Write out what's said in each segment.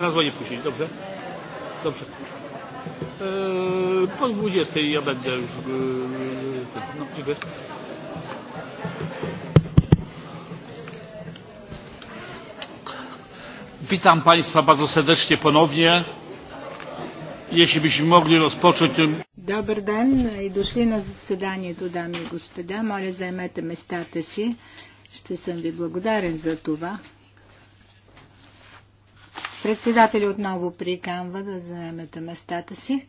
Na dzwonię później, dobrze? Dobrze. Eee, po 20 ja będę już. Eee, No, dziękuję. Witam Państwa bardzo serdecznie ponownie. Jeśli byśmy mogli rozpocząć tym... Добър ден и дошли на заседанието, дами и господа. Моля, заемете местата си. Ще съм ви благодарен за това. Председатели отново приканва да заемете местата си.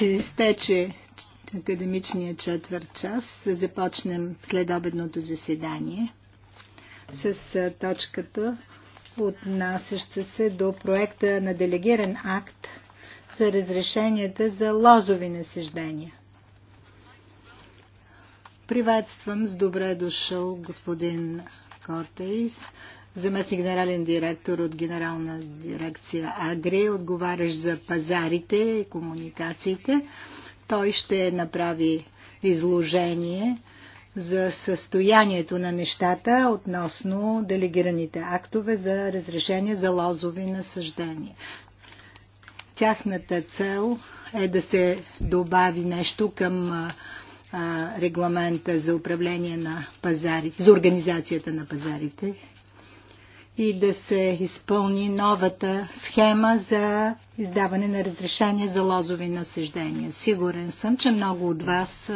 Изтече академичния четвърт час. Да започнем следобедното заседание с точката, отнасяща се до проекта на делегиран акт за разрешенията за лозови насеждения. Приветствам с добре дошъл господин Кортейс, заместник генерален директор от Генерална дирекция Агри, отговарящ за пазарите и комуникациите. Той ще направи изложение за състоянието на нещата относно делегираните актове за разрешение за лозови насъждения. Тяхната цел е да се добави нещо към регламента за управление на пазарите, за организацията на пазарите и да се изпълни новата схема за издаване на разрешение за лозови насъждения. Сигурен съм, че много от вас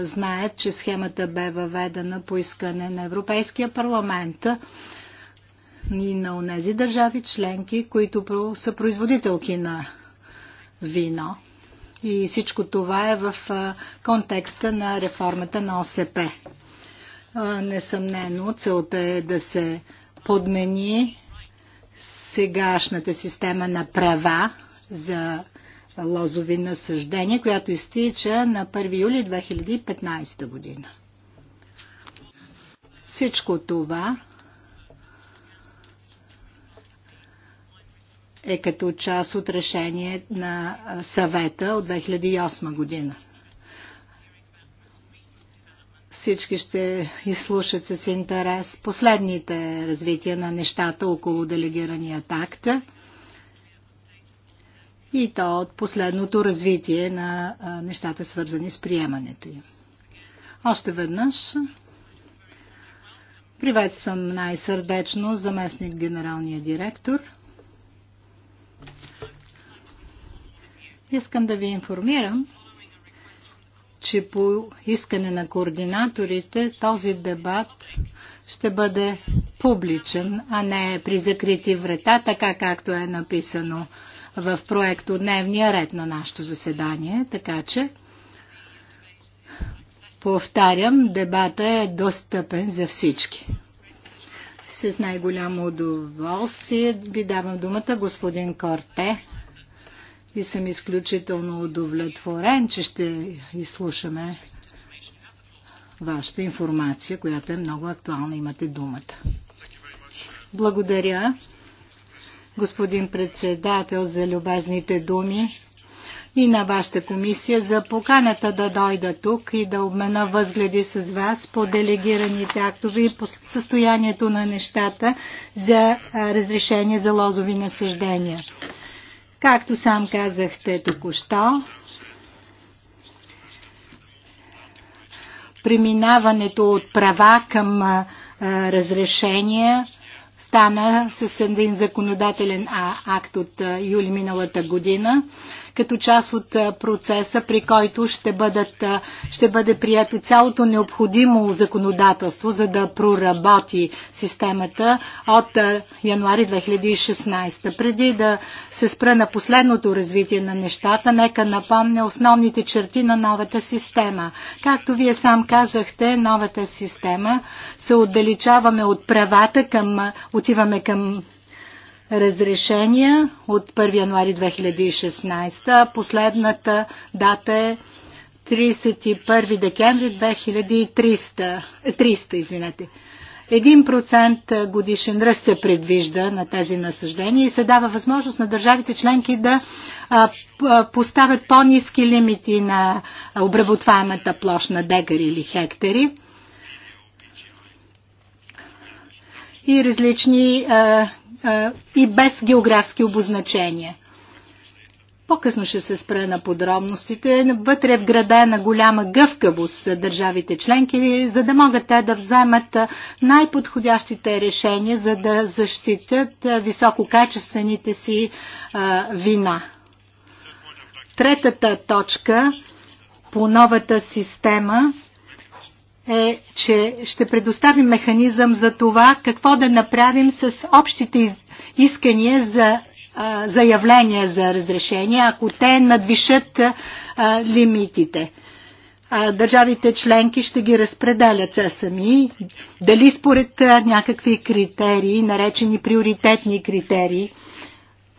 знаят, че схемата бе въведена по искане на Европейския парламент и на онези държави членки, които са производителки на вино. И всичко това е в контекста на реформата на ОСП. Несъмнено, целта е да се подмени сегашната система на права за лозови насъждения, която изтича на 1 юли 2015 година. Всичко това е като част от решение на съвета от 2008 година. Всички ще изслушат с интерес последните развития на нещата около делегирания такт и то от последното развитие на нещата, свързани с приемането им. Още веднъж приветствам най-сърдечно заместник генералния директор – Искам да ви информирам, че по искане на координаторите този дебат ще бъде публичен, а не при закрити врата, така както е написано в проекто дневния ред на нашето заседание. Така че, повтарям, дебата е достъпен за всички. С най-голямо удоволствие ви давам думата господин Корте и съм изключително удовлетворен, че ще изслушаме вашата информация, която е много актуална. Имате думата. Благодаря, господин председател, за любезните думи и на вашата комисия за поканата да дойда тук и да обмена възгледи с вас по делегираните актове и по състоянието на нещата за разрешение за лозови насъждения. Както сам казахте току-що, преминаването от права към разрешения стана с един законодателен акт от юли миналата година като част от процеса, при който ще, бъдат, ще бъде прието цялото необходимо законодателство, за да проработи системата от януари 2016. Преди да се спра на последното развитие на нещата, нека напомня основните черти на новата система. Както вие сам казахте, новата система се отдалечаваме от правата към, отиваме към разрешения от 1 януари 2016. Последната дата е 31 декември 2300, 300, извинете. 1% годишен ръст се предвижда на тези насъждения и се дава възможност на държавите членки да поставят по-низки лимити на обработваемата площ на декари или хектари. и различни а, а, и без географски обозначения. По-късно ще се спра на подробностите. Вътре в града е на голяма гъвкавост държавите членки, за да могат те да вземат най-подходящите решения, за да защитят висококачествените си а, вина. Третата точка по новата система е, че ще предоставим механизъм за това какво да направим с общите искания за заявления за разрешение, ако те надвишат а, лимитите. А, държавите членки ще ги разпределят сами, дали според а, някакви критерии, наречени приоритетни критерии,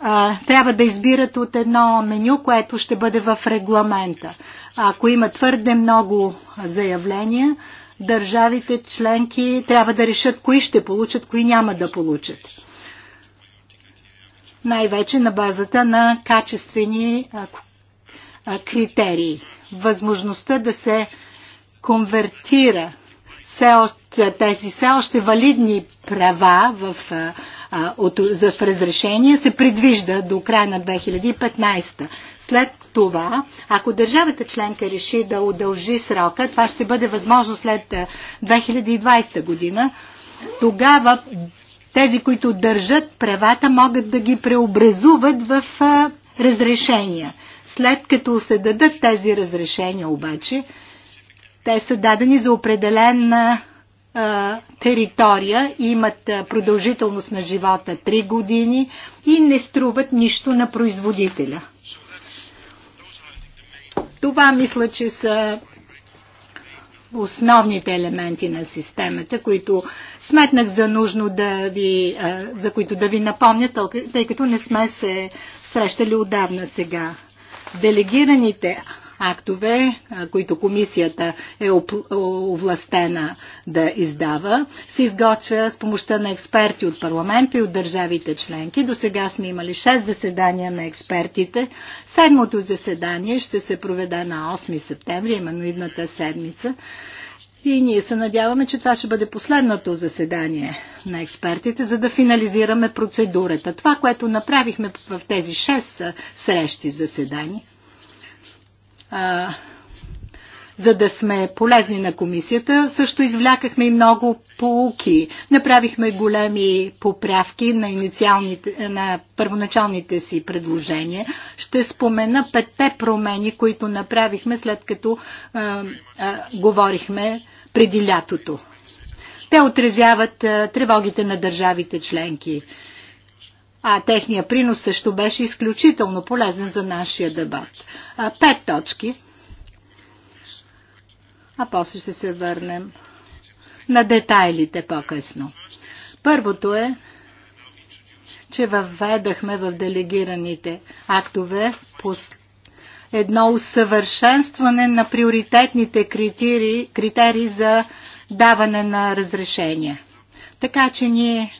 а, трябва да избират от едно меню, което ще бъде в регламента. Ако има твърде много заявления, държавите членки трябва да решат кои ще получат, кои няма да получат. Най-вече на базата на качествени а, а, критерии. Възможността да се конвертира все още, тези все още валидни права в, а, от, за, в разрешение се предвижда до края на 2015. След това, ако държавата членка реши да удължи срока, това ще бъде възможно след 2020 година, тогава тези, които държат правата, могат да ги преобразуват в а, разрешения. След като се дадат тези разрешения обаче, те са дадени за определена територия, имат продължителност на живота 3 години и не струват нищо на производителя. Това мисля, че са основните елементи на системата, които сметнах за нужно да ви, за които да ви напомня, тъй като не сме се срещали отдавна сега. Делегираните актове, които комисията е овластена да издава, се изготвя с помощта на експерти от парламента и от държавите членки. До сега сме имали 6 заседания на експертите. Седмото заседание ще се проведе на 8 септември, именно идната седмица. И ние се надяваме, че това ще бъде последното заседание на експертите, за да финализираме процедурата. Това, което направихме в тези 6 срещи заседания, а, за да сме полезни на комисията, също извлякахме и много полуки. Направихме големи поправки на, на първоначалните си предложения. Ще спомена петте промени, които направихме след като а, а, говорихме преди лятото. Те отразяват а, тревогите на държавите членки а техния принос също беше изключително полезен за нашия дебат. А, пет точки. А после ще се върнем на детайлите по-късно. Първото е, че въведахме в делегираните актове едно усъвършенстване на приоритетните критерии, критерии за даване на разрешения. Така че ние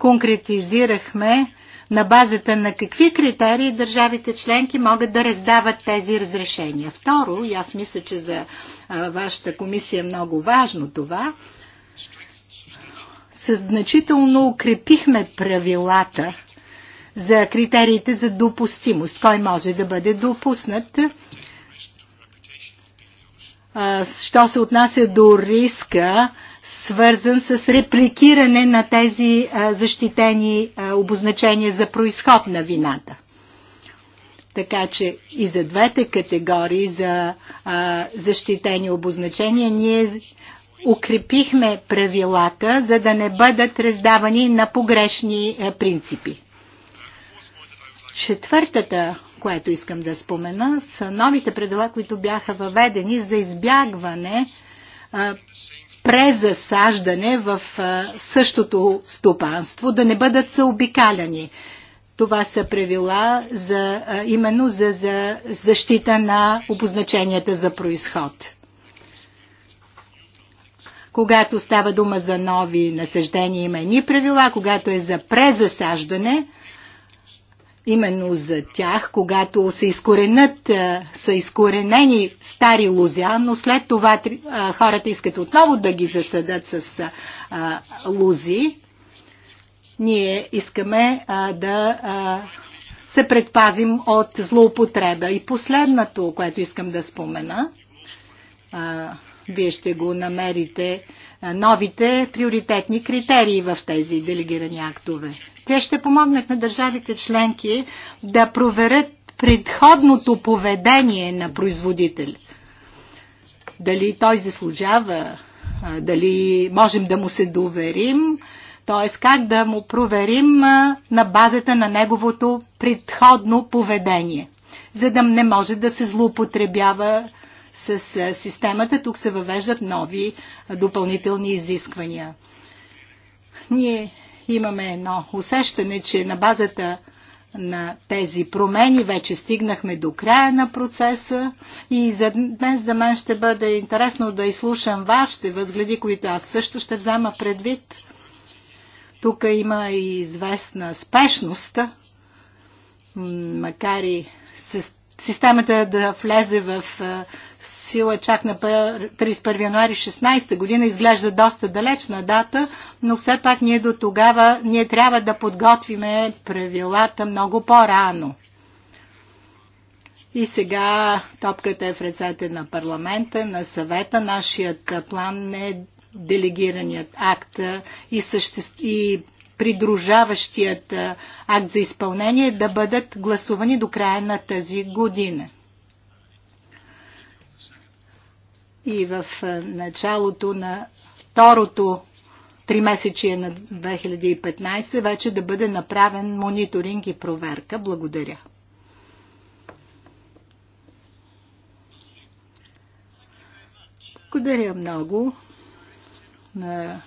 конкретизирахме на базата на какви критерии държавите членки могат да раздават тези разрешения. Второ, и аз мисля, че за вашата комисия е много важно това, Съзначително укрепихме правилата за критериите за допустимост. Кой може да бъде допуснат? Що се отнася до риска свързан с репликиране на тези защитени обозначения за происход на вината. Така че и за двете категории за а, защитени обозначения ние укрепихме правилата, за да не бъдат раздавани на погрешни а, принципи. Четвъртата, което искам да спомена, са новите правила, които бяха въведени за избягване презасаждане в същото стопанство, да не бъдат заобикаляни. Това са правила за, именно за, за защита на обозначенията за происход. Когато става дума за нови насъждения, има едни правила, когато е за презасаждане – именно за тях, когато се изкоренят, са изкоренени стари лузя, но след това хората искат отново да ги засъдат с лузи. Ние искаме да се предпазим от злоупотреба. И последното, което искам да спомена, вие ще го намерите новите приоритетни критерии в тези делегирани актове. Те ще помогнат на държавите членки да проверят предходното поведение на производителя. Дали той заслужава, дали можем да му се доверим, т.е. как да му проверим на базата на неговото предходно поведение, за да не може да се злоупотребява с системата. Тук се въвеждат нови допълнителни изисквания. Ние Имаме едно усещане, че на базата на тези промени. Вече стигнахме до края на процеса и за днес за мен ще бъде интересно да изслушам вашите възгледи, които аз също ще взема предвид. Тук има и известна спешност, макар и системата да влезе в в сила е чак на 31 януари 16 година. Изглежда доста далечна дата, но все пак ние до тогава ние трябва да подготвиме правилата много по-рано. И сега топката е в ръцете на парламента, на съвета. Нашият план е делегираният акт и, съществ... и придружаващият акт за изпълнение да бъдат гласувани до края на тази година. и в е, началото на второто тримесечие на 2015 вече да бъде направен мониторинг и проверка. Благодаря. Благодаря много на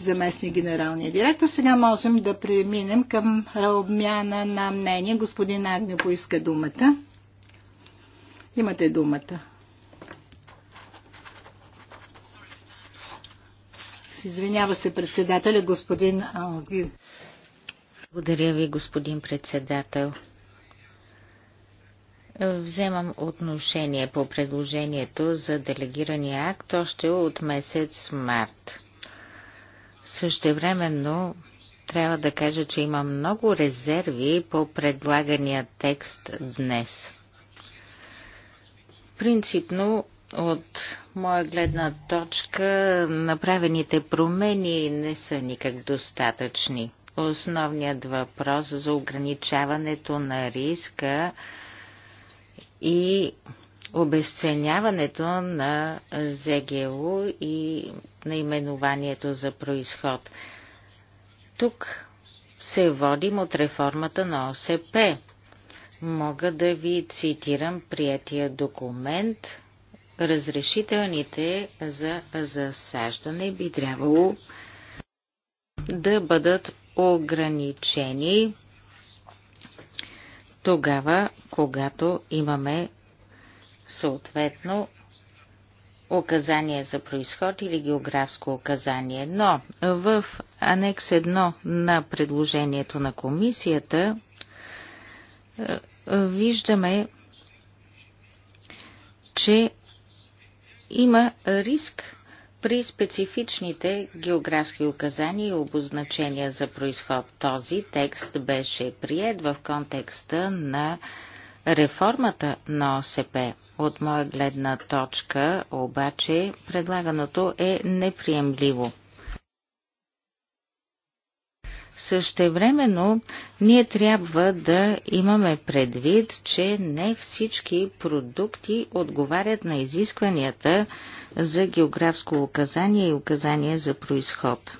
заместник генералния директор. Сега можем да преминем към обмяна на мнение. Господин Агню поиска думата. Имате думата. Извинява се председателя, господин Алби. Благодаря ви, господин председател. Вземам отношение по предложението за делегирания акт още от месец март. Същевременно трябва да кажа, че има много резерви по предлагания текст днес. Принципно от моя гледна точка, направените промени не са никак достатъчни. Основният въпрос за ограничаването на риска и обесценяването на ЗГУ и наименованието за происход. Тук се водим от реформата на ОСП. Мога да ви цитирам приятия документ – разрешителните за засаждане би трябвало да бъдат ограничени тогава, когато имаме съответно указание за происход или географско указание. Но в анекс 1 на предложението на комисията е, виждаме, че има риск при специфичните географски указания и обозначения за происход. Този текст беше прият в контекста на реформата на ОСП. От моя гледна точка обаче предлаганото е неприемливо. Същевременно ние трябва да имаме предвид, че не всички продукти отговарят на изискванията за географско указание и указание за происход.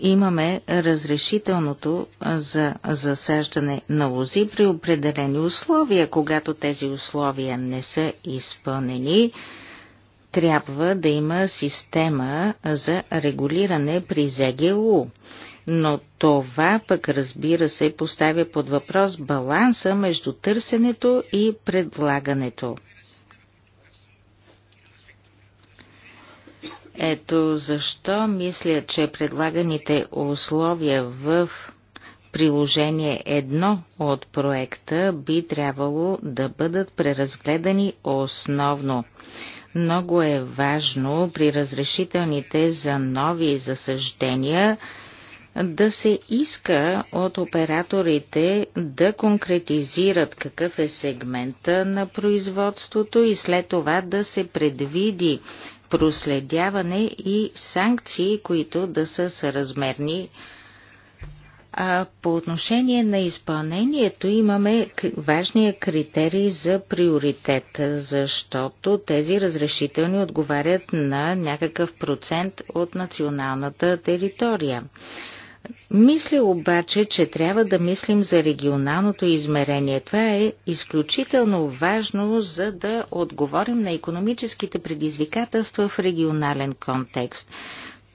Имаме разрешителното за засаждане на лози при определени условия. Когато тези условия не са изпълнени, трябва да има система за регулиране при ЗГУ. Но това пък разбира се поставя под въпрос баланса между търсенето и предлагането. Ето защо мисля, че предлаганите условия в приложение 1 от проекта би трябвало да бъдат преразгледани основно. Много е важно при разрешителните за нови засъждения да се иска от операторите да конкретизират какъв е сегмента на производството и след това да се предвиди проследяване и санкции, които да са съразмерни а по отношение на изпълнението имаме важния критерий за приоритет, защото тези разрешителни отговарят на някакъв процент от националната територия. Мисля обаче, че трябва да мислим за регионалното измерение. Това е изключително важно, за да отговорим на економическите предизвикателства в регионален контекст.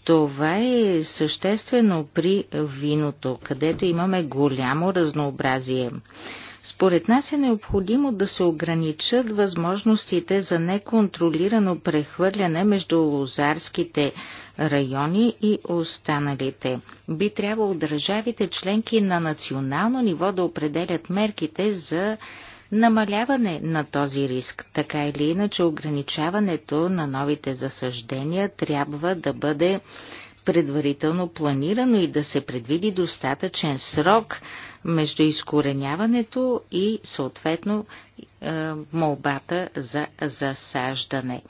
Това е съществено при виното, където имаме голямо разнообразие. Според нас е необходимо да се ограничат възможностите за неконтролирано прехвърляне между лозарските райони и останалите. Би трябвало държавите членки на национално ниво да определят мерките за намаляване на този риск. Така или иначе, ограничаването на новите засъждения трябва да бъде предварително планирано и да се предвиди достатъчен срок между изкореняването и съответно е, молбата за засаждане.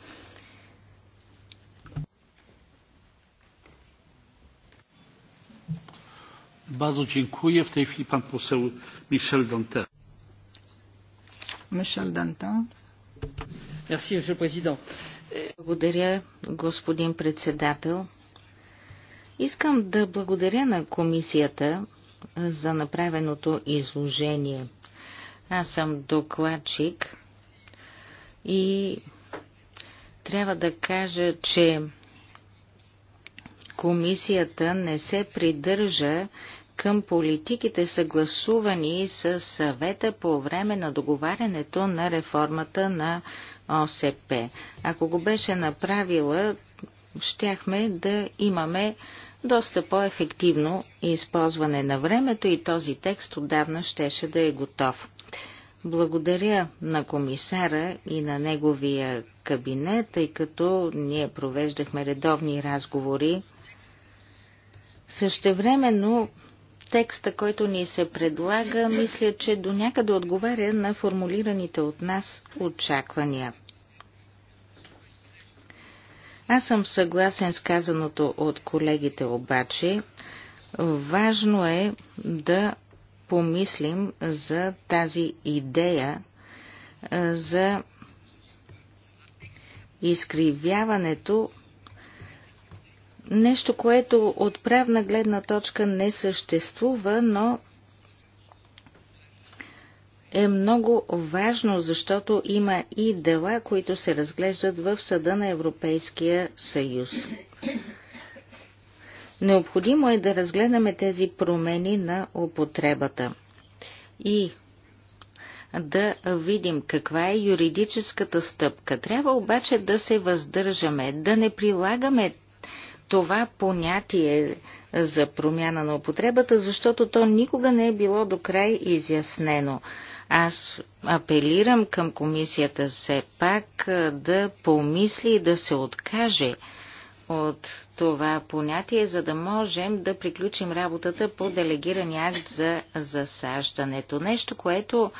Базо дякую, в tej пан посел Мишел Донтер. Благодаря, господин председател. Искам да благодаря на комисията за направеното изложение. Аз съм докладчик и трябва да кажа, че комисията не се придържа към политиките съгласувани с съвета по време на договарянето на реформата на ОСП. Ако го беше направила, щяхме да имаме доста по-ефективно използване на времето и този текст отдавна щеше да е готов. Благодаря на комисара и на неговия кабинет, тъй като ние провеждахме редовни разговори. Същевременно Текста, който ни се предлага, мисля, че до някъде отговаря на формулираните от нас очаквания. Аз съм съгласен с казаното от колегите обаче. Важно е да помислим за тази идея за изкривяването нещо, което от правна гледна точка не съществува, но е много важно, защото има и дела, които се разглеждат в Съда на Европейския съюз. Необходимо е да разгледаме тези промени на употребата и да видим каква е юридическата стъпка. Трябва обаче да се въздържаме, да не прилагаме това понятие за промяна на употребата, защото то никога не е било до край изяснено. Аз апелирам към комисията все пак да помисли и да се откаже от това понятие, за да можем да приключим работата по делегирания акт за засаждането. Нещо, което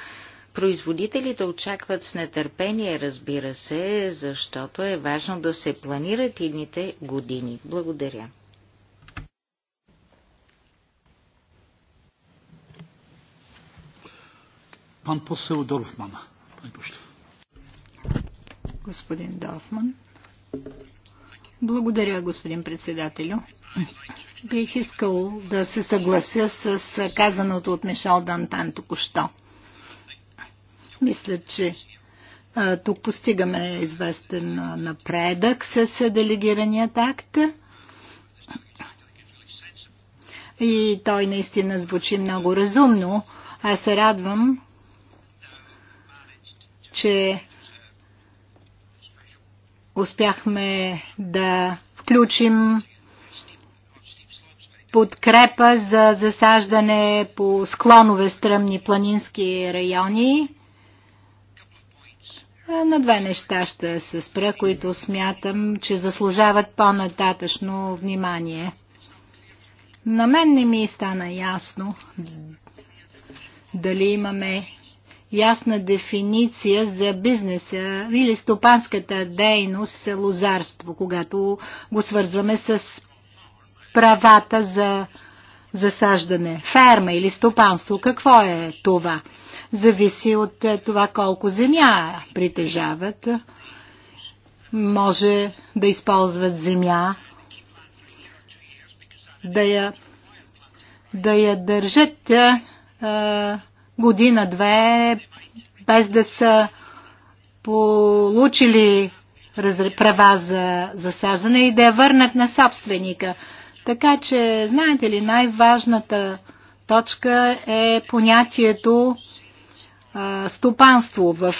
Производителите очакват с нетърпение, разбира се, защото е важно да се планират идните години. Благодаря. Пан посел Дорфман. Господин Дорфман. Благодаря, господин председателю. Бих искал да се съглася с казаното от Мишел Дантан току-що. Мисля, че а, тук постигаме известен напредък с делегираният акт. И той наистина звучи много разумно. Аз се радвам, че успяхме да включим подкрепа за засаждане по склонове стръмни планински райони на две неща ще се спра, които смятам, че заслужават по-нататъчно внимание. На мен не ми стана ясно дали имаме ясна дефиниция за бизнеса или стопанската дейност лозарство, когато го свързваме с правата за засаждане. Ферма или стопанство, какво е това? зависи от е, това колко земя притежават. Може да използват земя, да я, да я държат а, е, е, година-две, без да са получили права за засаждане и да я върнат на собственика. Така че, знаете ли, най-важната точка е понятието стопанство в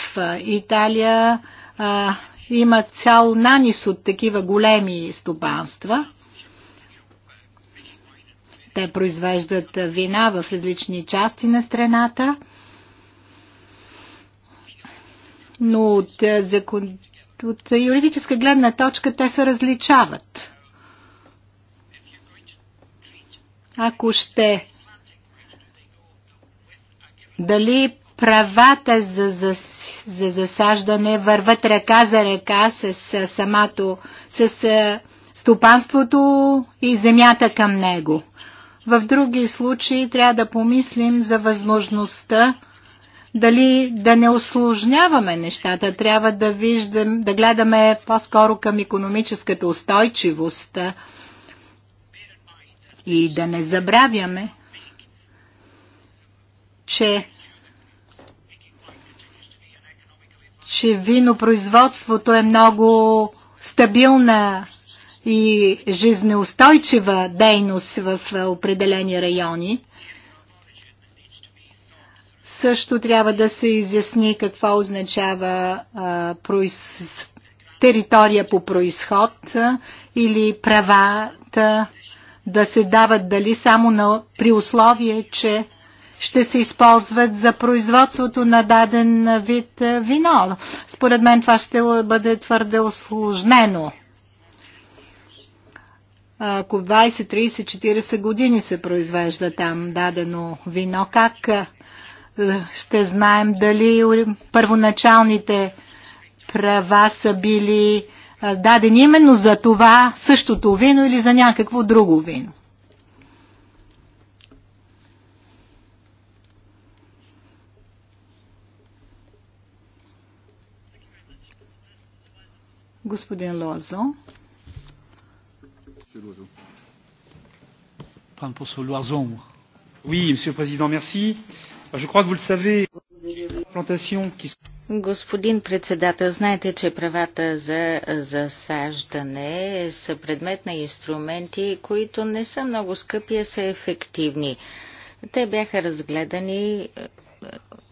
Италия. Има цял нанис от такива големи стопанства. Те произвеждат вина в различни части на страната. Но от, закон... от юридическа гледна точка те се различават. Ако ще дали правата за, за, за засаждане върват ръка за ръка с, с самото, с, с стопанството и земята към него. В други случаи трябва да помислим за възможността дали да не осложняваме нещата, трябва да, виждам, да гледаме по-скоро към економическата устойчивост и да не забравяме, че че винопроизводството е много стабилна и жизнеустойчива дейност в е, определени райони. Също трябва да се изясни какво означава а, произ... територия по происход а, или правата да се дават дали само на... при условие, че ще се използват за производството на даден вид вино. Според мен това ще бъде твърде осложнено. Ако 20, 30, 40 години се произвежда там дадено вино, как ще знаем дали първоначалните права са били дадени именно за това същото вино или за някакво друго вино. Господин Луазон. Пан посол Луазон. Oui, monsieur le président, merci. Je crois que vous le savez, Господин председател, знаете, че правата за засаждане са предмет на инструменти, които не са много скъпи, а са ефективни. Те бяха разгледани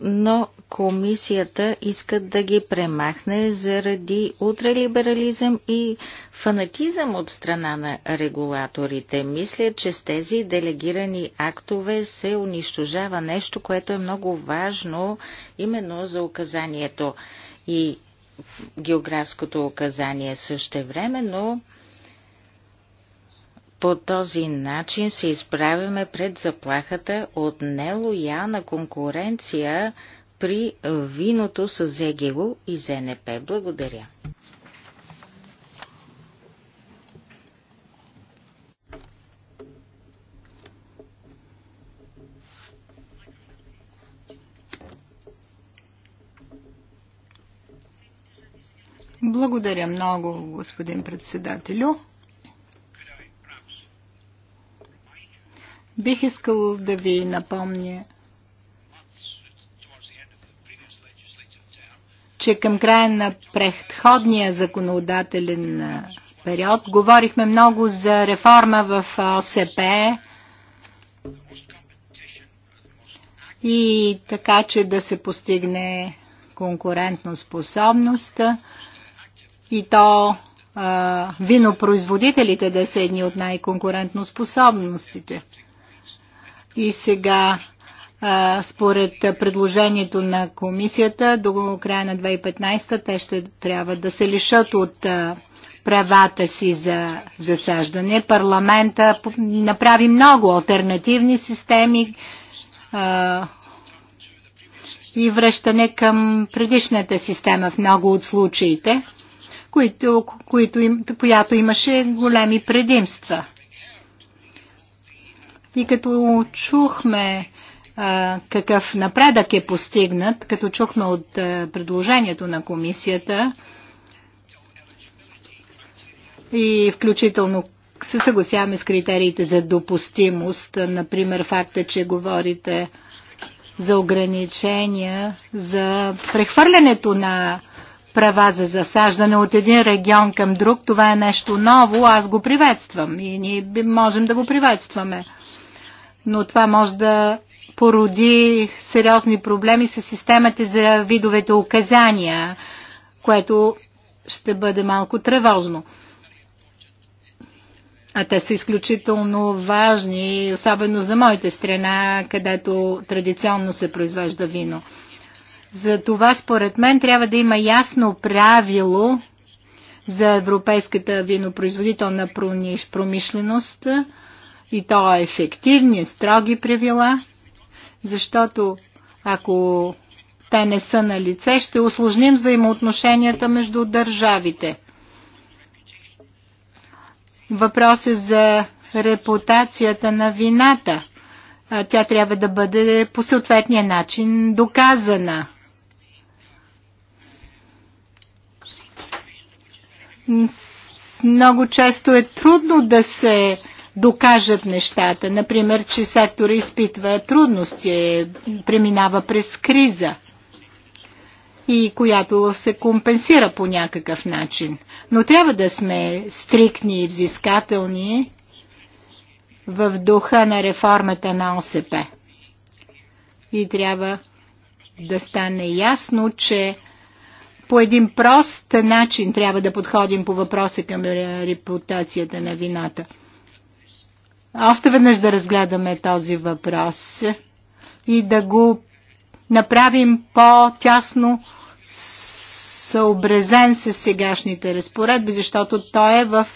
но комисията иска да ги премахне заради ултралиберализъм и фанатизъм от страна на регулаторите. Мисля, че с тези делегирани актове се унищожава нещо, което е много важно именно за указанието и географското указание също време, но по този начин се изправяме пред заплахата от нелоялна конкуренция при виното с ЗГУ и ЗНП. Благодаря. Благодаря много, господин председателю. Бих искал да ви напомня, че към края на предходния законодателен период говорихме много за реформа в ОСП и така, че да се постигне конкурентно и то винопроизводителите да са едни от най-конкурентно способностите и сега, според предложението на комисията, до края на 2015 те ще трябва да се лишат от правата си за засаждане. Парламента направи много альтернативни системи и връщане към предишната система в много от случаите, които, които която имаше големи предимства. И като чухме а, какъв напредък е постигнат, като чухме от а, предложението на комисията и включително се съгласяваме с критериите за допустимост, например факта, че говорите за ограничения, за прехвърлянето на права за засаждане от един регион към друг, това е нещо ново, аз го приветствам и ние можем да го приветстваме но това може да породи сериозни проблеми с системата за видовете указания, което ще бъде малко тревожно. А те са изключително важни, особено за моята страна, където традиционно се произвежда вино. За това, според мен, трябва да има ясно правило за европейската винопроизводителна промишленост – и то ефективни, строги правила, защото ако те не са на лице, ще осложним взаимоотношенията между държавите. Въпрос е за репутацията на вината. Тя трябва да бъде по съответния начин доказана. Много често е трудно да се докажат нещата. Например, че сектора изпитва трудности, преминава през криза и която се компенсира по някакъв начин. Но трябва да сме стрикни и взискателни в духа на реформата на ОСП. И трябва да стане ясно, че по един прост начин трябва да подходим по въпроса към репутацията на вината още веднъж да разгледаме този въпрос и да го направим по-тясно съобразен с сегашните разпоредби, защото той е в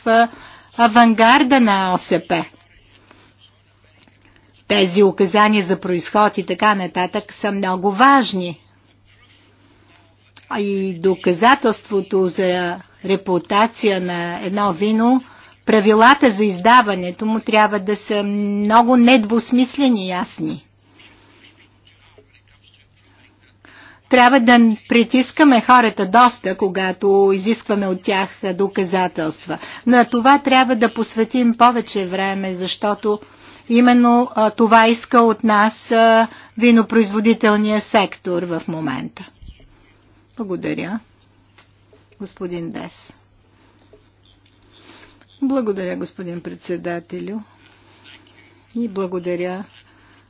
авангарда на ОСП. Тези указания за происход и така нататък са много важни. и доказателството за репутация на едно вино – правилата за издаването му трябва да са много недвусмислени и ясни. Трябва да притискаме хората доста, когато изискваме от тях доказателства. На това трябва да посветим повече време, защото именно това иска от нас винопроизводителния сектор в момента. Благодаря. Господин Дес. Благодаря, господин председателю. И благодаря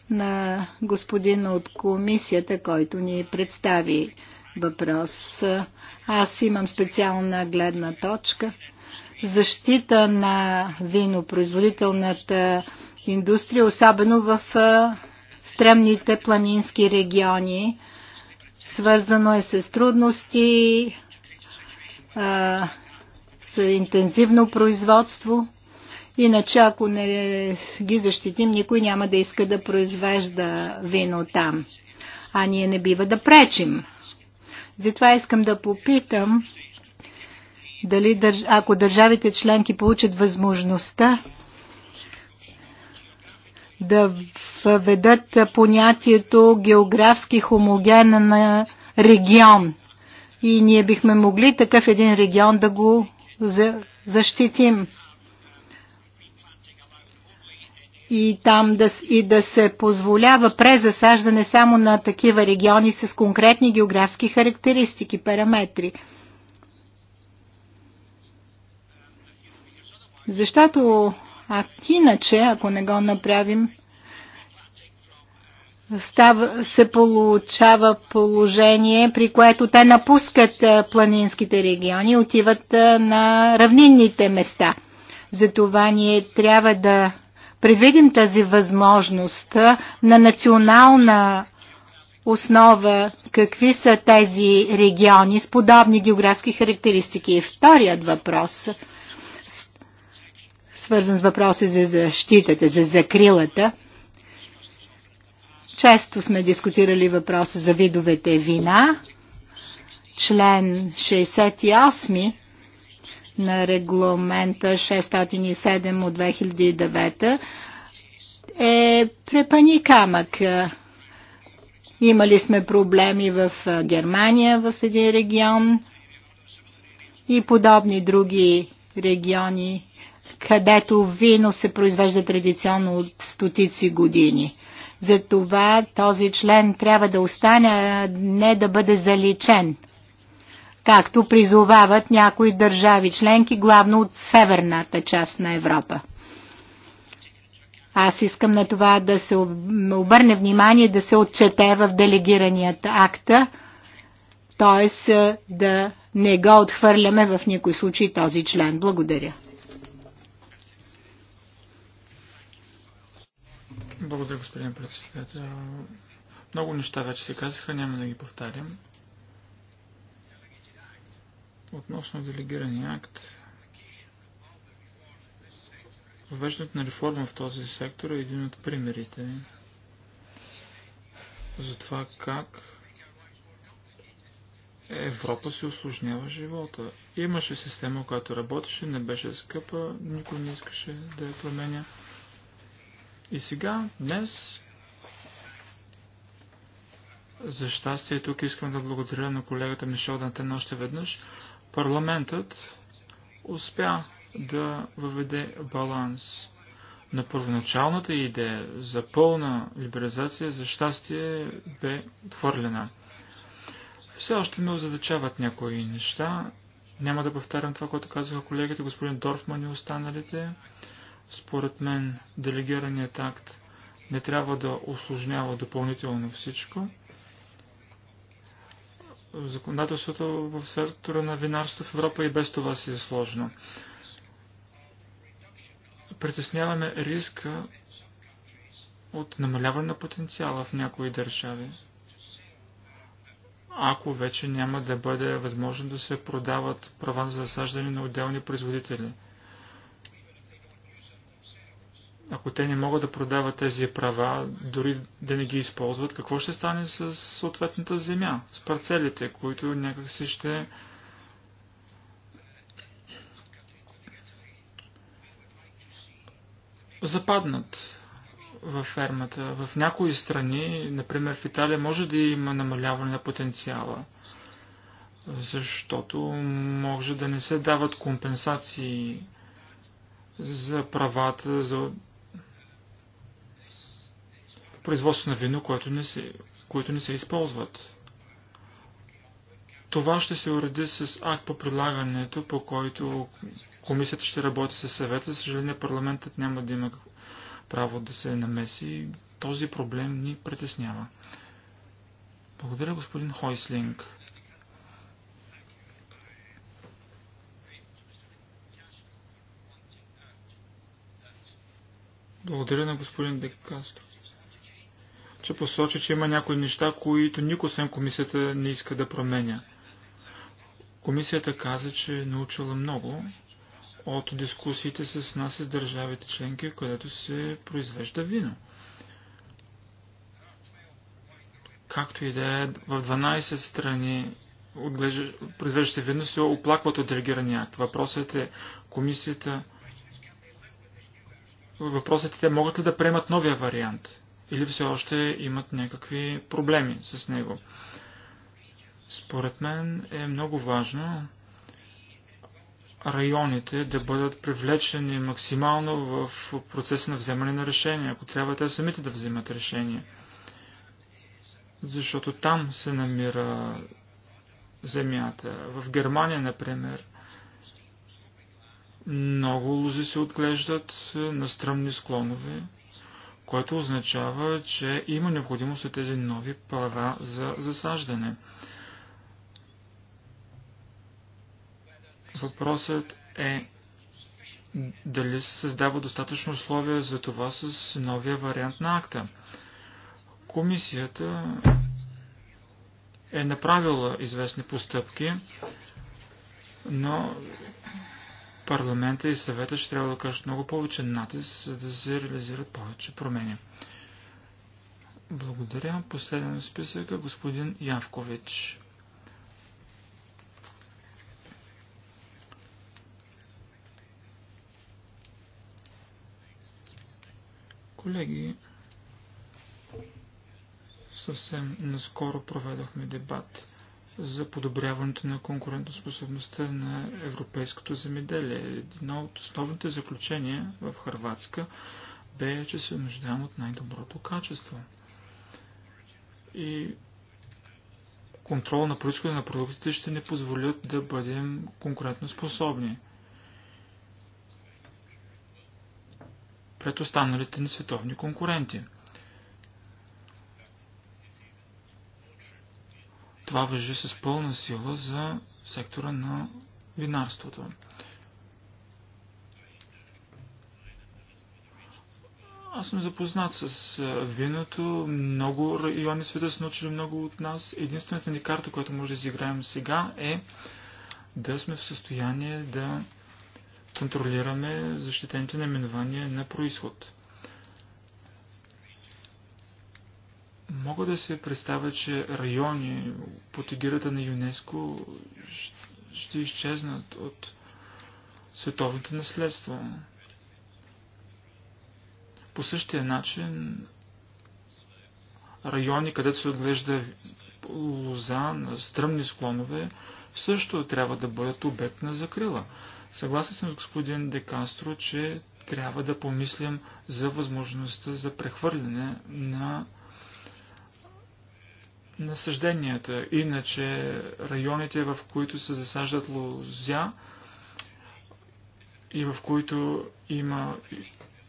на господина от комисията, който ни представи въпрос. Аз имам специална гледна точка. Защита на винопроизводителната индустрия, особено в стремните планински региони. Свързано е с трудности, интензивно производство. Иначе, ако не ги защитим, никой няма да иска да произвежда вино там. А ние не бива да пречим. Затова искам да попитам, дали, държ... ако държавите членки получат възможността да въведат понятието географски хомогенен регион. И ние бихме могли такъв един регион да го защитим и там да, и да се позволява презасаждане само на такива региони с конкретни географски характеристики, параметри. Защото, а иначе, ако не го направим, става, се получава положение, при което те напускат планинските региони, отиват на равнинните места. Затова ние трябва да предвидим тази възможност на национална основа какви са тези региони с подобни географски характеристики. И вторият въпрос, свързан с въпроси за защитата, за закрилата – често сме дискутирали въпроса за видовете вина. Член 68 на регламента 607 от 2009 е препани камък. Имали сме проблеми в Германия, в един регион и подобни други региони, където вино се произвежда традиционно от стотици години. Затова този член трябва да остане, не да бъде заличен, както призовават някои държави членки, главно от северната част на Европа. Аз искам на това да се обърне внимание, да се отчете в делегираният акта, т.е. да не го отхвърляме в никой случай този член. Благодаря. Благодаря, господин председател. Много неща вече се казаха, няма да ги повтарям. Относно делегирания акт, въвеждането на реформа в този сектор е един от примерите за това как Европа се осложнява живота. Имаше система, която работеше, не беше скъпа, никой не искаше да я променя. И сега, днес, за щастие, тук искам да благодаря на колегата Мишел Дантен още веднъж. Парламентът успя да въведе баланс на първоначалната идея за пълна либерализация, за щастие, бе отвърлена. Все още ме озадачават някои неща. Няма да повтарям това, което казаха колегите, господин Дорфман и останалите. Според мен делегираният акт не трябва да осложнява допълнително всичко. Законодателството в сектора на винарство в Европа и без това си е сложно. Притесняваме риска от намаляване на потенциала в някои държави. Ако вече няма да бъде възможно да се продават права за засаждане на отделни производители – ако те не могат да продават тези права, дори да не ги използват, какво ще стане с съответната земя, с парцелите, които някакси ще западнат във фермата. В някои страни, например в Италия, може да има намаляване на потенциала, защото може да не се дават компенсации за правата, за производство на вино, което не се, което не се използват. Това ще се уреди с акт по прилагането, по който комисията ще работи със съвета. съжаление, парламентът няма да има право да се намеси. Този проблем ни притеснява. Благодаря, господин Хойслинг. Благодаря на господин Декастро че посочи, че има някои неща, които никой освен комисията не иска да променя. Комисията каза, че е научила много от дискусиите с нас и с държавите членки, където се произвежда вино. Както и да е, в 12 страни произвеждащите вино се оплакват от делегирания акт. Въпросът е комисията... Въпросът е те могат ли да приемат новия вариант? или все още имат някакви проблеми с него. Според мен е много важно районите да бъдат привлечени максимално в процеса на вземане на решения, ако трябва те самите да вземат решения. Защото там се намира земята. В Германия, например, много лози се отглеждат на стръмни склонове което означава, че има необходимост от тези нови права за засаждане. Въпросът е дали се създава достатъчно условия за това с новия вариант на акта. Комисията е направила известни постъпки, но парламента и съвета ще трябва да кажат много повече натис, за да се реализират повече промени. Благодаря. Последен списък е господин Явкович. Колеги, съвсем наскоро проведохме дебат за подобряването на конкурентоспособността на европейското земеделие. Едно от основните заключения в Харватска бе, че се нуждаем от най-доброто качество. И контрол на происхода на продуктите ще ни позволят да бъдем конкурентоспособни пред останалите ни световни конкуренти – Това въжи с пълна сила за сектора на винарството. Аз съм запознат с виното. Много райони света са научили много от нас. Единствената ни карта, която може да изиграем сега е да сме в състояние да контролираме защитените наименования на происход. Мога да се представя, че райони под егирата на ЮНЕСКО ще изчезнат от световното наследство. По същия начин райони, където се отглежда лоза на стръмни склонове, също трябва да бъдат обект на закрила. Съгласен съм с господин Декастро, че трябва да помислим за възможността за прехвърляне на насъжденията. Иначе районите, в които се засаждат лозя и в които има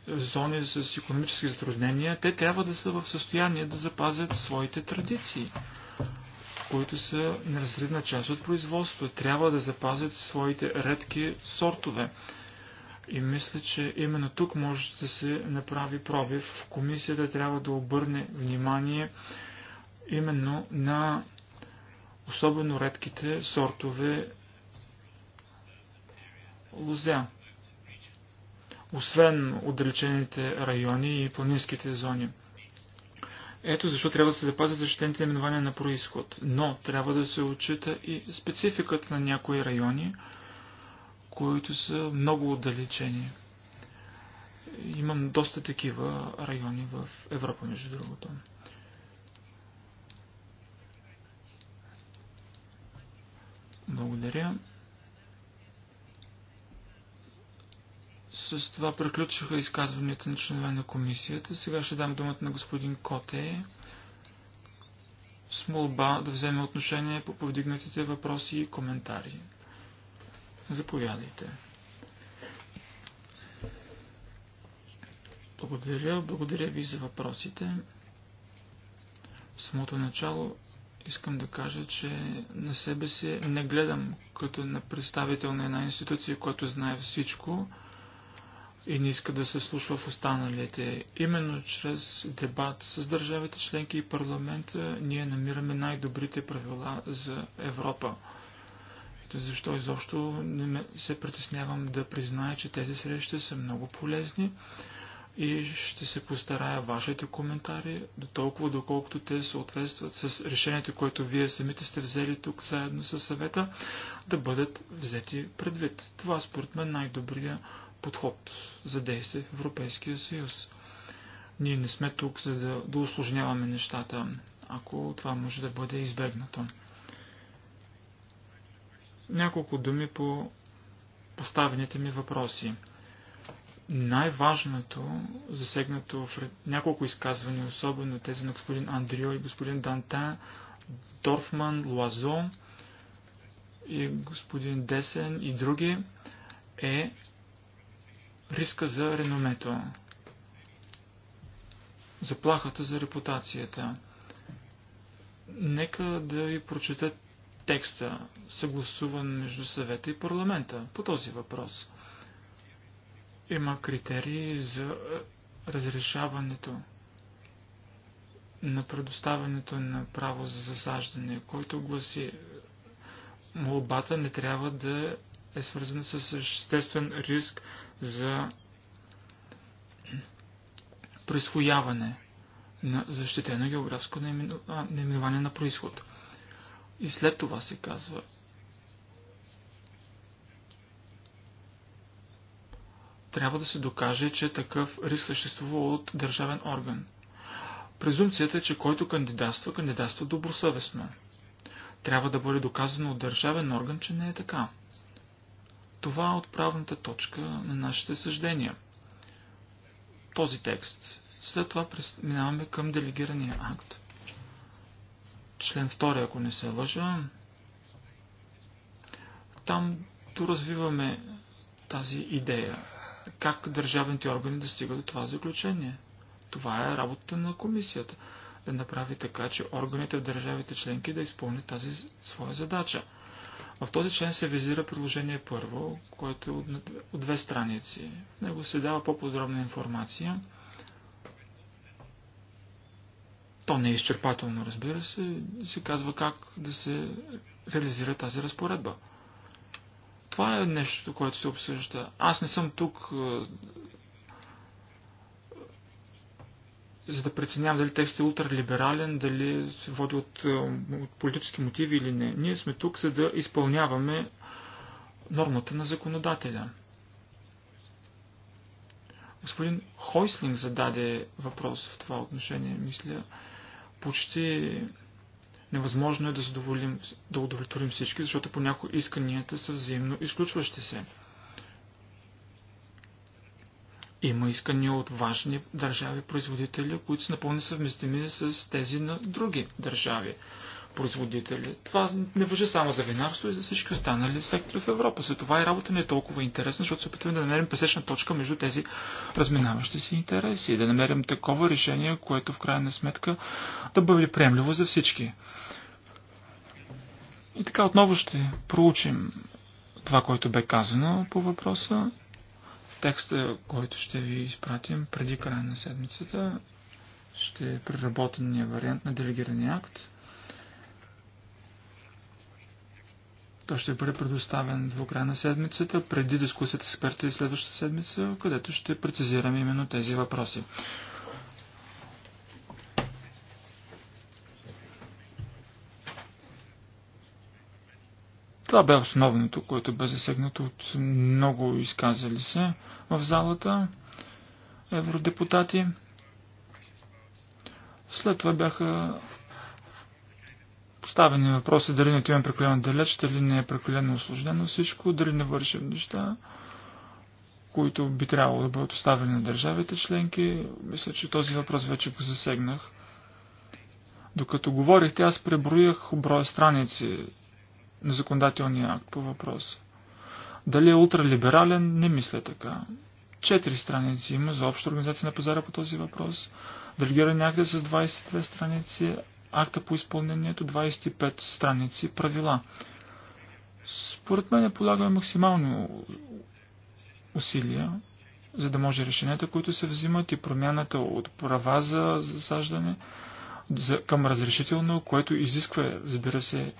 зони с економически затруднения, те трябва да са в състояние да запазят своите традиции, които са неразредна част от производството. Трябва да запазят своите редки сортове. И мисля, че именно тук може да се направи пробив. Комисията трябва да обърне внимание именно на особено редките сортове лозя. Освен отдалечените райони и планинските зони. Ето защо трябва да се запазят защитените именования на происход. Но трябва да се отчита и спецификата на някои райони, които са много отдалечени. Имам доста такива райони в Европа, между другото. Благодаря. С това приключиха изказванията на членове на комисията. Сега ще дам думата на господин Коте с молба да вземе отношение по повдигнатите въпроси и коментари. Заповядайте. Благодаря, благодаря ви за въпросите. В самото начало Искам да кажа, че на себе си не гледам като на представител на една институция, която знае всичко и не иска да се слушва в останалите. Именно чрез дебат с държавите членки и парламента ние намираме най-добрите правила за Европа. Ето защо изобщо не се притеснявам да призная, че тези срещи са много полезни и ще се постарая вашите коментари, до толкова доколкото те съответстват с решението, което вие самите сте взели тук заедно с съвета, да бъдат взети предвид. Това според мен най-добрия подход за действие в Европейския съюз. Ние не сме тук, за да, да усложняваме нещата, ако това може да бъде избегнато. Няколко думи по поставените ми въпроси. Най-важното, засегнато в няколко изказвания, особено тези на господин Андрио и господин Данта, Дорфман, Луазо и господин Десен и други, е риска за реномето, заплахата за репутацията. Нека да ви прочета текста, съгласуван между съвета и парламента по този въпрос – има критерии за е, разрешаването на предоставянето на право за засаждане, който гласи е, молбата не трябва да е свързана с съществен риск за е, присвояване на защитено географско наименование на происход. И след това се казва, трябва да се докаже, че такъв риск съществува от държавен орган. Презумцията е, че който кандидатства, кандидатства добросъвестно. Трябва да бъде доказано от държавен орган, че не е така. Това е отправната точка на нашите съждения. Този текст. След това минаваме към делегирания акт. Член 2, ако не се лъжа. Там доразвиваме тази идея как държавните органи да стигат до това заключение. Това е работата на комисията. Да направи така, че органите в държавите членки да изпълнят тази своя задача. В този член се визира приложение първо, което е от две страници. В него се дава по-подробна информация. То не е изчерпателно, разбира се, се казва как да се реализира тази разпоредба. Това е нещо, което се обсъжда. Аз не съм тук е, за да преценявам дали текстът е ултралиберален, дали се води от, е, от политически мотиви или не. Ние сме тук, за да изпълняваме нормата на законодателя. Господин Хойслинг зададе въпрос в това отношение, мисля. Почти Невъзможно е да, задоволим, да удовлетворим всички, защото понякога исканията са взаимно изключващи се. Има искания от важни държави производители, които са напълно съвместими с тези на други държави производители. Това не въжи само за винарство и за всички останали сектори в Европа. За това и работа не е толкова интересна, защото се опитваме да намерим пресечна точка между тези разминаващи си интереси и да намерим такова решение, което в крайна сметка да бъде приемливо за всички. И така отново ще проучим това, което бе казано по въпроса. Текста, който ще ви изпратим преди края на седмицата, ще е преработения вариант на делегирания акт. Той ще бъде предоставен до края на седмицата, преди дискусията с експерта и следващата седмица, където ще прецизираме именно тези въпроси. Това бе основното, което бе засегнато от много изказали се в залата евродепутати. След това бяха Поставени въпроси дали не отиваме прекалено далеч, дали не е прекалено осложнено всичко, дали не вършим неща, които би трябвало да бъдат оставени на държавите членки. Мисля, че този въпрос вече го засегнах. Докато говорихте, аз преброях броя страници на законодателния акт по въпроса. Дали е ултралиберален, не мисля така. Четири страници има за обща организация на пазара по този въпрос. Делегиран някъде с 22 страници, акта по изпълнението 25 страници правила. Според мен е полагаме максимални усилия, за да може решенията, които се взимат и промяната от права за засаждане за, към разрешително, което изисква, разбира се,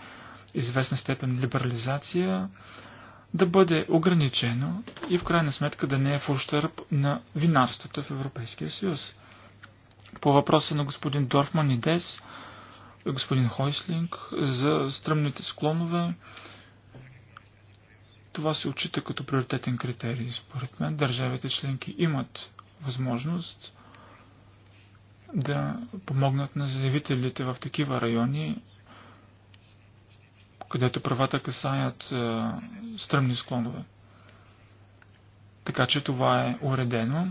известна степен либерализация, да бъде ограничено и в крайна сметка да не е в ущърп на винарствата в Европейския съюз. По въпроса на господин Дорфман и Дес, господин Хойслинг за стръмните склонове. Това се отчита като приоритетен критерий. Според мен държавите членки имат възможност да помогнат на заявителите в такива райони, където правата касаят е, стръмни склонове. Така че това е уредено.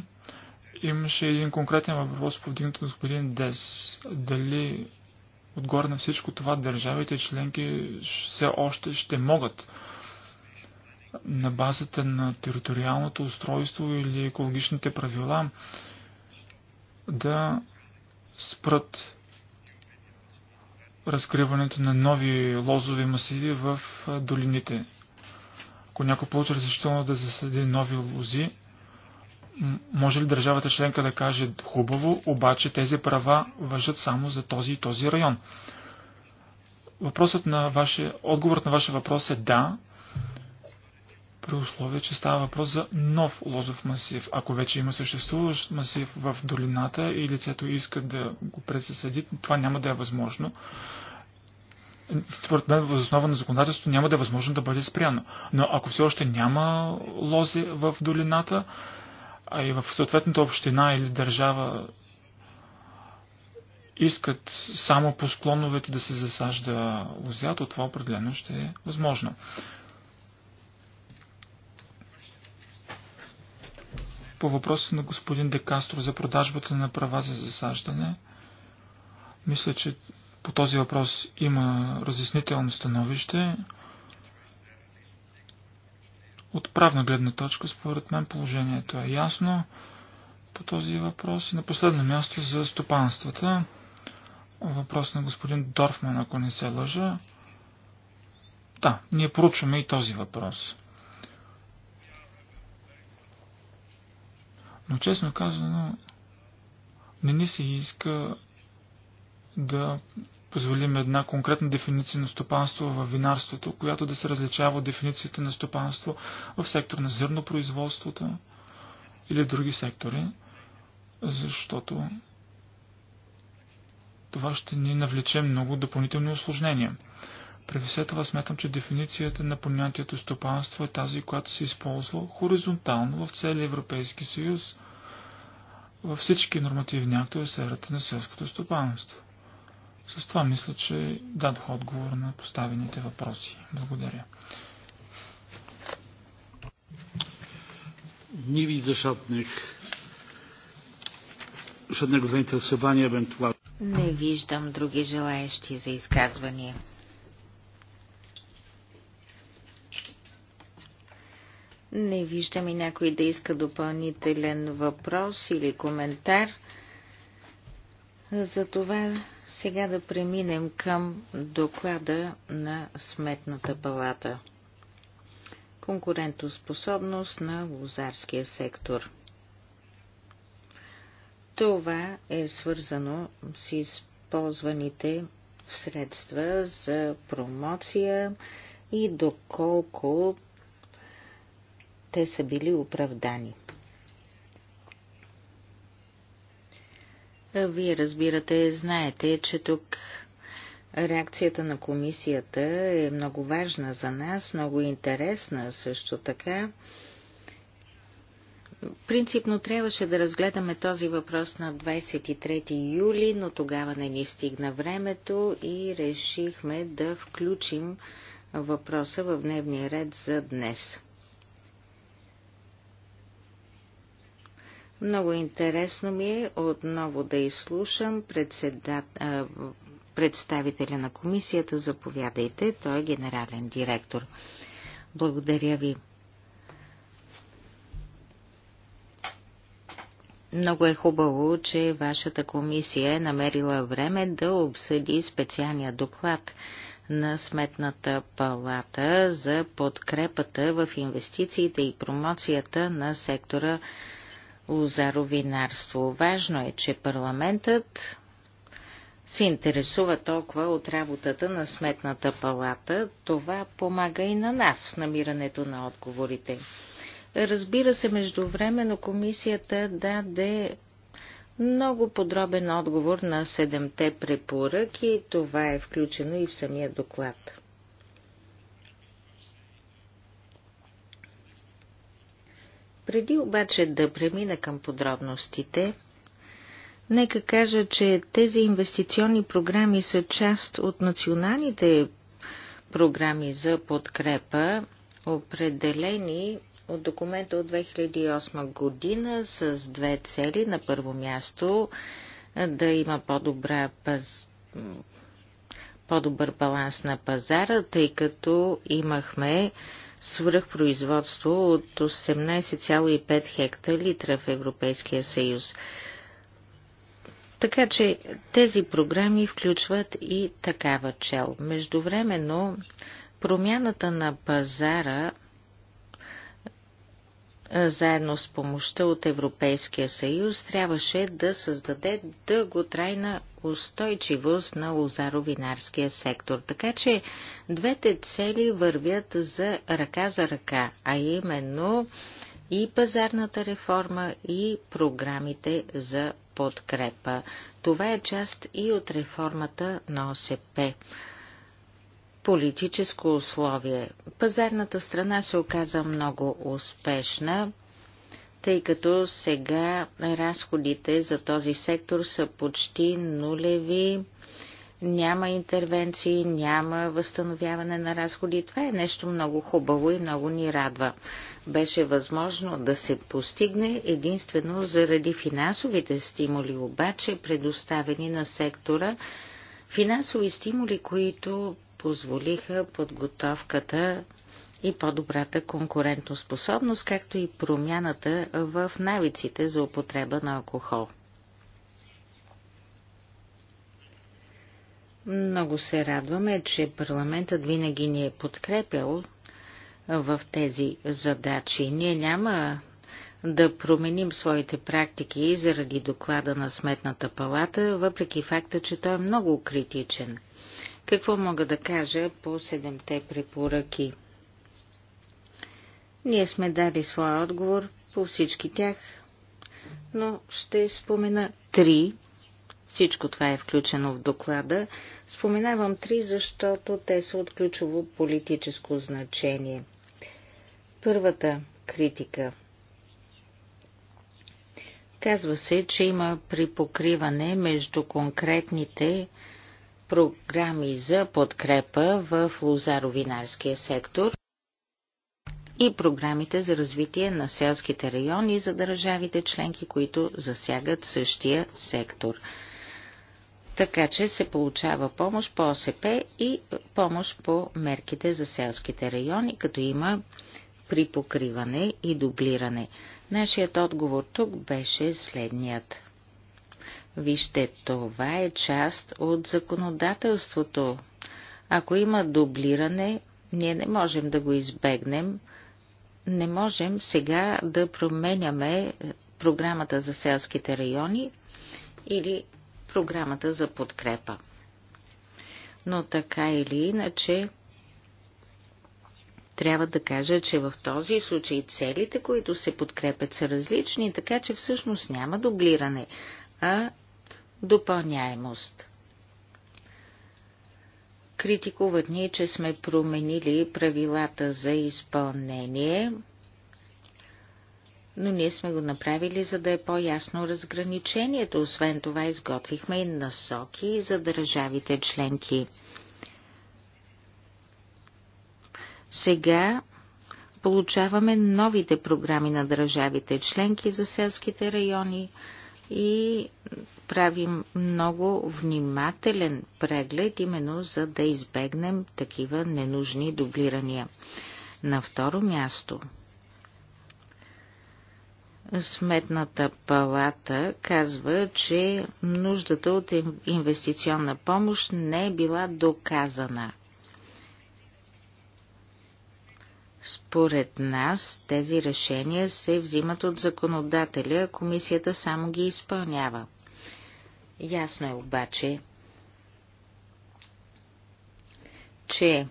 Имаше един конкретен въпрос, повдигнат от господин Дес. Дали отгоре на всичко това държавите членки все още ще могат на базата на териториалното устройство или екологичните правила да спрат разкриването на нови лозови масиви в долините. Ако някой получи разрешително да засади нови лози, може ли държавата членка да каже хубаво, обаче тези права въжат само за този и този район? Въпросът на ваше, отговорът на вашия въпрос е да, при условие, че става въпрос за нов лозов масив. Ако вече има съществуващ масив в долината и лицето иска да го пресъседи, това няма да е възможно. Според мен, възоснова на законодателството няма да е възможно да бъде спряно. Но ако все още няма лози в долината, а и в съответната община или държава искат само по склоновете да се засажда лозя, то това определено ще е възможно. По въпроса на господин Декастро за продажбата на права за засаждане, мисля, че по този въпрос има разяснително становище. От правна гледна точка, според мен, положението е ясно по този въпрос. И на последно място за стопанствата. Въпрос на господин Дорфман, ако не се лъжа. Да, ние поручваме и този въпрос. Но честно казано, не ни се иска да позволим една конкретна дефиниция на стопанство в винарството, която да се различава от дефиницията на стопанство в сектор на зърнопроизводството или други сектори, защото това ще ни навлече много допълнителни осложнения. При все това смятам, че дефиницията на понятието стопанство е тази, която се използва хоризонтално в целия Европейски съюз във всички нормативни актове в сферата на селското стопанство. С това мисля, че дадох отговор на поставените въпроси. Благодаря. Nie widzę żadnych, żadnego zainteresowania ewentualnie. Не виждам други желаящи за изказвания. Не виждам и някой да иска допълнителен въпрос или коментар. Затова сега да преминем към доклада на Сметната палата. Конкурентоспособност на лозарския сектор. Това е свързано с използваните средства за промоция и доколко те са били оправдани. Вие разбирате, знаете, че тук реакцията на комисията е много важна за нас, много интересна също така. Принципно трябваше да разгледаме този въпрос на 23 юли, но тогава не ни стигна времето и решихме да включим въпроса в дневния ред за днес. Много интересно ми е отново да изслушам председат... представителя на комисията. Заповядайте, той е генерален директор. Благодаря ви. Много е хубаво, че вашата комисия е намерила време да обсъди специалния доклад на Сметната палата за подкрепата в инвестициите и промоцията на сектора лозаровинарство. Важно е, че парламентът се интересува толкова от работата на Сметната палата. Това помага и на нас в намирането на отговорите. Разбира се, междувременно комисията даде много подробен отговор на седемте препоръки. Това е включено и в самия доклад. Преди обаче да премина към подробностите, нека кажа, че тези инвестиционни програми са част от националните програми за подкрепа, определени от документа от 2008 година с две цели. На първо място да има по-добра паз... по-добър баланс на пазара, тъй като имахме свръхпроизводство от 18,5 литра в Европейския съюз. Така че тези програми включват и такава чел. Междувременно промяната на пазара заедно с помощта от Европейския съюз трябваше да създаде дълготрайна устойчивост на лозаровинарския сектор. Така че двете цели вървят за ръка за ръка, а именно и пазарната реформа и програмите за подкрепа. Това е част и от реформата на ОСП политическо условие. Пазарната страна се оказа много успешна, тъй като сега разходите за този сектор са почти нулеви, няма интервенции, няма възстановяване на разходи. Това е нещо много хубаво и много ни радва. Беше възможно да се постигне единствено заради финансовите стимули, обаче предоставени на сектора, финансови стимули, които позволиха подготовката и по-добрата конкурентоспособност, както и промяната в навиците за употреба на алкохол. Много се радваме, че парламентът винаги ни е подкрепял в тези задачи. Ние няма да променим своите практики заради доклада на Сметната палата, въпреки факта, че той е много критичен – какво мога да кажа по седемте препоръки? Ние сме дали своя отговор по всички тях, но ще спомена три. Всичко това е включено в доклада. Споменавам три, защото те са от ключово политическо значение. Първата критика. Казва се, че има припокриване между конкретните програми за подкрепа в лозаровинарския сектор и програмите за развитие на селските райони за държавите членки, които засягат същия сектор. Така че се получава помощ по ОСП и помощ по мерките за селските райони, като има припокриване и дублиране. Нашият отговор тук беше следният. Вижте, това е част от законодателството. Ако има дублиране, ние не можем да го избегнем. Не можем сега да променяме програмата за селските райони или програмата за подкрепа. Но така или иначе, трябва да кажа, че в този случай целите, които се подкрепят, са различни, така че всъщност няма дублиране, а допълняемост. Критикуват ни, че сме променили правилата за изпълнение, но ние сме го направили, за да е по-ясно разграничението. Освен това, изготвихме и насоки за държавите членки. Сега получаваме новите програми на държавите членки за селските райони и правим много внимателен преглед, именно за да избегнем такива ненужни дублирания. На второ място, Сметната палата казва, че нуждата от инвестиционна помощ не е била доказана. Според нас тези решения се взимат от законодателя, комисията само ги изпълнява. Ясно е обаче, че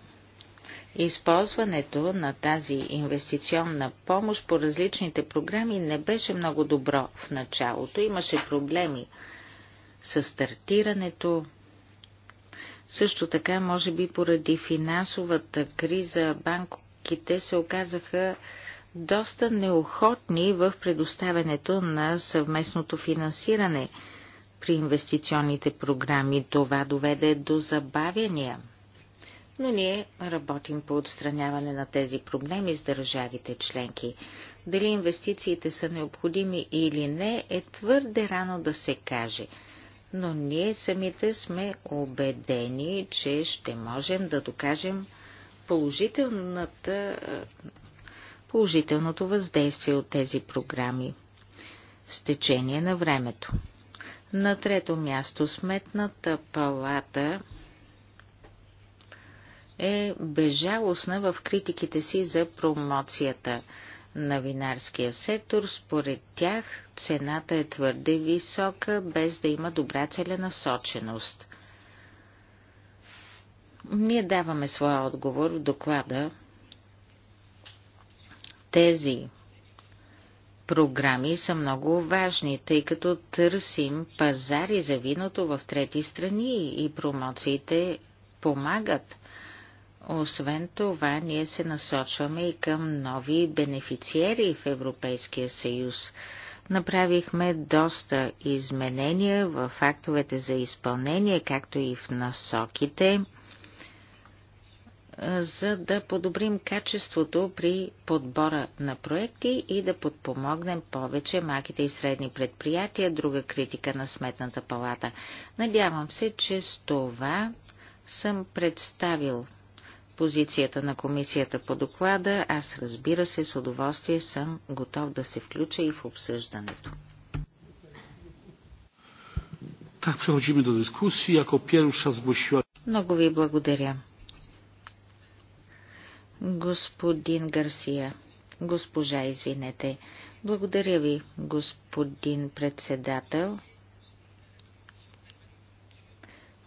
използването на тази инвестиционна помощ по различните програми не беше много добро в началото. Имаше проблеми с стартирането. Също така, може би поради финансовата криза, банките се оказаха доста неохотни в предоставянето на съвместното финансиране – при инвестиционните програми. Това доведе до забавяния. Но ние работим по отстраняване на тези проблеми с държавите членки. Дали инвестициите са необходими или не, е твърде рано да се каже. Но ние самите сме убедени, че ще можем да докажем положителната, положителното въздействие от тези програми с течение на времето. На трето място, сметната палата е безжалостна в критиките си за промоцията на винарския сектор. Според тях цената е твърде висока, без да има добра целенасоченост. Ние даваме своя отговор в доклада. Тези програми са много важни, тъй като търсим пазари за виното в трети страни и промоциите помагат. Освен това, ние се насочваме и към нови бенефициери в Европейския съюз. Направихме доста изменения в актовете за изпълнение, както и в насоките – за да подобрим качеството при подбора на проекти и да подпомогнем повече малките и средни предприятия, друга критика на Сметната палата. Надявам се, че с това съм представил позицията на комисията по доклада. Аз разбира се, с удоволствие съм готов да се включа и в обсъждането. Так, przechodzimy do dyskusji. Jako pierwsza Много ви благодаря господин Гарсия. Госпожа, извинете. Благодаря ви, господин председател.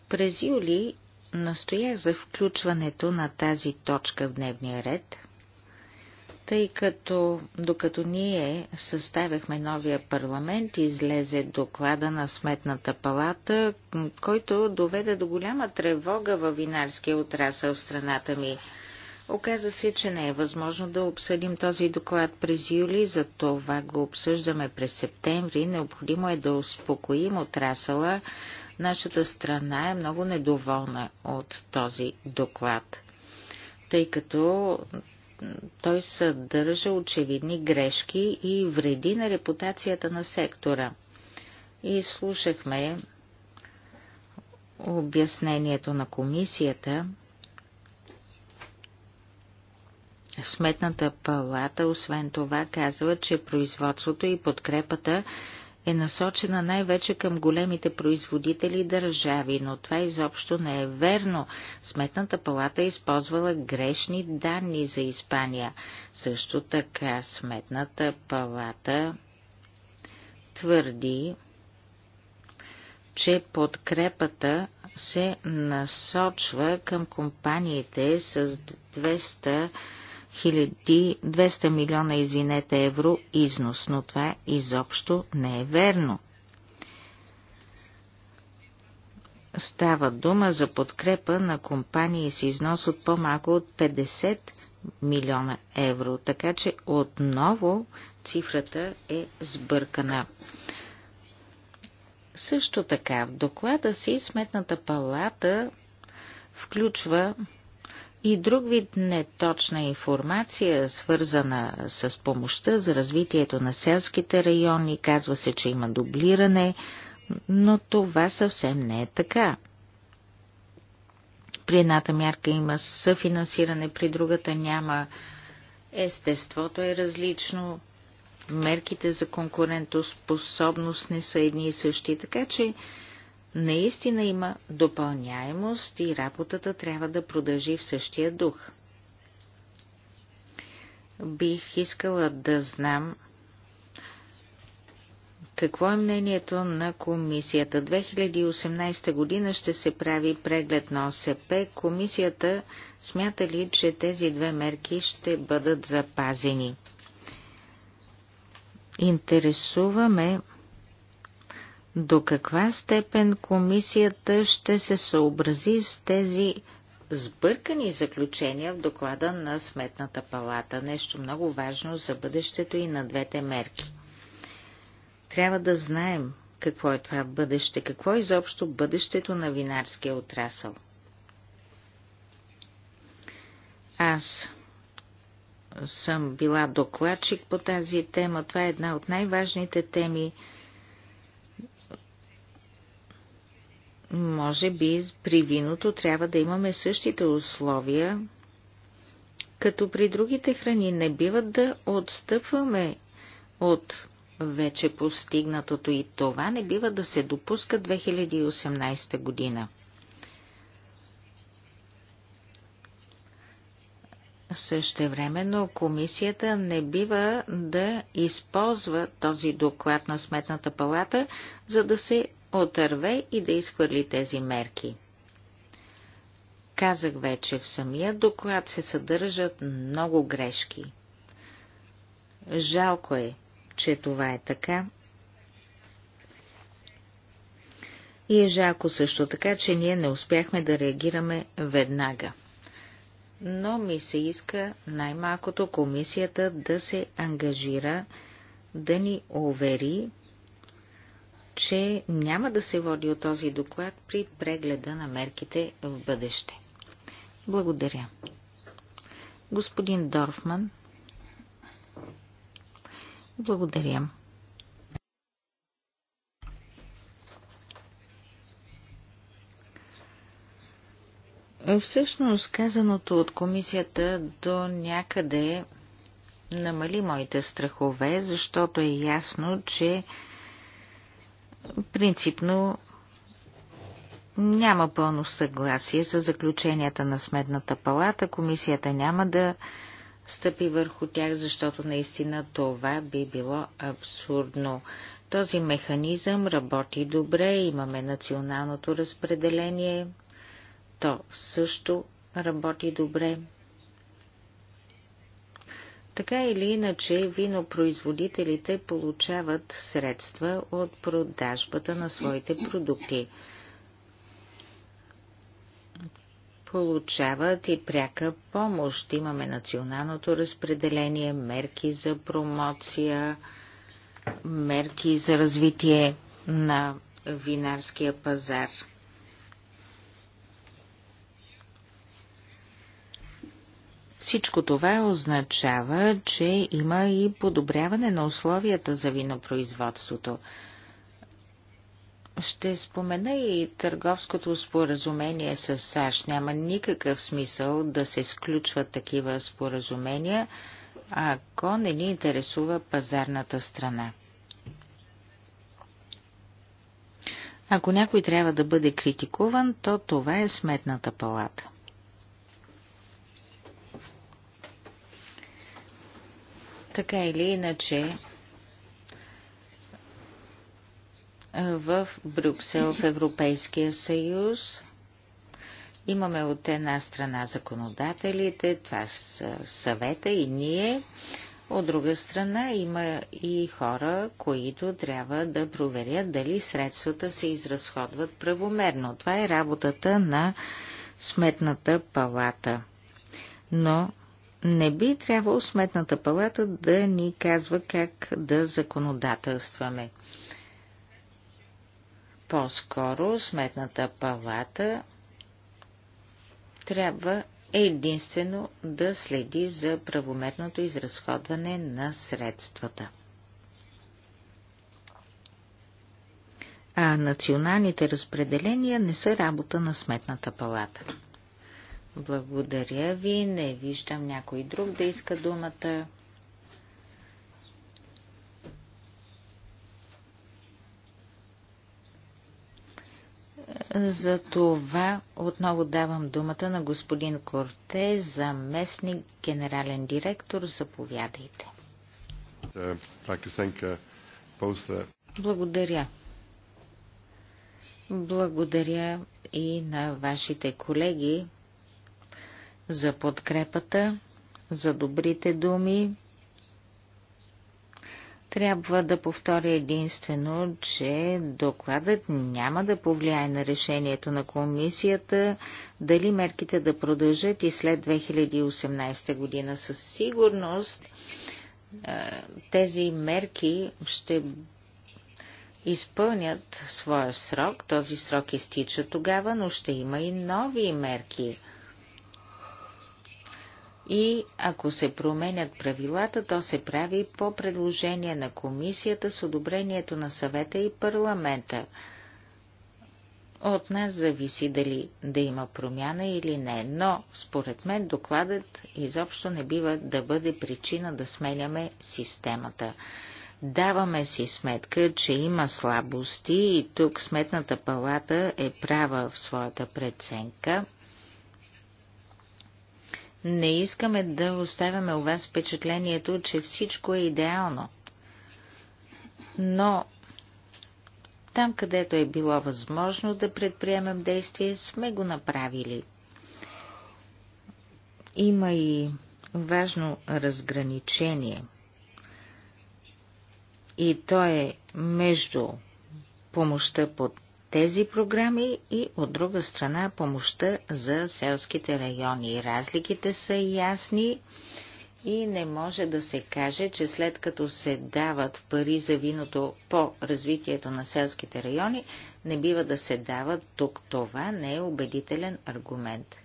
През юли настоях за включването на тази точка в дневния ред, тъй като докато ние съставяхме новия парламент, излезе доклада на Сметната палата, който доведе до голяма тревога във винарския отрасъл в страната ми – Оказа се, че не е възможно да обсъдим този доклад през юли, за това го обсъждаме през септември. Необходимо е да успокоим отрасъла. Нашата страна е много недоволна от този доклад, тъй като той съдържа очевидни грешки и вреди на репутацията на сектора. И слушахме обяснението на комисията – Сметната палата, освен това, казва, че производството и подкрепата е насочена най-вече към големите производители и държави, но това изобщо не е верно. Сметната палата е използвала грешни данни за Испания. Също така Сметната палата твърди, че подкрепата се насочва към компаниите с 200 1200 милиона, извинете, евро износ, но това изобщо не е верно. Става дума за подкрепа на компании с износ от по-малко от 50 милиона евро, така че отново цифрата е сбъркана. Също така в доклада си Сметната палата включва и друг вид неточна информация, свързана с помощта за развитието на селските райони. Казва се, че има дублиране, но това съвсем не е така. При едната мярка има съфинансиране, при другата няма. Естеството е различно, мерките за конкурентоспособност не са едни и същи, така че Наистина има допълняемост и работата трябва да продължи в същия дух. Бих искала да знам какво е мнението на комисията? 2018 година ще се прави преглед на ОСП. Комисията смята ли, че тези две мерки ще бъдат запазени? Интересуваме до каква степен комисията ще се съобрази с тези сбъркани заключения в доклада на Сметната палата. Нещо много важно за бъдещето и на двете мерки. Трябва да знаем какво е това бъдеще, какво е изобщо бъдещето на винарския отрасъл. Аз съм била докладчик по тази тема. Това е една от най-важните теми Може би при виното трябва да имаме същите условия, като при другите храни не бива да отстъпваме от вече постигнатото и това не бива да се допуска 2018 година. но комисията не бива да използва този доклад на Сметната палата, за да се отърве и да изхвърли тези мерки. Казах вече, в самия доклад се съдържат много грешки. Жалко е, че това е така. И е жалко също така, че ние не успяхме да реагираме веднага. Но ми се иска най-малкото комисията да се ангажира да ни увери, че няма да се води от този доклад при прегледа на мерките в бъдеще. Благодаря. Господин Дорфман. Благодаря. Всъщност казаното от комисията до някъде намали моите страхове, защото е ясно, че Принципно няма пълно съгласие с заключенията на Сметната палата. Комисията няма да стъпи върху тях, защото наистина това би било абсурдно. Този механизъм работи добре, имаме националното разпределение, то също работи добре. Така или иначе, винопроизводителите получават средства от продажбата на своите продукти. Получават и пряка помощ. Имаме националното разпределение, мерки за промоция, мерки за развитие на винарския пазар – Всичко това означава, че има и подобряване на условията за винопроизводството. Ще спомена и търговското споразумение с САЩ. Няма никакъв смисъл да се сключват такива споразумения, ако не ни интересува пазарната страна. Ако някой трябва да бъде критикуван, то това е сметната палата. Така или иначе, в Брюксел, в Европейския съюз, имаме от една страна законодателите, това са съвета и ние, от друга страна има и хора, които трябва да проверят дали средствата се изразходват правомерно. Това е работата на Сметната палата. Но не би трябвало Сметната палата да ни казва как да законодателстваме. По-скоро Сметната палата трябва единствено да следи за правомерното изразходване на средствата. А националните разпределения не са работа на Сметната палата. Благодаря ви. Не виждам някой друг да иска думата. За това отново давам думата на господин Корте, заместник генерален директор. Заповядайте. Благодаря. Благодаря и на вашите колеги за подкрепата, за добрите думи. Трябва да повторя единствено, че докладът няма да повлияе на решението на комисията дали мерките да продължат и след 2018 година. Със сигурност тези мерки ще изпълнят своя срок. Този срок изтича тогава, но ще има и нови мерки – и ако се променят правилата, то се прави по предложение на комисията с одобрението на съвета и парламента. От нас зависи дали да има промяна или не, но според мен докладът изобщо не бива да бъде причина да сменяме системата. Даваме си сметка, че има слабости и тук Сметната палата е права в своята преценка – не искаме да оставяме у вас впечатлението, че всичко е идеално. Но там, където е било възможно да предприемем действие, сме го направили. Има и важно разграничение. И то е между помощта под тези програми и от друга страна помощта за селските райони. Разликите са ясни и не може да се каже, че след като се дават пари за виното по развитието на селските райони, не бива да се дават тук. Това не е убедителен аргумент.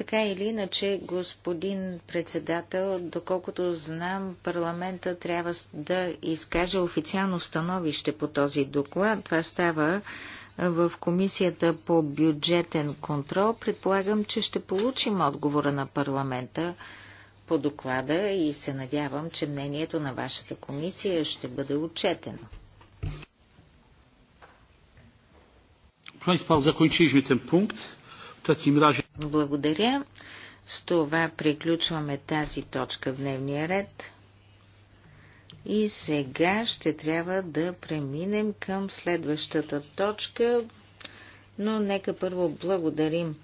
Така или иначе, господин председател, доколкото знам, парламента трябва да изкаже официално становище по този доклад. Това става в Комисията по бюджетен контрол. Предполагам, че ще получим отговора на парламента по доклада и се надявам, че мнението на вашата комисия ще бъде отчетено. Państwa, zakończyliśmy ten punkt. Благодаря. С това приключваме тази точка в дневния ред. И сега ще трябва да преминем към следващата точка, но нека първо благодарим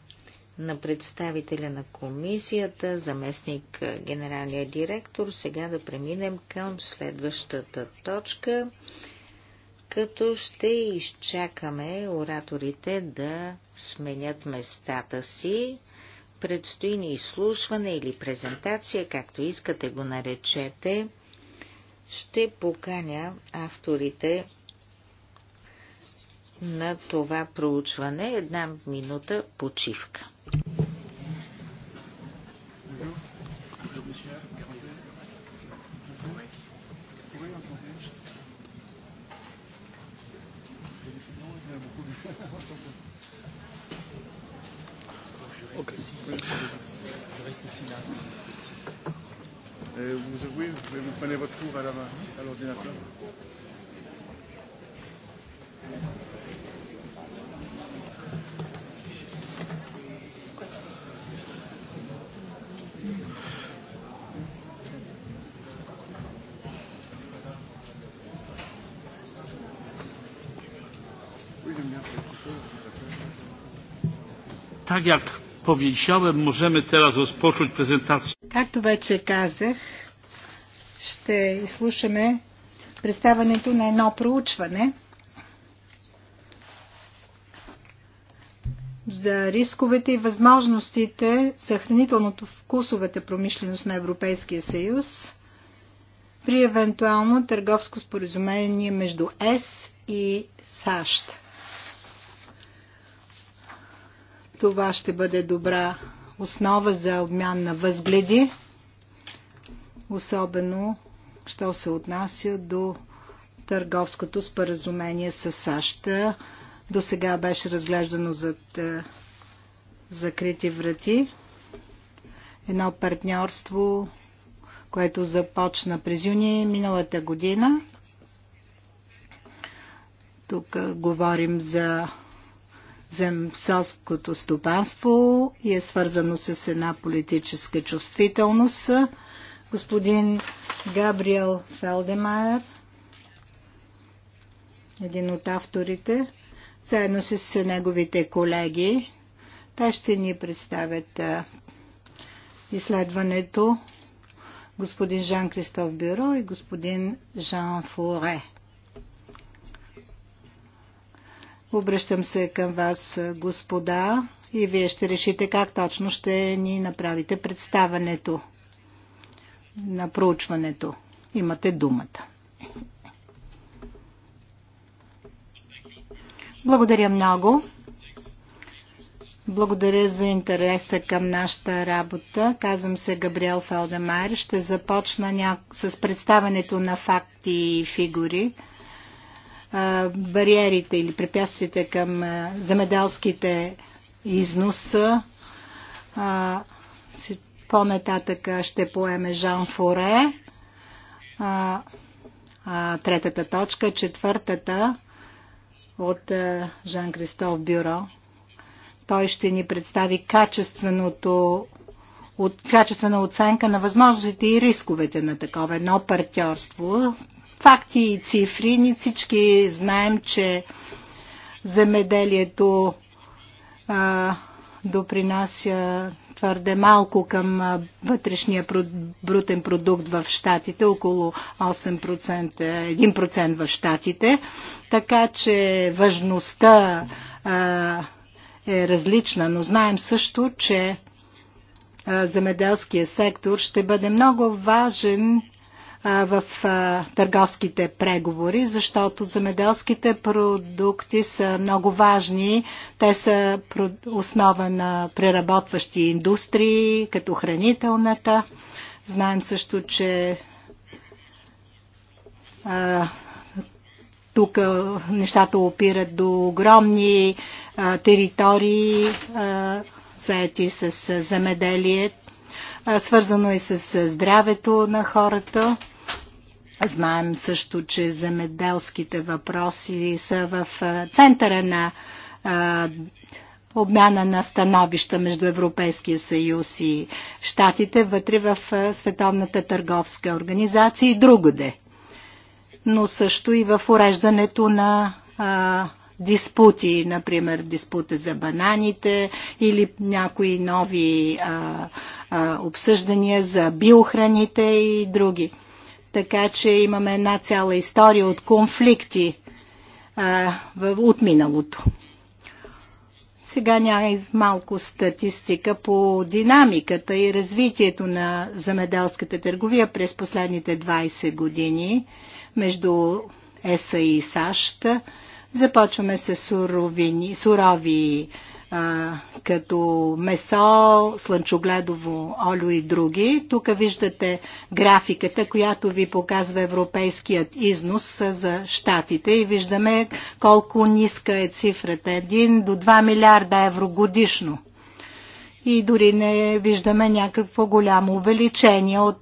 на представителя на комисията, заместник генералния директор. Сега да преминем към следващата точка като ще изчакаме ораторите да сменят местата си. Предстои ни изслушване или презентация, както искате го наречете. Ще поканя авторите на това проучване една минута почивка. Mais vous prenez votre tour à la main, à l'ordinateur. Tak jak powiedziałem, możemy teraz rozpocząć prezentację. Tak to вече казах, ще изслушаме представането на едно проучване за рисковете и възможностите за хранителното-вкусовата промишленост на Европейския съюз при евентуално търговско споразумение между ЕС и САЩ. Това ще бъде добра основа за обмян на възгледи особено що се отнася до търговското споразумение с САЩ. До сега беше разглеждано зад е, закрити врати. Едно партньорство, което започна през юни миналата година. Тук е, говорим за земселското стопанство и е свързано с една политическа чувствителност – господин Габриел Фелдемайер, един от авторите, заедно с неговите колеги. Те ще ни представят изследването господин Жан-Кристоф Бюро и господин Жан Фуре. Обръщам се към вас, господа, и вие ще решите как точно ще ни направите представането на проучването. Имате думата. Благодаря много. Благодаря за интереса към нашата работа. Казвам се Габриел Фелдемайер. Ще започна с представането на факти и фигури. Бариерите или препятствията към земеделските износа. По-нататък ще поеме Жан Форе. А, а, третата точка, четвъртата от Жан Кристоф Бюро. Той ще ни представи качественото от качествена оценка на възможностите и рисковете на такова едно партньорство. Факти и цифри. Ни всички знаем, че земеделието а, допринася твърде малко към вътрешния брутен продукт в щатите, около 8%, 1% в щатите. Така че важността е различна, но знаем също, че земеделския сектор ще бъде много важен в търговските преговори, защото земеделските продукти са много важни. Те са основа на преработващи индустрии, като хранителната. Знаем също, че тук нещата опират до огромни територии, заети с земеделие, свързано и с здравето на хората. Знаем също, че земеделските въпроси са в центъра на а, обмяна на становища между Европейския съюз и щатите вътре в Световната търговска организация и другаде. Но също и в уреждането на а, диспути, например диспута за бананите или някои нови а, а, обсъждания за биохраните и други така че имаме една цяла история от конфликти а, в, от миналото. Сега няма малко статистика по динамиката и развитието на замеделската търговия през последните 20 години между ЕСА и САЩ. Започваме с суровини, сурови а, като месо, слънчогледово олио и други. Тук виждате графиката, която ви показва европейският износ за щатите и виждаме колко ниска е цифрата. 1 до 2 милиарда евро годишно. И дори не виждаме някакво голямо увеличение от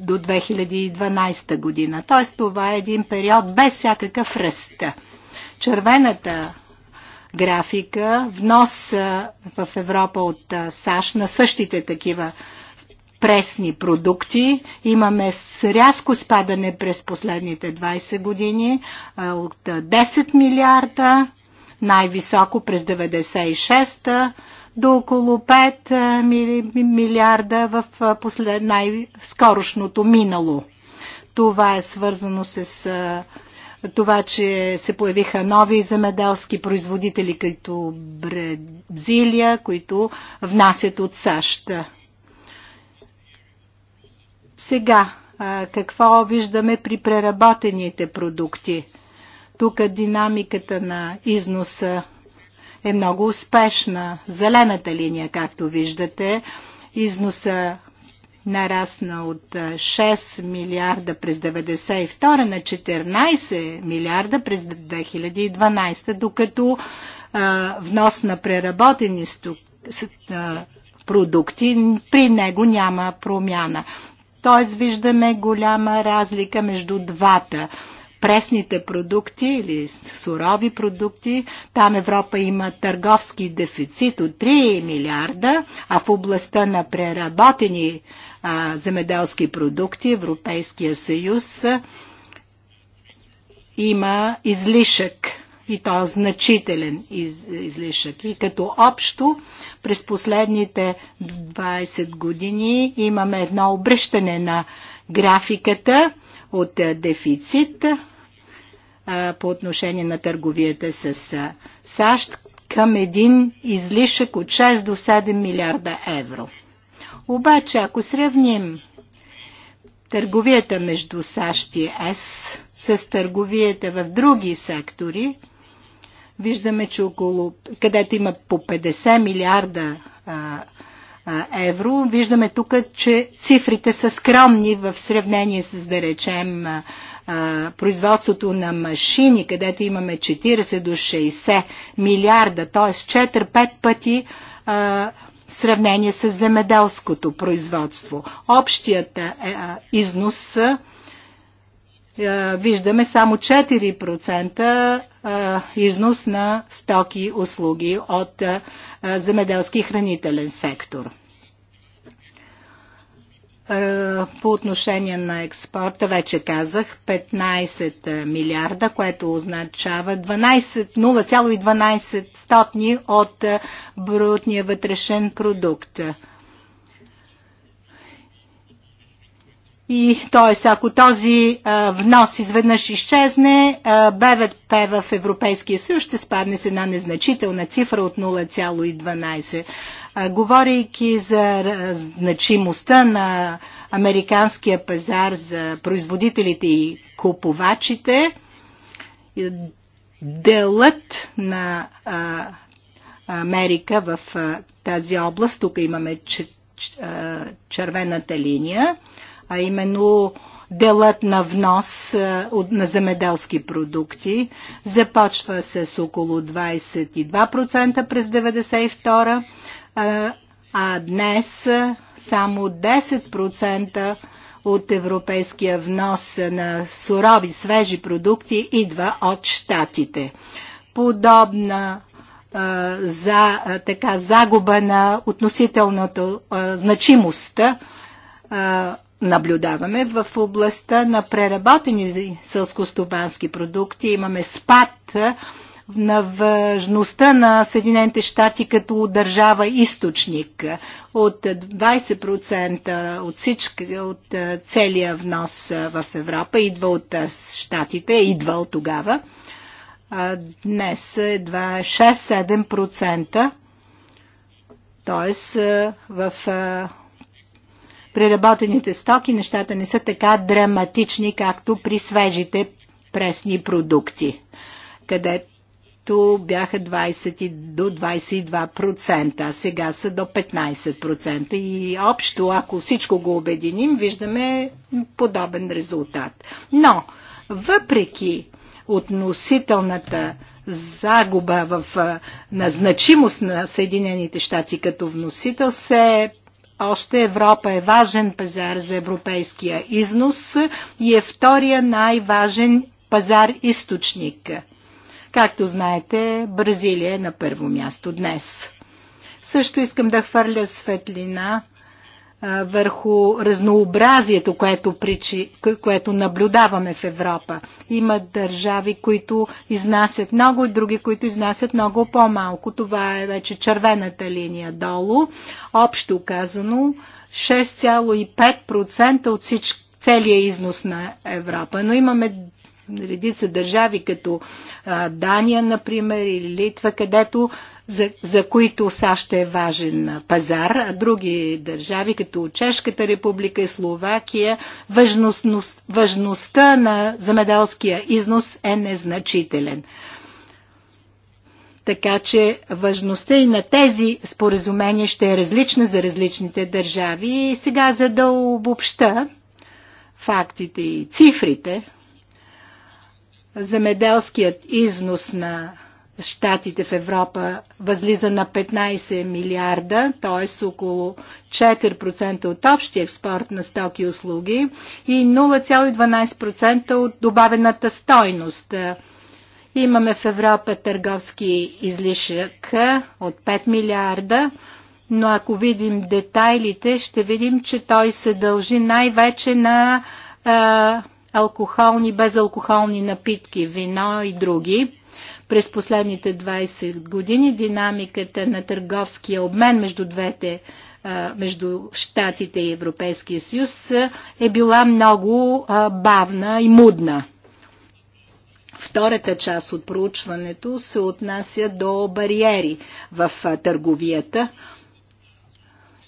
до 2012 година. Тоест това е един период без всякакъв ръст. Червената графика, внос в Европа от САЩ на същите такива пресни продукти. Имаме рязко спадане през последните 20 години от 10 милиарда, най-високо през 96-та, до около 5 милиарда в послед... най-скорошното минало. Това е свързано с това, че се появиха нови земеделски производители, като Бразилия, които внасят от САЩ. Сега, какво виждаме при преработените продукти? Тук динамиката на износа е много успешна. Зелената линия, както виждате, износа нарасна от 6 милиарда през 1992 на 14 милиарда през 2012, докато а, внос на преработени стук, а, продукти при него няма промяна. Тоест виждаме голяма разлика между двата пресните продукти или сурови продукти. Там Европа има търговски дефицит от 3 милиарда, а в областта на преработени а, земеделски продукти Европейския съюз а, има излишък и то значителен из, излишък. И като общо през последните 20 години имаме едно обръщане на графиката от дефицит по отношение на търговията с САЩ към един излишък от 6 до 7 милиарда евро. Обаче, ако сравним търговията между САЩ и ЕС с търговията в други сектори, виждаме, че около, където има по 50 милиарда а, а, евро, виждаме тук, че цифрите са скромни в сравнение с, да речем, а, производството на машини, където имаме 40 до 60 милиарда, т.е. 4-5 пъти а, в сравнение с земеделското производство. Общият е, а, износ а, виждаме само 4% износ на стоки и услуги от земеделски хранителен сектор. По отношение на експорта, вече казах, 15 милиарда, което означава 0,12 стотни от брутния вътрешен продукт. И т.е. ако този а, внос изведнъж изчезне, а, БВП в Европейския съюз ще спадне с една незначителна цифра от 0,12. Говорейки за значимостта на американския пазар за производителите и купувачите, делът на Америка в тази област, тук имаме червената линия, а именно делът на внос на земеделски продукти започва с около 22% през 1992 а, днес само 10% от европейския внос на сурови, свежи продукти идва от щатите. Подобна за така загуба на относителната значимост наблюдаваме в областта на преработени сълскостопански продукти. Имаме спад на важността на Съединените щати като държава източник от 20% от, всички, от е, целия внос е, в Европа идва от е, щатите, идва от тогава. Днес едва 6-7%, т.е. в преработените стоки нещата не са така драматични, както при свежите пресни продукти, където които бяха 20, до 22%, а сега са до 15%. И общо, ако всичко го обединим, виждаме подобен резултат. Но, въпреки относителната загуба в назначимост на Съединените щати като вносител се още Европа е важен пазар за европейския износ и е втория най-важен пазар източник. Както знаете, Бразилия е на първо място днес. Също искам да хвърля светлина върху разнообразието, което, причи, което наблюдаваме в Европа. Има държави, които изнасят много и други, които изнасят много по-малко. Това е вече червената линия долу. Общо казано, 6,5% от всички целият износ на Европа. Но имаме редица държави, като Дания, например, или Литва, където за, за които САЩ е важен пазар, а други държави, като Чешката република и Словакия, важност, важността на замедалския износ е незначителен. Така че важността и на тези споразумения ще е различна за различните държави. И сега, за да обобща фактите и цифрите, Земеделският износ на щатите в Европа възлиза на 15 милиарда, т.е. около 4% от общия експорт на стоки и услуги и 0,12% от добавената стойност. Имаме в Европа търговски излишък от 5 милиарда, но ако видим детайлите, ще видим, че той се дължи най-вече на алкохолни и безалкохолни напитки, вино и други. През последните 20 години динамиката на търговския обмен между двете между Штатите и Европейския съюз е била много бавна и мудна. Втората част от проучването се отнася до бариери в търговията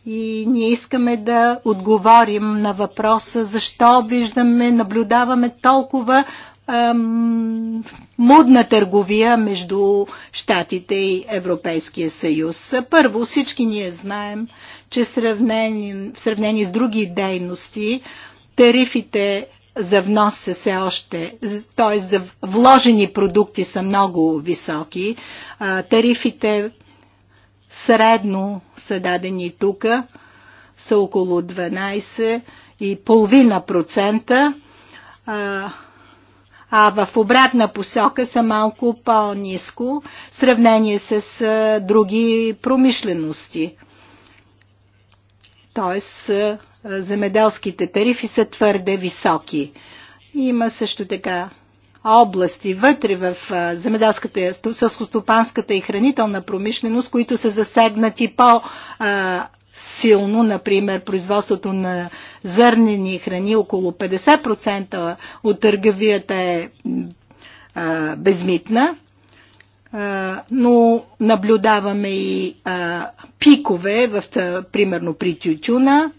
и ние искаме да отговорим на въпроса защо виждаме, наблюдаваме толкова ам, мудна търговия между Штатите и Европейския съюз. Първо, всички ние знаем, че сравнени, в сравнение с други дейности, тарифите за внос са все още, т.е. за вложени продукти са много високи. Тарифите средно са дадени тук, са около 12,5%, а, а в обратна посока са малко по-низко в сравнение с а, други промишлености. Тоест, а, земеделските тарифи са твърде високи. Има също така области вътре в земеделската, сълскостопанската и хранителна промишленост, които са засегнати по- силно, например, производството на зърнени храни, около 50% от търговията е а, безмитна, а, но наблюдаваме и а, пикове, в, примерно при тютюна,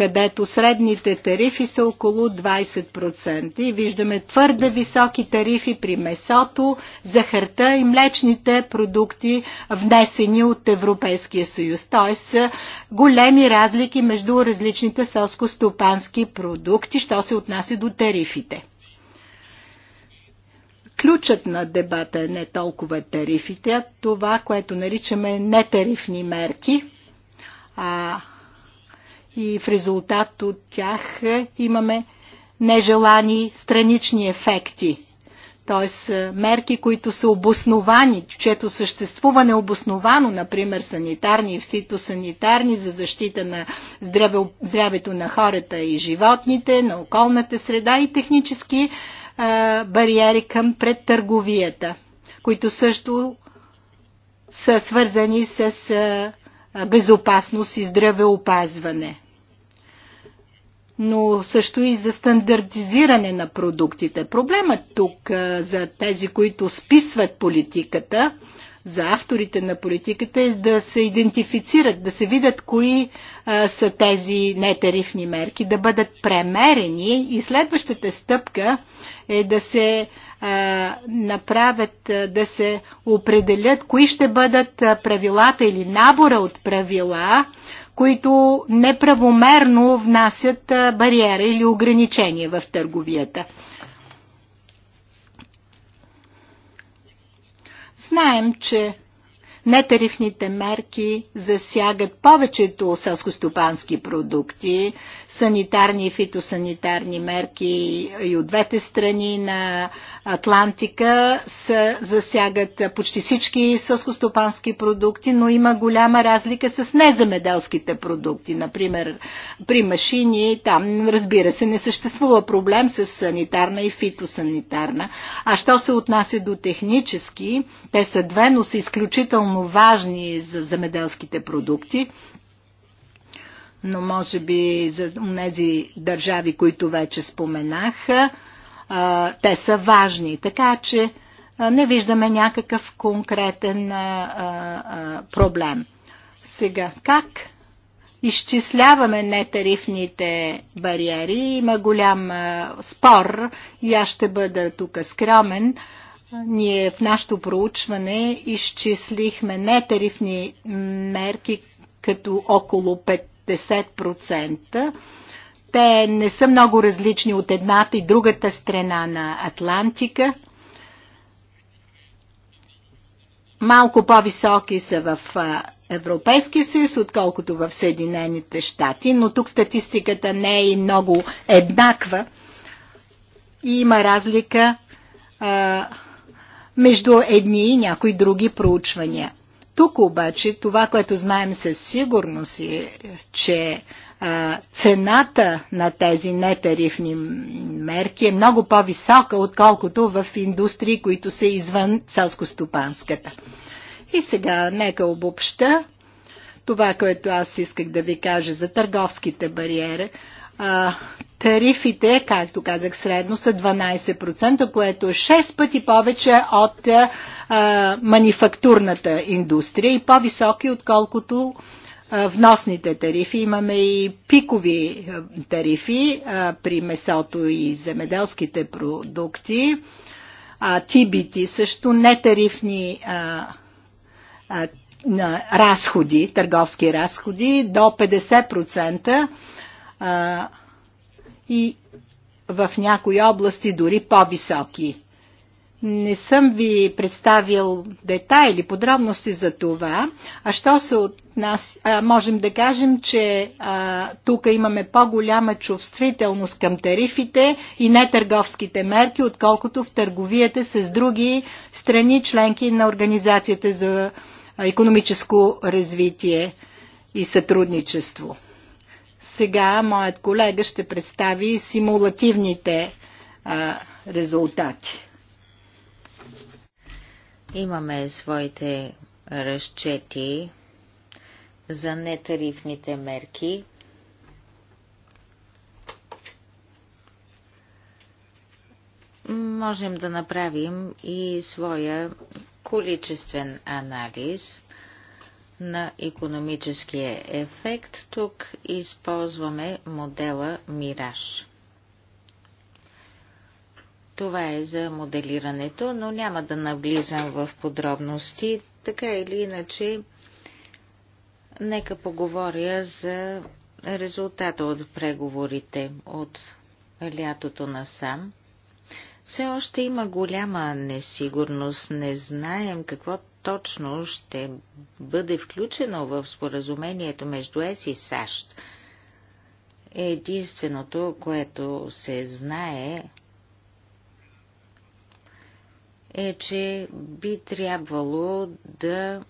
където средните тарифи са около 20%. И виждаме твърде високи тарифи при месото, захарта и млечните продукти, внесени от Европейския съюз. Т.е. големи разлики между различните селско-стопански продукти, що се отнася до тарифите. Ключът на дебата е не толкова тарифите, а това, което наричаме нетарифни мерки, а и в резултат от тях имаме нежелани странични ефекти. Т.е. мерки, които са обосновани, чето съществуване е обосновано, например санитарни и фитосанитарни за защита на здраве, здравето на хората и животните, на околната среда и технически е, бариери към предтърговията, които също са свързани с е, безопасност и здравеопазване. Но също и за стандартизиране на продуктите. Проблемът тук за тези, които списват политиката, за авторите на политиката е да се идентифицират, да се видят кои а, са тези нетарифни мерки, да бъдат премерени и следващата стъпка е да се направят, да се определят кои ще бъдат правилата или набора от правила, които неправомерно внасят бариера или ограничение в търговията. Знаем, че нетарифните мерки засягат повечето селскостопански продукти, санитарни и фитосанитарни мерки и от двете страни на Атлантика са, засягат почти всички селскостопански продукти, но има голяма разлика с неземеделските продукти. Например, при машини, там разбира се, не съществува проблем с санитарна и фитосанитарна. А що се отнася до технически, те са две, но са изключително изключително важни за земеделските продукти, но може би за тези държави, които вече споменах, те са важни. Така че не виждаме някакъв конкретен проблем. Сега, как изчисляваме нетарифните бариери. Има голям спор и аз ще бъда тук скромен. Ние в нашето проучване изчислихме нетарифни мерки като около 50%. Те не са много различни от едната и другата страна на Атлантика. Малко по-високи са в Европейския съюз, отколкото в Съединените щати, но тук статистиката не е и много еднаква. И има разлика между едни и някои други проучвания. Тук обаче това, което знаем със сигурност е, че а, цената на тези нетарифни мерки е много по-висока, отколкото в индустрии, които са извън селско-стопанската. И сега нека обобща това, което аз исках да ви кажа за търговските бариери. А, тарифите, както казах средно, са 12%, което е 6 пъти повече от а, манифактурната индустрия и по-високи, отколкото а, вносните тарифи. Имаме и пикови тарифи а, при месото и земеделските продукти. А, TBT също нетарифни а, а, разходи, търговски разходи до 50% а, и в някои области дори по-високи. Не съм ви представил детайли, подробности за това, а що се от нас, а, можем да кажем, че тук имаме по-голяма чувствителност към тарифите и нетърговските мерки, отколкото в търговията с други страни, членки на Организацията за економическо развитие и сътрудничество. Сега моят колега ще представи симулативните а, резултати. Имаме своите разчети за нетарифните мерки. Можем да направим и своя количествен анализ на економическия ефект. Тук използваме модела Мираж. Това е за моделирането, но няма да навлизам в подробности. Така или иначе, нека поговоря за резултата от преговорите от лятото насам. Все още има голяма несигурност, не знаем какво точно ще бъде включено в споразумението между ЕС и САЩ. Единственото, което се знае, е, че би трябвало да е,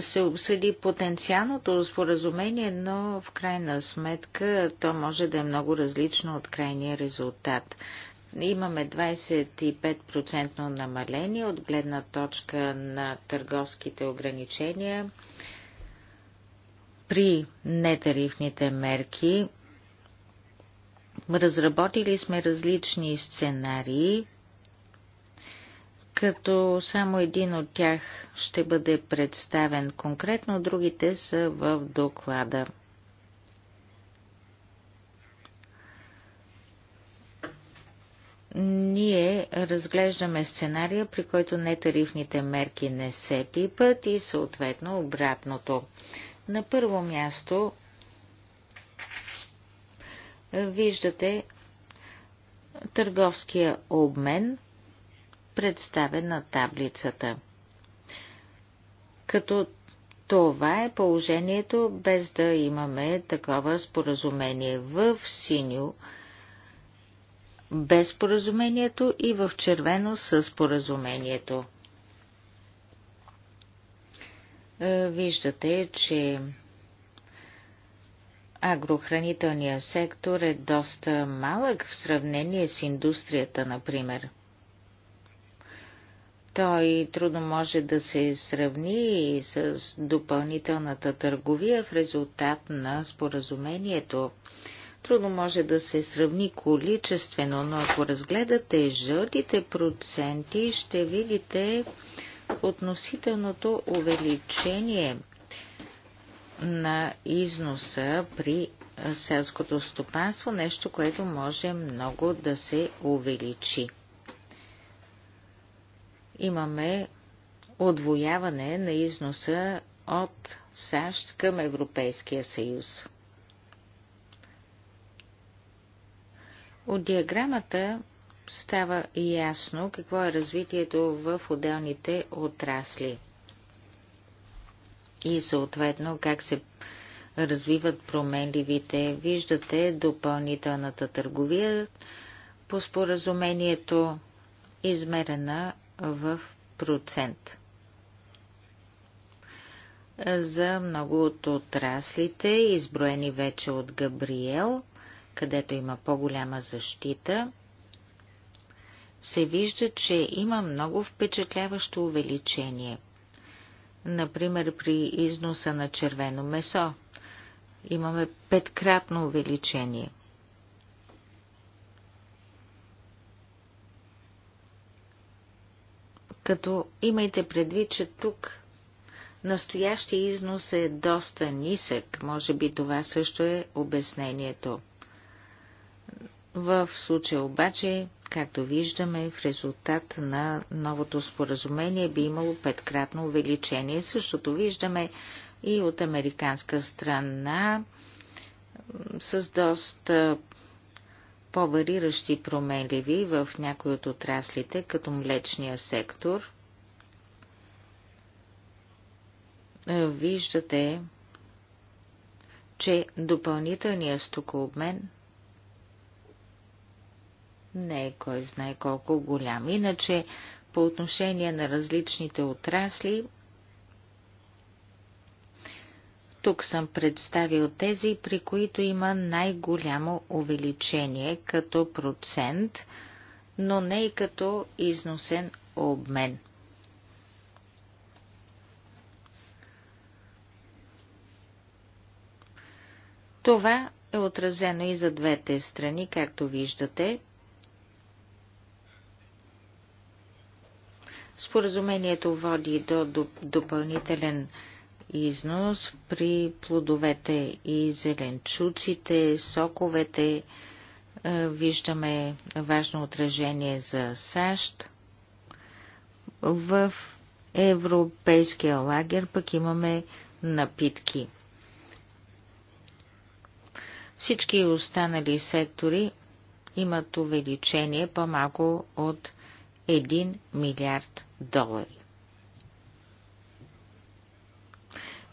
се обсъди потенциалното споразумение, но в крайна сметка то може да е много различно от крайния резултат. Имаме 25% намаление от гледна точка на търговските ограничения. При нетарифните мерки разработили сме различни сценарии, като само един от тях ще бъде представен конкретно, другите са в доклада. ние разглеждаме сценария, при който нетарифните мерки не се пипат и съответно обратното. На първо място виждате търговския обмен, представен на таблицата. Като това е положението без да имаме такова споразумение в синьо без поразумението и в червено с споразумението. Е, виждате, че агрохранителният сектор е доста малък в сравнение с индустрията, например. Той трудно може да се сравни и с допълнителната търговия в резултат на споразумението. Трудно може да се сравни количествено, но ако разгледате жълтите проценти, ще видите относителното увеличение на износа при селското стопанство, нещо, което може много да се увеличи. Имаме отвояване на износа от САЩ към Европейския съюз. От диаграмата става ясно какво е развитието в отделните отрасли и съответно как се развиват променливите. Виждате допълнителната търговия по споразумението, измерена в процент. За много от отраслите, изброени вече от Габриел, където има по-голяма защита, се вижда, че има много впечатляващо увеличение. Например, при износа на червено месо имаме петкратно увеличение. Като имайте предвид, че тук настоящия износ е доста нисък, може би това също е обяснението – в случая обаче, както виждаме, в резултат на новото споразумение би имало петкратно увеличение. Същото виждаме и от американска страна с доста по-вариращи променливи в някои от отраслите, като млечния сектор. Виждате, че допълнителният стокообмен – не е кой знае колко голям. Иначе, по отношение на различните отрасли, тук съм представил тези, при които има най-голямо увеличение като процент, но не и като износен обмен. Това е отразено и за двете страни, както виждате – Споразумението води до допълнителен износ при плодовете и зеленчуците, соковете. Е, виждаме важно отражение за САЩ. В европейския лагер пък имаме напитки. Всички останали сектори имат увеличение по-малко от 1 милиард долари.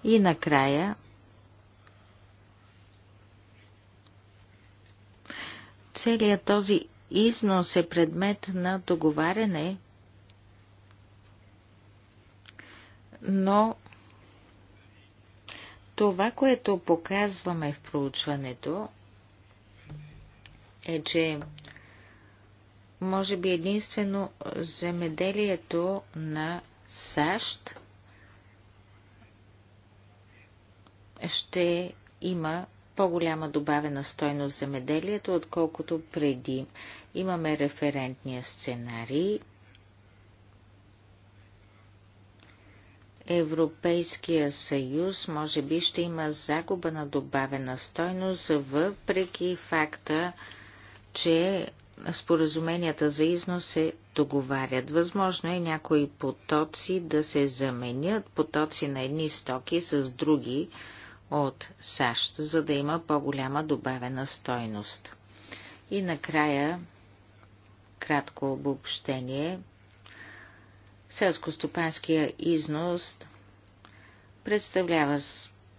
И накрая целият този износ е предмет на договаряне, но това, което показваме в проучването, е, че може би единствено земеделието на САЩ ще има по-голяма добавена стойност земеделието, отколкото преди. Имаме референтния сценарий. Европейския съюз може би ще има загуба на добавена стойност, въпреки факта, че споразуменията за износ се договарят. Възможно е някои потоци да се заменят, потоци на едни стоки с други от САЩ, за да има по-голяма добавена стойност. И накрая, кратко обобщение, селско-стопанския износ представлява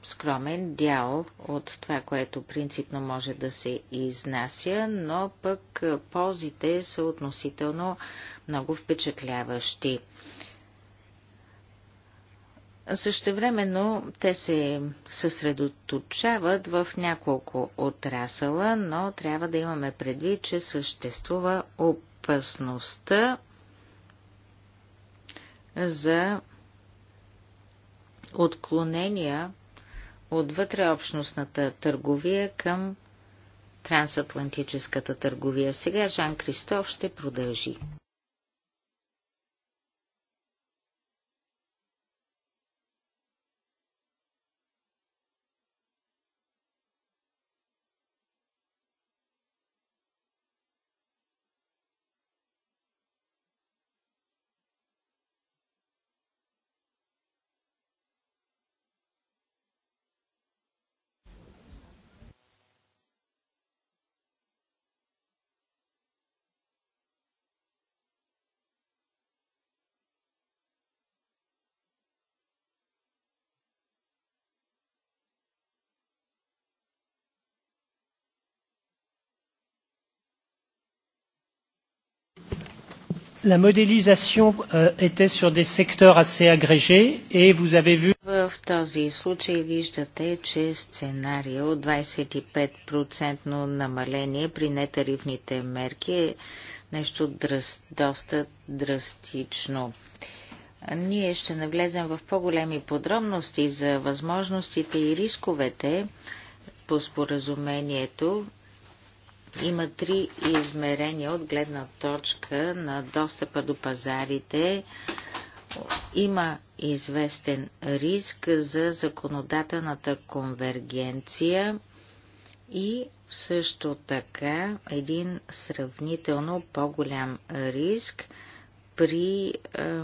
скромен дял от това, което принципно може да се изнася, но пък ползите са относително много впечатляващи. Същевременно те се съсредоточават в няколко отрасъла, но трябва да имаме предвид, че съществува опасността за отклонения от вътреобщностната търговия към трансатлантическата търговия. Сега Жан Кристоф ще продължи. La modélisation euh, était sur des secteurs assez agrégés et vous avez vu... В този случай виждате, че сценарио от 25% намаление при нетарифните мерки е нещо дръс, доста драстично. Ние ще навлезем в по-големи подробности за възможностите и рисковете по споразумението има три измерения от гледна точка на достъпа до пазарите. Има известен риск за законодателната конвергенция и също така един сравнително по-голям риск при е,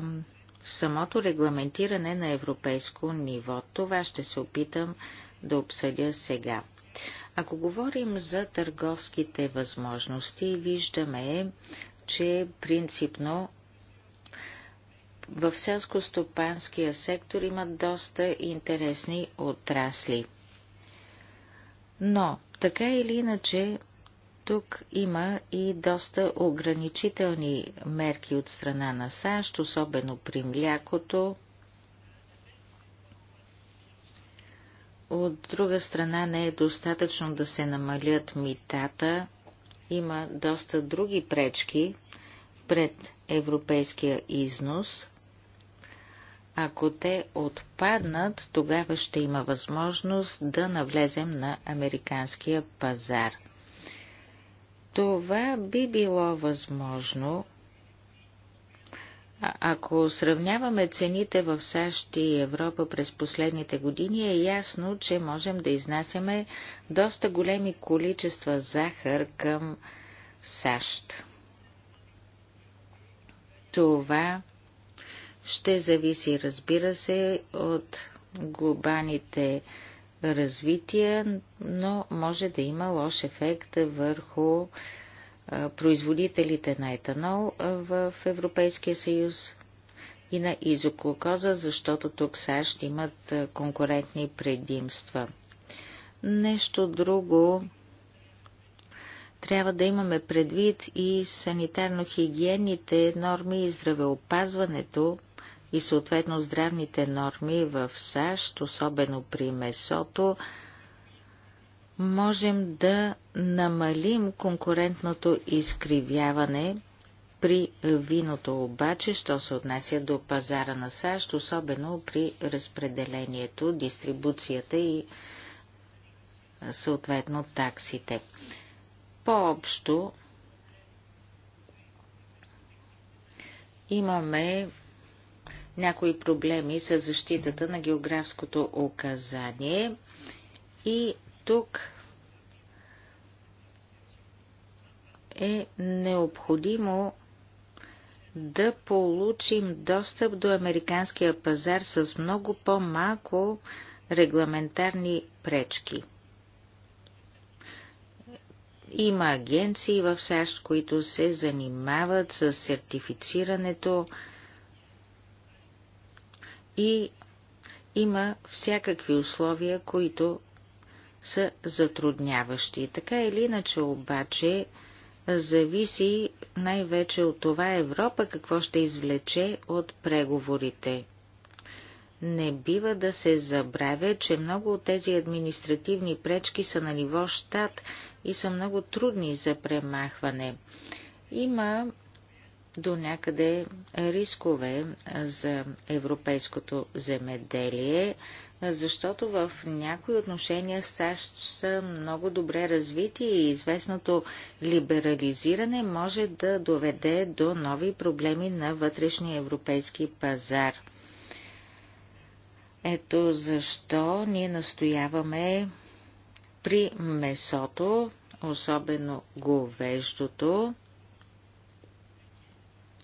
самото регламентиране на европейско ниво. Това ще се опитам да обсъдя сега. Ако говорим за търговските възможности, виждаме, че принципно в селско-стопанския сектор има доста интересни отрасли. Но, така или иначе, тук има и доста ограничителни мерки от страна на САЩ, особено при млякото. От друга страна не е достатъчно да се намалят митата. Има доста други пречки пред европейския износ. Ако те отпаднат, тогава ще има възможност да навлезем на американския пазар. Това би било възможно, а ако сравняваме цените в САЩ и Европа през последните години, е ясно, че можем да изнасяме доста големи количества захар към САЩ. Това ще зависи, разбира се, от глобалните развития, но може да има лош ефект върху производителите на етанол в Европейския съюз и на изоклокоза, защото тук САЩ имат конкурентни предимства. Нещо друго трябва да имаме предвид и санитарно-хигиенните норми и здравеопазването и съответно здравните норми в САЩ, особено при месото, можем да намалим конкурентното изкривяване при виното обаче, що се отнася до пазара на САЩ, особено при разпределението, дистрибуцията и съответно таксите. По-общо имаме някои проблеми с защитата на географското указание и тук е необходимо да получим достъп до американския пазар с много по-малко регламентарни пречки. Има агенции в САЩ, които се занимават с сертифицирането и има всякакви условия, които са затрудняващи. Така или иначе обаче зависи най-вече от това Европа какво ще извлече от преговорите. Не бива да се забравя, че много от тези административни пречки са на ниво щат и са много трудни за премахване. Има до някъде рискове за европейското земеделие, защото в някои отношения САЩ са много добре развити и известното либерализиране може да доведе до нови проблеми на вътрешния европейски пазар. Ето защо ние настояваме при месото, особено говеждото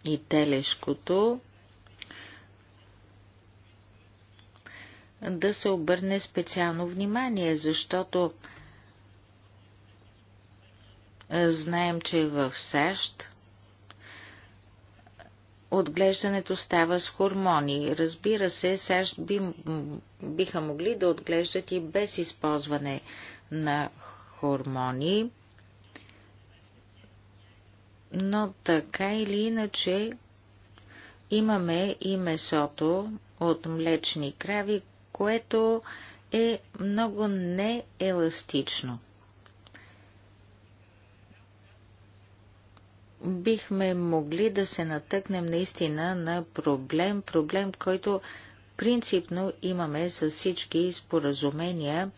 и телешкото, да се обърне специално внимание, защото знаем, че в САЩ отглеждането става с хормони. Разбира се, САЩ би, биха могли да отглеждат и без използване на хормони, но така или иначе имаме и месото от млечни крави, което е много нееластично. Бихме могли да се натъкнем наистина на проблем, проблем, който принципно имаме с всички споразумения,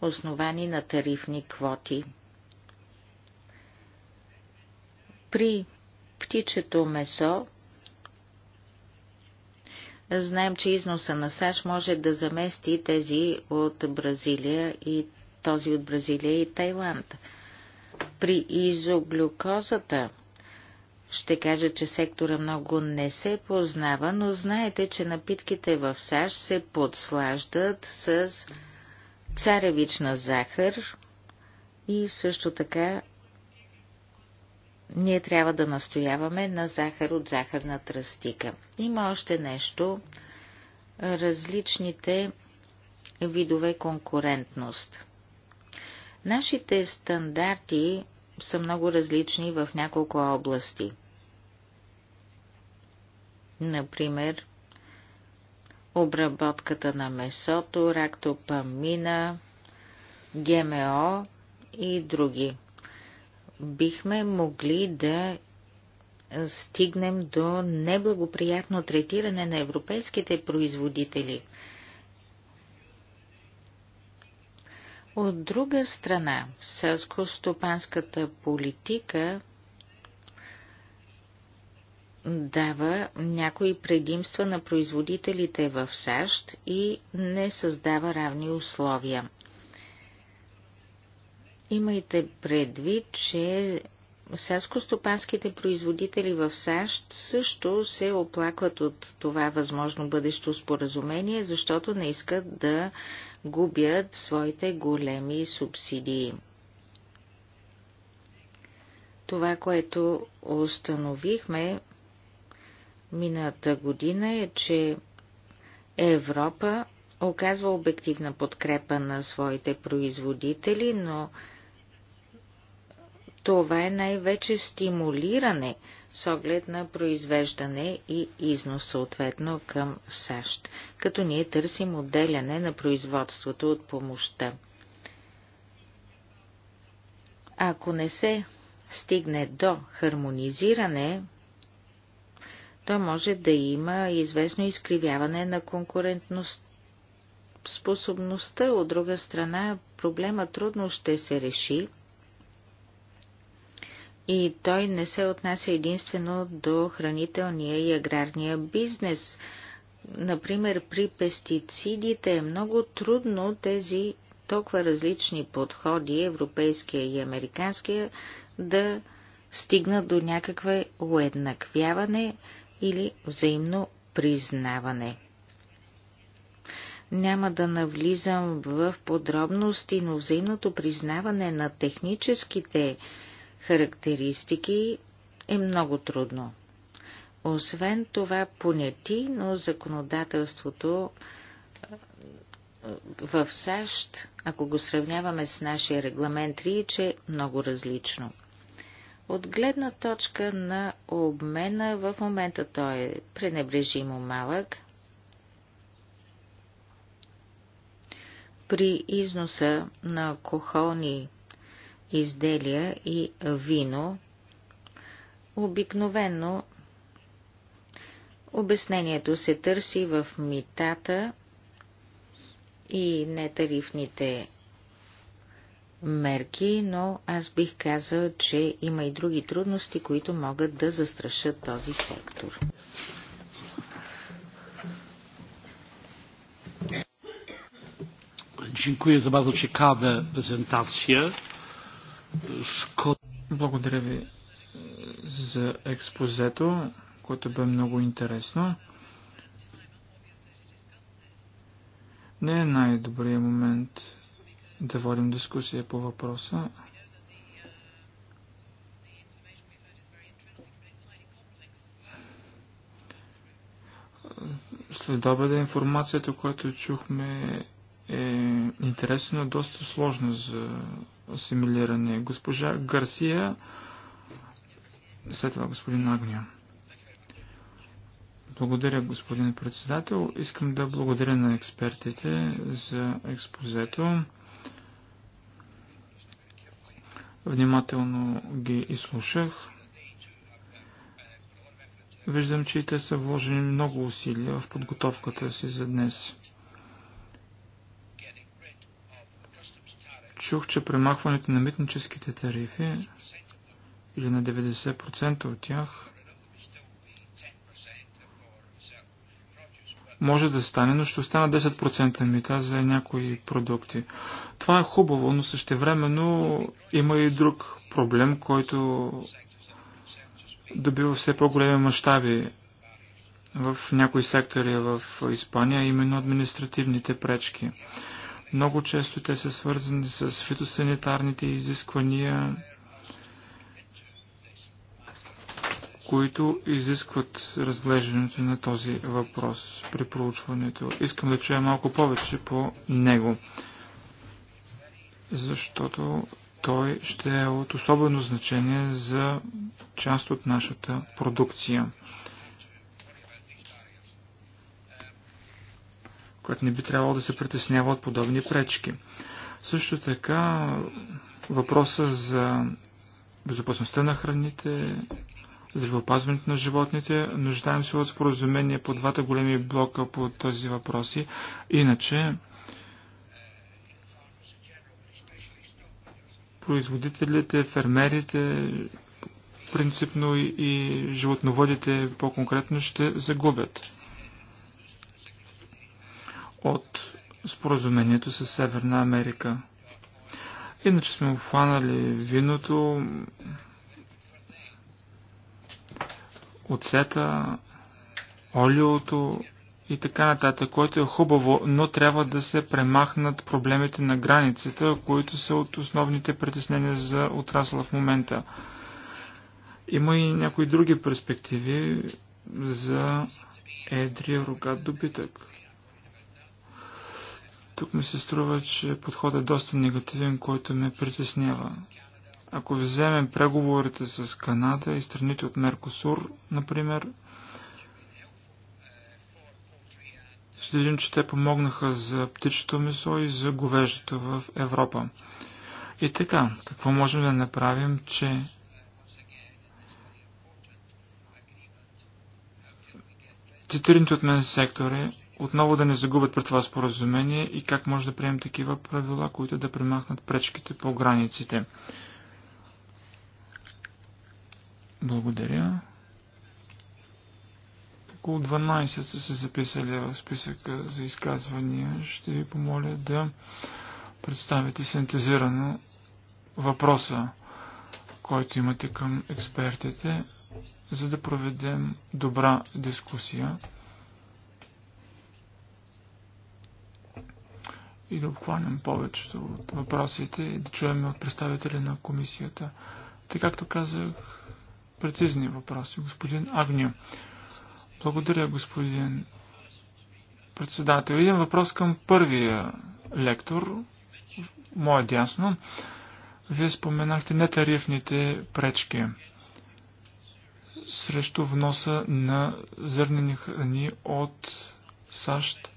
основани на тарифни квоти. При птичето месо Знаем, че износа на САЩ може да замести тези от Бразилия и този от Бразилия и Тайланд. При изоглюкозата ще кажа, че сектора много не се познава, но знаете, че напитките в САЩ се подслаждат с царевична захар и също така ние трябва да настояваме на захар от захарна тръстика. Има още нещо. Различните видове конкурентност. Нашите стандарти са много различни в няколко области. Например, обработката на месото, рактопамина, ГМО и други бихме могли да стигнем до неблагоприятно третиране на европейските производители. От друга страна, селско-стопанската политика дава някои предимства на производителите в САЩ и не създава равни условия – Имайте предвид, че селскостопанските производители в САЩ също се оплакват от това възможно бъдещо споразумение, защото не искат да губят своите големи субсидии. Това, което установихме мината година е, че Европа оказва обективна подкрепа на своите производители, но това е най-вече стимулиране с оглед на произвеждане и износ съответно към САЩ, като ние търсим отделяне на производството от помощта. Ако не се стигне до хармонизиране, то може да има известно изкривяване на конкурентност способността, от друга страна, проблема трудно ще се реши, и той не се отнася единствено до хранителния и аграрния бизнес. Например, при пестицидите е много трудно тези толкова различни подходи, европейския и американския, да стигнат до някакво уеднаквяване или взаимно признаване. Няма да навлизам в подробности, но взаимното признаване на техническите характеристики е много трудно. Освен това, понятийно законодателството в САЩ, ако го сравняваме с нашия регламент РИЧ, е много различно. От гледна точка на обмена в момента той е пренебрежимо малък. При износа на алкохолни изделия и вино, обикновено обяснението се търси в митата и нетарифните мерки, но аз бих казал, че има и други трудности, които могат да застрашат този сектор. Dziękuję za bardzo ciekawe prezentacje. Благодаря ви за експозето, което бе много интересно. Не е най-добрият момент да водим дискусия по въпроса. Следобеда информацията, която чухме е интересно, доста сложно за асимилиране. Госпожа Гарсия, след това господин Агния. Благодаря, господин председател. Искам да благодаря на експертите за експозето. Внимателно ги изслушах. Виждам, че и те са вложени много усилия в подготовката си за днес. Чух, че премахването на митническите тарифи или на 90% от тях може да стане, но ще остана 10% мита за някои продукти. Това е хубаво, но същевременно има и друг проблем, който добива все по-големи мащаби в някои сектори в Испания, именно административните пречки. Много често те са свързани с фитосанитарните изисквания, които изискват разглеждането на този въпрос при проучването. Искам да чуя малко повече по него, защото той ще е от особено значение за част от нашата продукция. което не би трябвало да се притеснява от подобни пречки. Също така въпроса за безопасността на храните, здравеопазването на животните. Нуждаем се от споразумение по двата големи блока по този въпроси. Иначе производителите, фермерите, принципно и животноводите по-конкретно ще загубят от споразумението с Северна Америка. Иначе сме обхванали виното, оцета, олиото и така нататък, което е хубаво, но трябва да се премахнат проблемите на границата, които са от основните притеснения за отрасла в момента. Има и някои други перспективи за едрия рогат добитък. Тук ми се струва, че подходът е доста негативен, който ме притеснява. Ако вземем преговорите с Канада и страните от Меркосур, например, ще видим, че те помогнаха за птичето месо и за говеждето в Европа. И така, какво можем да направим, че цитираните от мен сектори отново да не загубят пред това споразумение и как може да приемем такива правила, които да премахнат пречките по границите. Благодаря. Около 12 са се записали в списъка за изказвания. Ще ви помоля да представите синтезирано въпроса, който имате към експертите, за да проведем добра дискусия. и да обхванем повечето от въпросите и да чуем от представители на комисията. Те, както казах, прецизни въпроси. Господин Агнио. Благодаря, господин председател. Един въпрос към първия лектор, мое дясно. Вие споменахте нетарифните пречки срещу вноса на зърнени храни от САЩ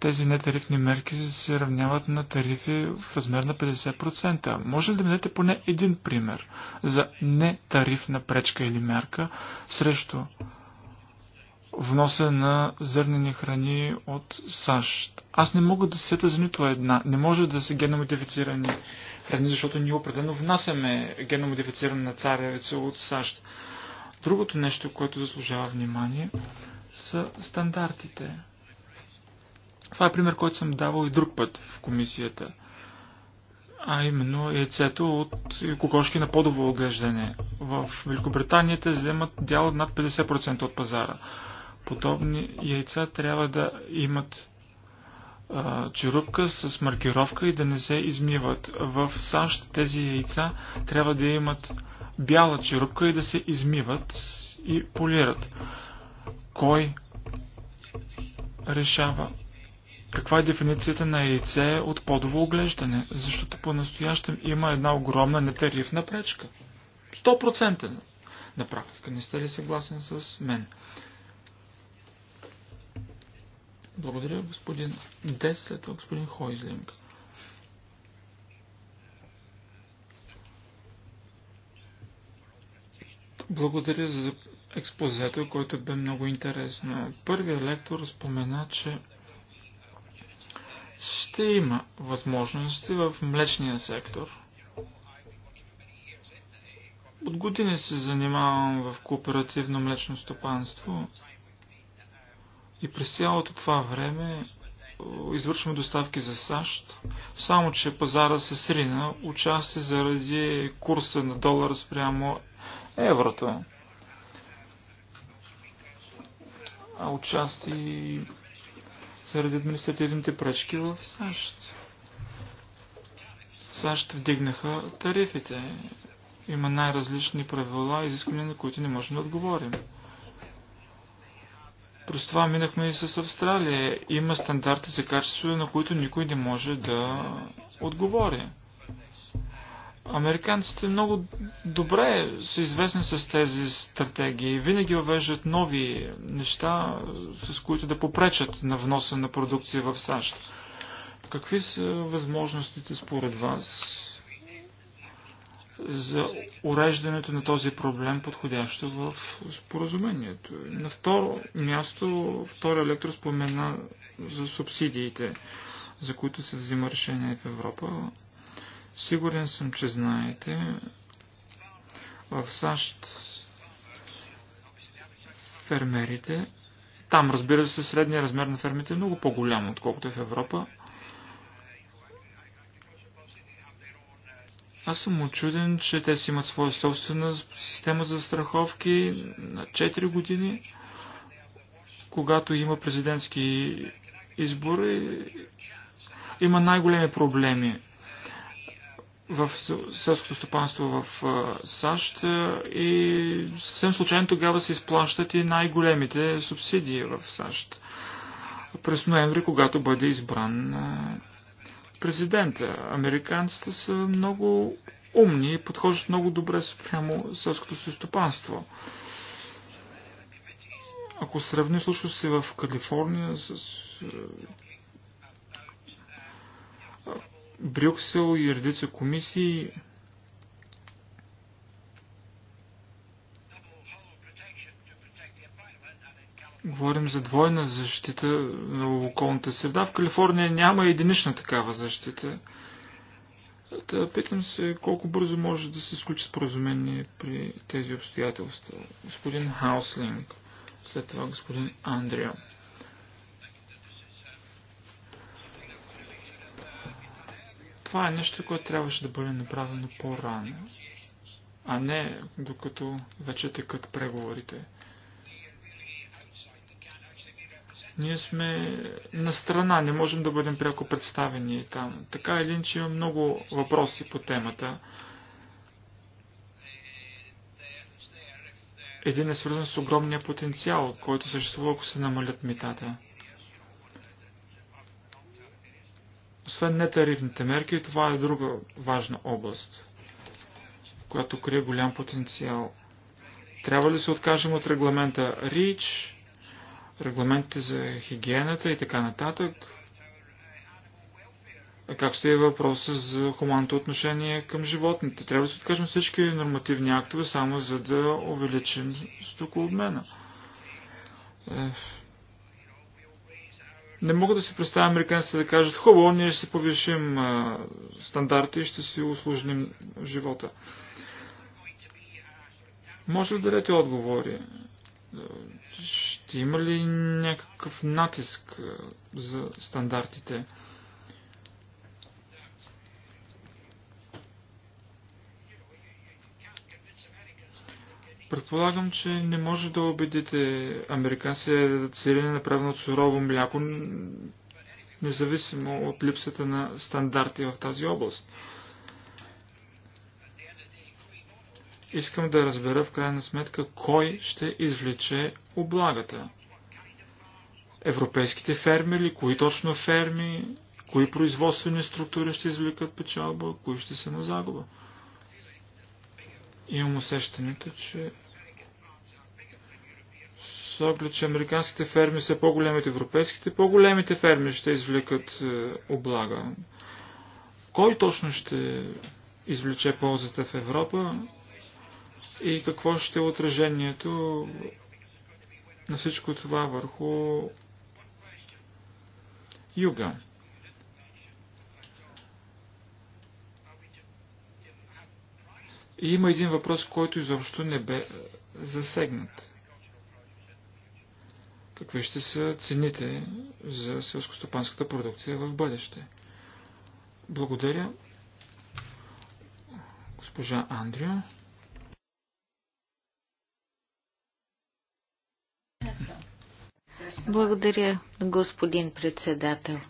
тези нетарифни мерки се равняват на тарифи в размер на 50%. Може ли да ми дадете поне един пример за нетарифна пречка или мерка срещу вноса на зърнени храни от САЩ? Аз не мога да се сета за нито една. Не може да са геномодифицирани храни, защото ние определено внасяме геномодифициране на царевица от САЩ. Другото нещо, което заслужава внимание, са стандартите това е пример, който съм давал и друг път в комисията. А именно яйцето от кокошки на подово оглеждане. В Великобритания те вземат дял от над 50% от пазара. Подобни яйца трябва да имат черупка с маркировка и да не се измиват. В САЩ тези яйца трябва да имат бяла черупка и да се измиват и полират. Кой решава каква е дефиницията на яйце от подово оглеждане? Защото по-настоящем има една огромна нетарифна пречка. 100% на практика. Не сте ли съгласен с мен? Благодаря, господин Дес, след това господин Хойзлинг. Благодаря за експозето, който бе много интересно. Първият лектор спомена, че ще има възможности в млечния сектор. От години се занимавам в кооперативно млечно стопанство и през цялото това време извършваме доставки за САЩ, само че пазара се срина участие заради курса на долара спрямо еврото. А отчасти заради административните пречки в САЩ. САЩ вдигнаха тарифите. Има най-различни правила, изисквания, на които не можем да отговорим. През това минахме и с Австралия. Има стандарти за качество, на които никой не може да отговори. Американците много добре са известни с тези стратегии. Винаги въвеждат нови неща, с които да попречат на вноса на продукция в САЩ. Какви са възможностите според вас за уреждането на този проблем, подходящо в споразумението? На второ място, втория лектор спомена за субсидиите, за които се взима решение в Европа. Сигурен съм, че знаете, в САЩ фермерите, там разбира се средния размер на фермите е много по-голям, отколкото е в Европа. Аз съм очуден, че те си имат своя собствена система за страховки на 4 години, когато има президентски избори, има най-големи проблеми в селското стопанство в САЩ и съвсем случайно тогава се изплащат и най-големите субсидии в САЩ. През ноември, когато бъде избран президента. Американците са много умни и подхождат много добре спрямо селското си стопанство. Ако сравни случва се в Калифорния с Брюксел и редица комисии Говорим за двойна защита на околната среда. В Калифорния няма единична такава защита. Та, питам се колко бързо може да се изключи споразумение при тези обстоятелства. Господин Хауслинг, след това господин Андрио. Това е нещо, което трябваше да бъде направено по-рано, а не докато вече текат преговорите. Ние сме на страна, не можем да бъдем пряко представени там. Така или иначе има много въпроси по темата. Един е свързан с огромния потенциал, който съществува, ако се намалят метата. Освен нетарифните мерки, това е друга важна област, която крие голям потенциал. Трябва ли се откажем от регламента РИЧ, регламентите за хигиената и така нататък? Как стои въпроса за хуманното отношение към животните? Трябва да се откажем всички нормативни актове, само за да увеличим стокообмена. обмена не мога да се представя американците да кажат, хубаво, ние ще се повишим а, стандарти и ще си усложним живота. Може ли да дадете отговори? Ще има ли някакъв натиск за стандартите? Предполагам, че не може да убедите американците да цели направено от сурово мляко, независимо от липсата на стандарти в тази област. Искам да разбера в крайна сметка кой ще извлече облагата. Европейските ферми или кои точно ферми, кои производствени структури ще извлекат печалба, кои ще са на загуба. Имам усещането, че с оглед, че американските ферми са по-големи от европейските, по-големите ферми ще извлекат е, облага. Кой точно ще извлече ползата в Европа и какво ще е отражението на всичко това върху юга? И има един въпрос, който изобщо не бе е, засегнат. Какви ще са цените за селскостопанската продукция в бъдеще? Благодаря, госпожа Андрио. Благодаря, господин председател.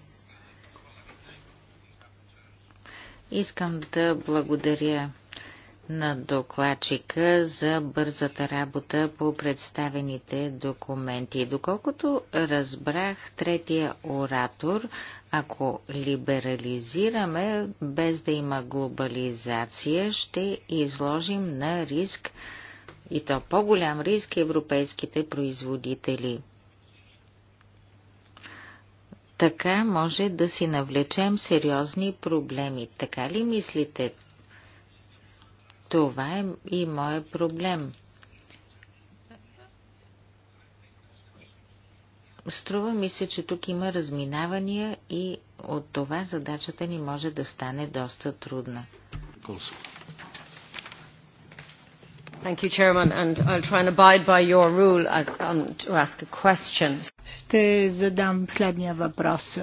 Искам да благодаря на докладчика за бързата работа по представените документи. Доколкото разбрах третия оратор, ако либерализираме без да има глобализация, ще изложим на риск и то по-голям риск европейските производители. Така може да си навлечем сериозни проблеми. Така ли мислите? Това е и моя проблем. Струва ми се, че тук има разминавания и от това задачата ни може да стане доста трудна. Ще задам следния въпрос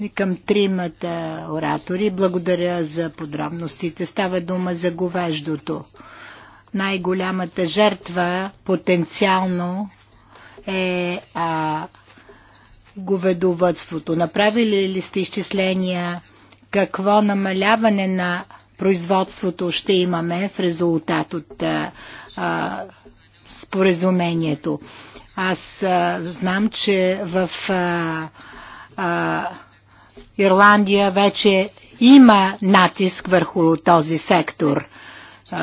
и към тримата оратори. Благодаря за подробностите. Става дума за говеждото. Най-голямата жертва потенциално е а, говедовътството. Направили ли сте изчисления какво намаляване на производството ще имаме в резултат от а, а, споразумението? Аз а, знам, че в а, а, Ирландия вече има натиск върху този сектор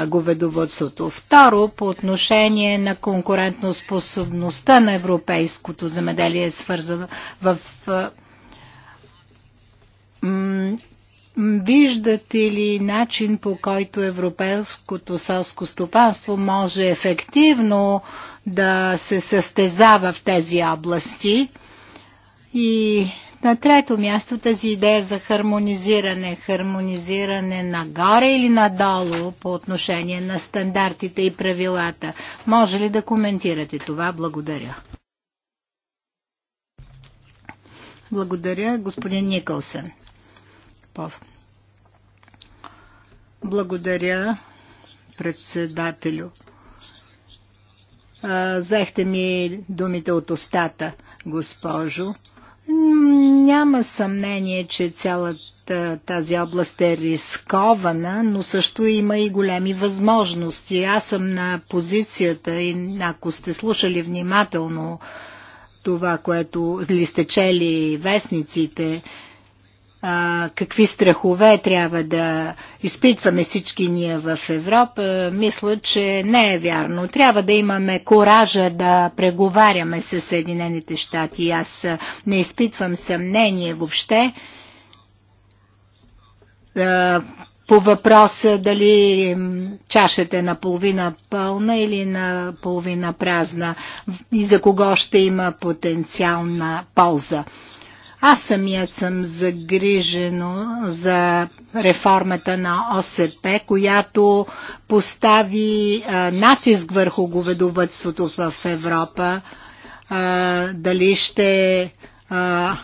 говедоводството. Второ, по отношение на конкурентоспособността на европейското замеделие е свързано в Виждате ли начин по който европейското селско стопанство може ефективно да се състезава в тези области? И на трето място тази идея за хармонизиране. Хармонизиране нагоре или надолу по отношение на стандартите и правилата. Може ли да коментирате това? Благодаря. Благодаря, господин Николсен. Благодаря, председателю. Взехте ми думите от устата, госпожо. Няма съмнение, че цялата тази област е рискована, но също има и големи възможности. Аз съм на позицията и ако сте слушали внимателно това, което ли сте чели вестниците, а, какви страхове трябва да изпитваме всички ние в Европа, мисля, че не е вярно. Трябва да имаме коража да преговаряме с Съединените щати. Аз не изпитвам съмнение въобще а, по въпроса дали чашата е наполовина пълна или наполовина празна и за кого ще има потенциална полза. Аз самият съм загрижено за реформата на ОСП, която постави натиск върху говедовътството в Европа. Дали ще а,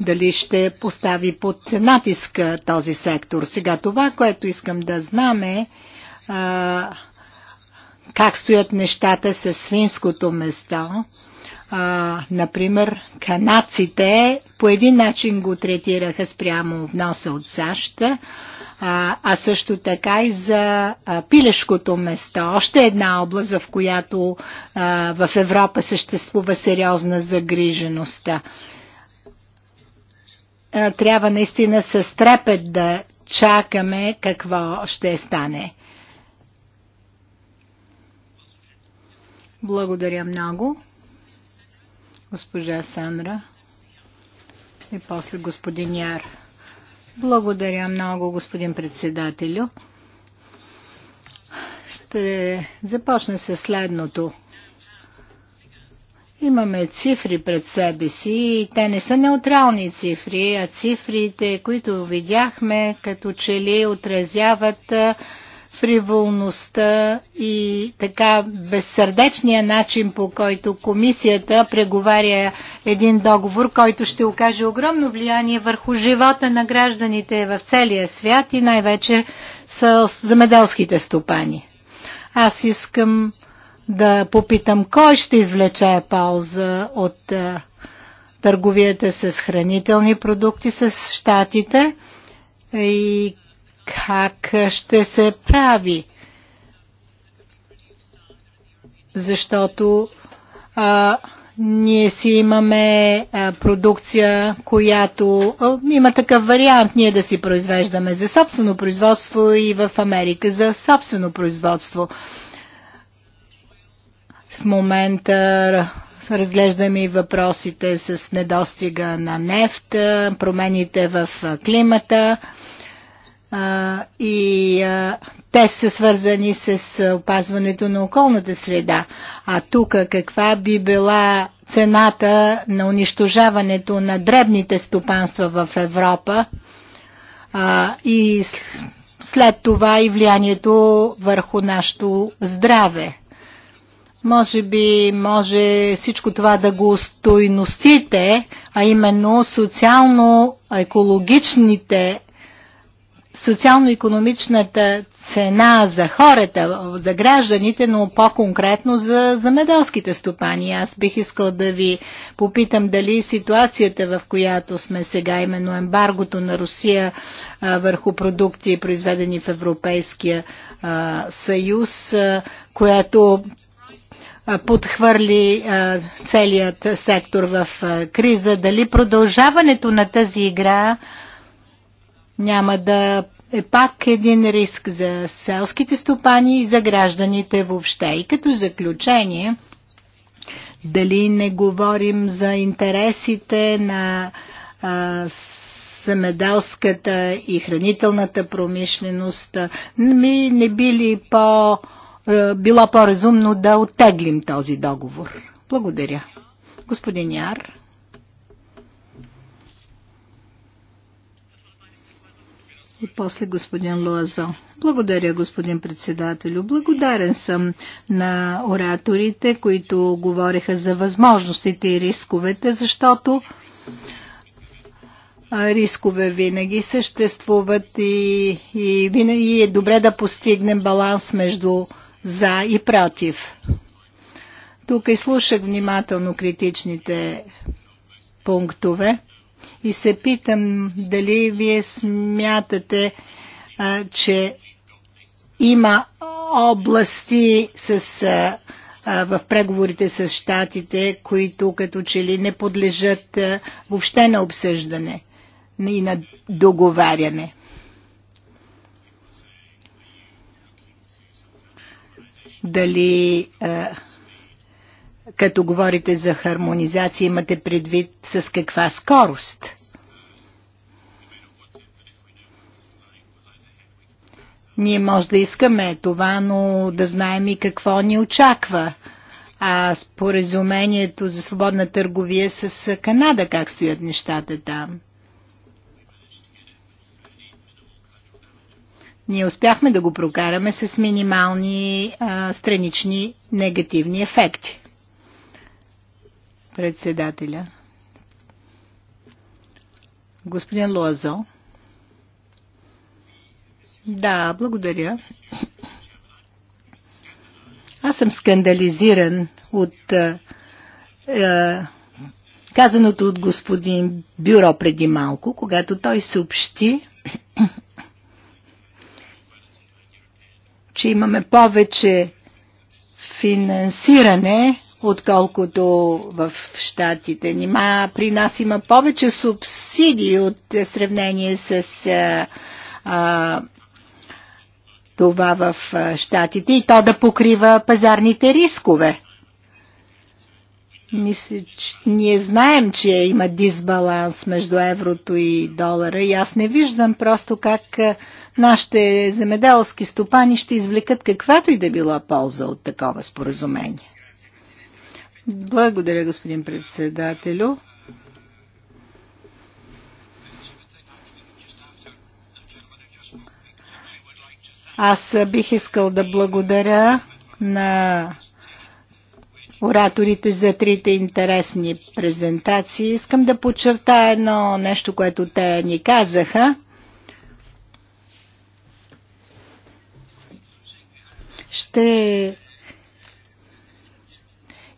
дали ще постави под натиск този сектор. Сега това, което искам да знам е а, как стоят нещата с свинското место. А, например, канадците по един начин го третираха спрямо вноса от САЩ, а, а също така и за а, пилешкото место. Още една област, в която а, в Европа съществува сериозна загриженост. А, трябва наистина с трепет да чакаме какво ще стане. Благодаря много, госпожа Сандра и после господин Яр. Благодаря много, господин председателю. Ще започна с следното. Имаме цифри пред себе си и те не са неутрални цифри, а цифрите, които видяхме, като че ли отразяват фриволността и така безсърдечния начин, по който комисията преговаря един договор, който ще окаже огромно влияние върху живота на гражданите в целия свят и най-вече с замеделските стопани. Аз искам да попитам кой ще извлече полза от търговията с хранителни продукти с щатите и как ще се прави. Защото а, ние си имаме а, продукция, която а, има такъв вариант ние да си произвеждаме за собствено производство и в Америка за собствено производство. В момента разглеждаме и въпросите с недостига на нефт, промените в климата а, и а, те са свързани с опазването на околната среда. А тук каква би била цената на унищожаването на дребните стопанства в Европа а, и след това и влиянието върху нашето здраве. Може би може всичко това да го стойностите, а именно социално-екологичните социално-економичната цена за хората, за гражданите, но по-конкретно за замеделските стопани. Аз бих искал да ви попитам дали ситуацията, в която сме сега, именно ембаргото на Русия върху продукти, произведени в Европейския съюз, което която подхвърли целият сектор в криза, дали продължаването на тази игра няма да е пак един риск за селските стопани и за гражданите въобще. И като заключение, дали не говорим за интересите на а, и хранителната промишленост, ми не били по, било по-разумно да оттеглим този договор. Благодаря. Господин Яр. И после господин Луазо. Благодаря, господин председателю. Благодарен съм на ораторите, които говориха за възможностите и рисковете, защото рискове винаги съществуват и, и винаги е добре да постигнем баланс между за и против. Тук слушах внимателно критичните пунктове и се питам дали вие смятате, че има области с, в преговорите с щатите, които като че ли не подлежат въобще на обсъждане и на договаряне. Дали а, като говорите за хармонизация, имате предвид с каква скорост? Ние може да искаме това, но да знаем и какво ни очаква. А споразумението за свободна търговия с Канада, как стоят нещата там? Ние успяхме да го прокараме с минимални а, странични негативни ефекти. Председателя. Господин Луазо. Да, благодаря. Аз съм скандализиран от е, е, казаното от господин Бюро преди малко, когато той съобщи, че имаме повече финансиране отколкото в Штатите. Нима при нас има повече субсидии от сравнение с а, а, това в Штатите и то да покрива пазарните рискове. Мисля, че ние знаем, че има дисбаланс между еврото и долара и аз не виждам просто как нашите земеделски стопани ще извлекат каквато и да била полза от такова споразумение. Благодаря, господин председателю. Аз бих искал да благодаря на ораторите за трите интересни презентации. Искам да подчертая едно нещо, което те ни казаха. Ще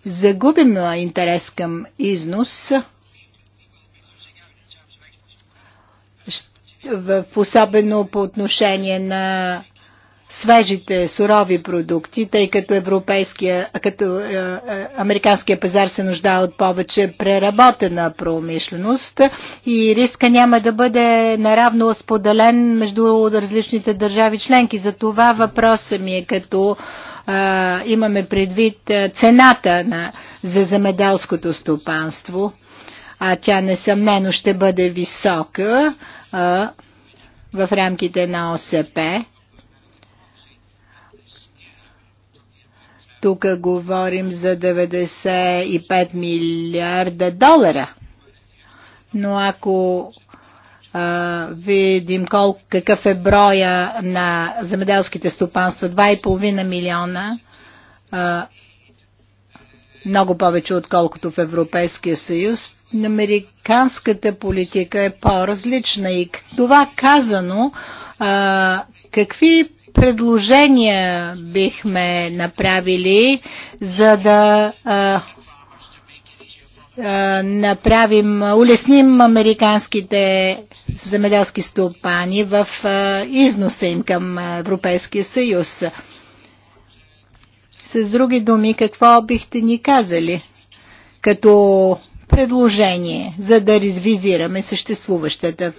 загубим интерес към износ в особено по отношение на свежите сурови продукти, тъй като, европейския, като американския пазар се нуждае от повече преработена промишленост и риска няма да бъде наравно споделен между различните държави членки. За това въпросът ми е като а, имаме предвид цената на, за замеделското стопанство, а тя несъмнено ще бъде висока а, в рамките на ОСП. Тук говорим за 95 милиарда долара. Но ако видим колко, какъв е броя на земеделските стопанства. 2,5 милиона, много повече отколкото в Европейския съюз. Американската политика е по-различна и това казано, какви предложения бихме направили, за да е, направим, улесним американските земеделски стопани в е, износа им към Европейския съюз. С други думи, какво бихте ни казали като предложение, за да ревизираме съществуващата е,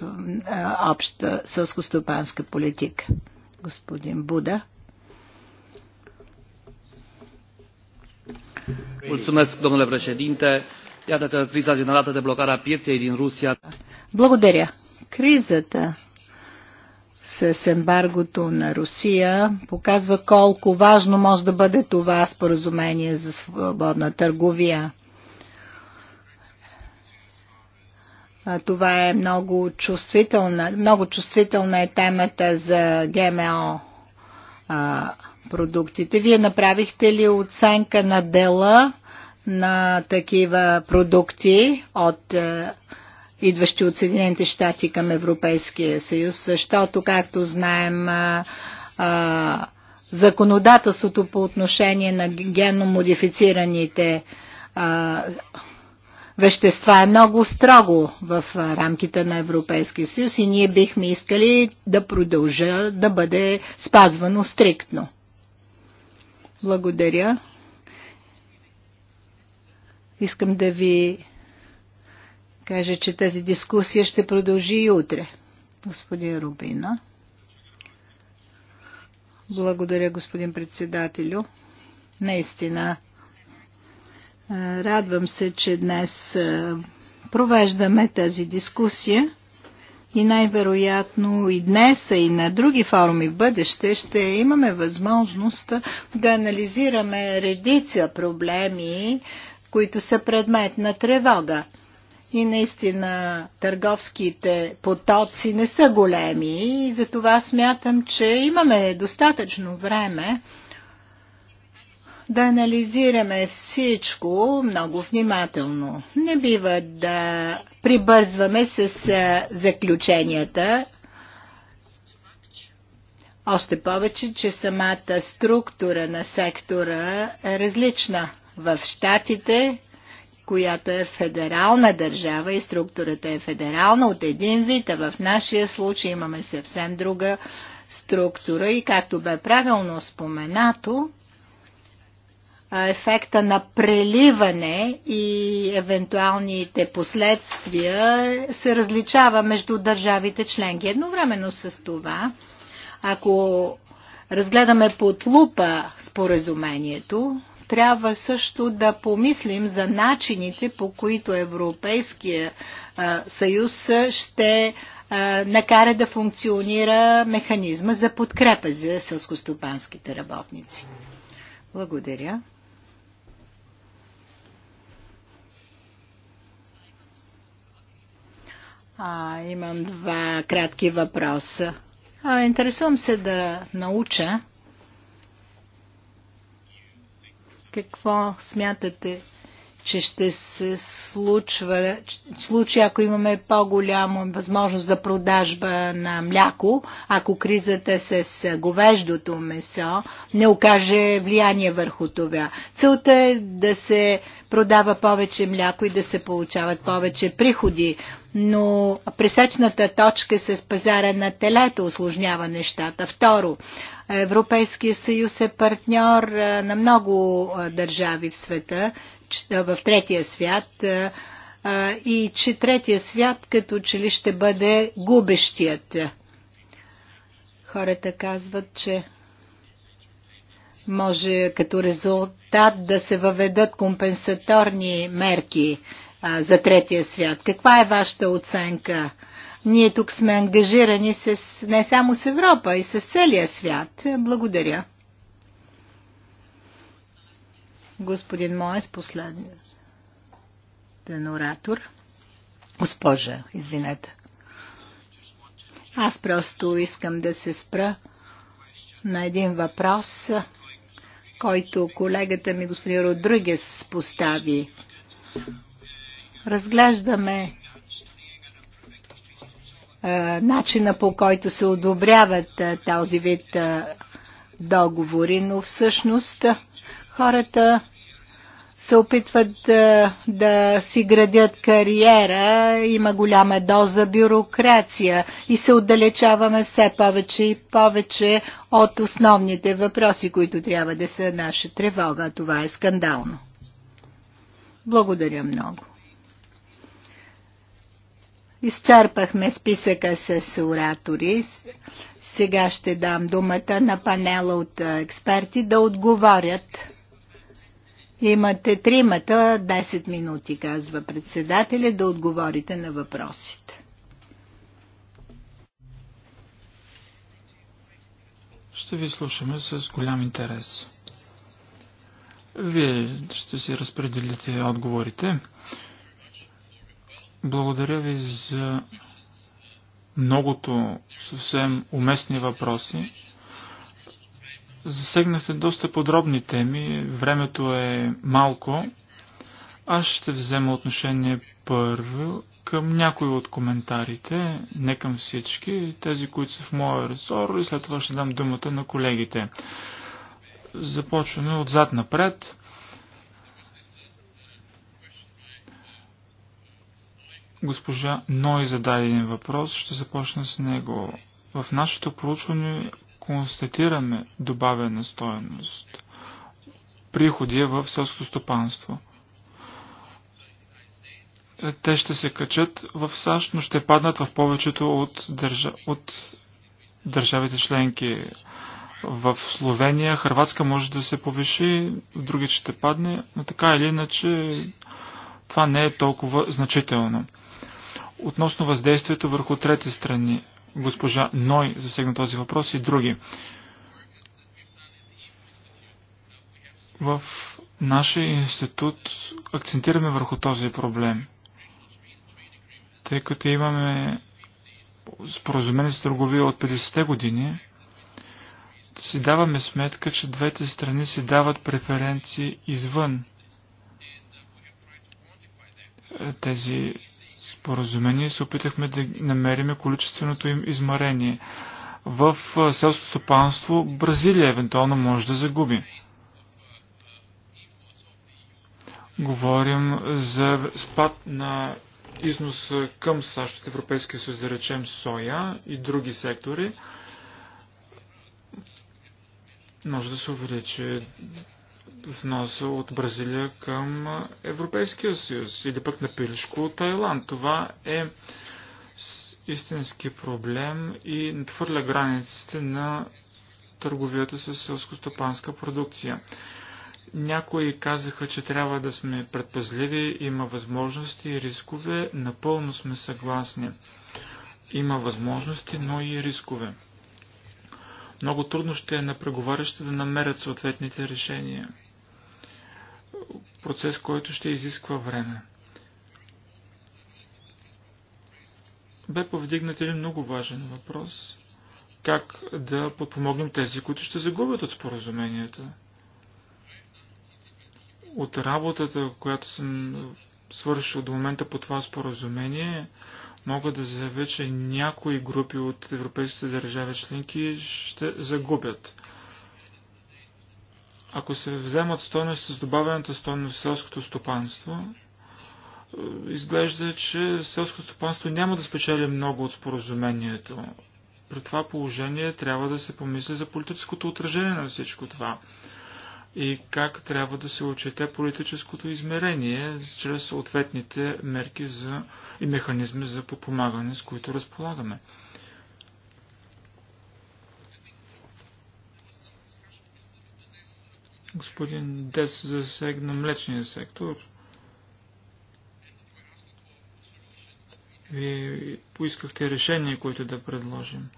обща сълскостопанска политика? Господин Буда. Mulțumesc, domnule președinte. Iată că criza generată de blocarea pieței din Rusia. Благодаря. Кризата с ембаргото на Русия показва колко важно може да бъде това споразумение за свободна търговия. Това е много чувствителна, много чувствителна е темата за ГМО а, продуктите. Вие направихте ли оценка на дела на такива продукти от е, идващи от Съединените щати към Европейския съюз, защото, както знаем, е, е, законодателството по отношение на генно модифицираните вещества е много строго в рамките на Европейския съюз и ние бихме искали да продължа да бъде спазвано стриктно. Благодаря. Искам да ви кажа, че тази дискусия ще продължи и утре. Господин Рубина. Благодаря, господин председателю. Наистина, радвам се, че днес провеждаме тази дискусия и най-вероятно и днес, и на други форуми в бъдеще ще имаме възможност да анализираме редица проблеми, които са предмет на тревога. И наистина търговските потоци не са големи и затова смятам, че имаме достатъчно време да анализираме всичко много внимателно. Не бива да прибързваме с заключенията, още повече, че самата структура на сектора е различна в щатите, която е федерална държава и структурата е федерална от един вид, а в нашия случай имаме съвсем друга структура и както бе правилно споменато, ефекта на преливане и евентуалните последствия се различава между държавите членки. Едновременно с това, ако разгледаме под лупа споразумението, трябва също да помислим за начините, по които Европейския съюз ще накара да функционира механизма за подкрепа за сълскостопанските работници. Благодаря. А, имам два кратки въпроса. А, интересувам се да науча Какво смятате, че ще се случва, случай, ако имаме по-голяма възможност за продажба на мляко, ако кризата с говеждото месо не окаже влияние върху това. Целта е да се продава повече мляко и да се получават повече приходи, но пресечната точка с пазара на телето осложнява нещата. Второ, Европейския съюз е партньор на много държави в света, в третия свят и че третия свят като че ли ще бъде губещият. Хората казват, че може като резултат да се въведат компенсаторни мерки за третия свят. Каква е вашата оценка? Ние тук сме ангажирани с, не само с Европа, и с целия свят. Благодаря. Господин Моес, последен оратор. Госпожа, извинете. Аз просто искам да се спра на един въпрос, който колегата ми господин Родригес постави. Разглеждаме е, начина по който се одобряват е, този вид е, договори, но всъщност хората се опитват да, да си градят кариера, има голяма доза бюрокрация и се отдалечаваме все повече и повече от основните въпроси, които трябва да са наша тревога. Това е скандално. Благодаря много. Изчерпахме списъка с оратори. Сега ще дам думата на панела от експерти да отговорят. Имате тримата 10 минути, казва председателя, да отговорите на въпросите. Ще ви слушаме с голям интерес. Вие ще си разпределите отговорите. Благодаря ви за многото съвсем уместни въпроси. Засегнахте доста подробни теми, времето е малко. Аз ще взема отношение първо към някои от коментарите, не към всички, тези, които са в моя ресор и след това ще дам думата на колегите. Започваме отзад напред. Госпожа Ной зададе един въпрос, ще започна с него. В нашето проучване констатираме добавена стоеност, приходи е в селското стопанство. Те ще се качат в САЩ, но ще паднат в повечето от, държа... от държавите членки. В Словения, Хрватска може да се повиши, в други ще падне, но така или иначе това не е толкова значително относно въздействието върху трети страни. Госпожа Ной засегна този въпрос и други. В нашия институт акцентираме върху този проблем, тъй като имаме споразумение с търговия от 50-те години, си даваме сметка, че двете страни си дават преференции извън тези споразумение се опитахме да намерим количественото им измарение. В селското стопанство Бразилия евентуално може да загуби. Говорим за спад на износ към САЩ от Европейския съюз, да речем соя и други сектори, може да се увеличи вноса от Бразилия към Европейския съюз или пък на пилешко от Тайланд. Това е истински проблем и надхвърля границите на търговията с селско-стопанска продукция. Някои казаха, че трябва да сме предпазливи, има възможности и рискове, напълно сме съгласни. Има възможности, но и рискове. Много трудно ще е на преговарящите да намерят съответните решения процес, който ще изисква време. Бе повдигнат един много важен въпрос – как да подпомогнем тези, които ще загубят от споразуменията. От работата, която съм свършил до момента по това споразумение, мога да заявя, че някои групи от европейските държави членки ще загубят ако се вземат стойност с добавената стойност в селското стопанство, е, изглежда, че селското стопанство няма да спечели много от споразумението. При това положение трябва да се помисли за политическото отражение на всичко това и как трябва да се отчете политическото измерение чрез съответните мерки за и механизми за подпомагане, с които разполагаме. Господин Дес засегна млечния сектор. Вие поискахте решения, които да предложим.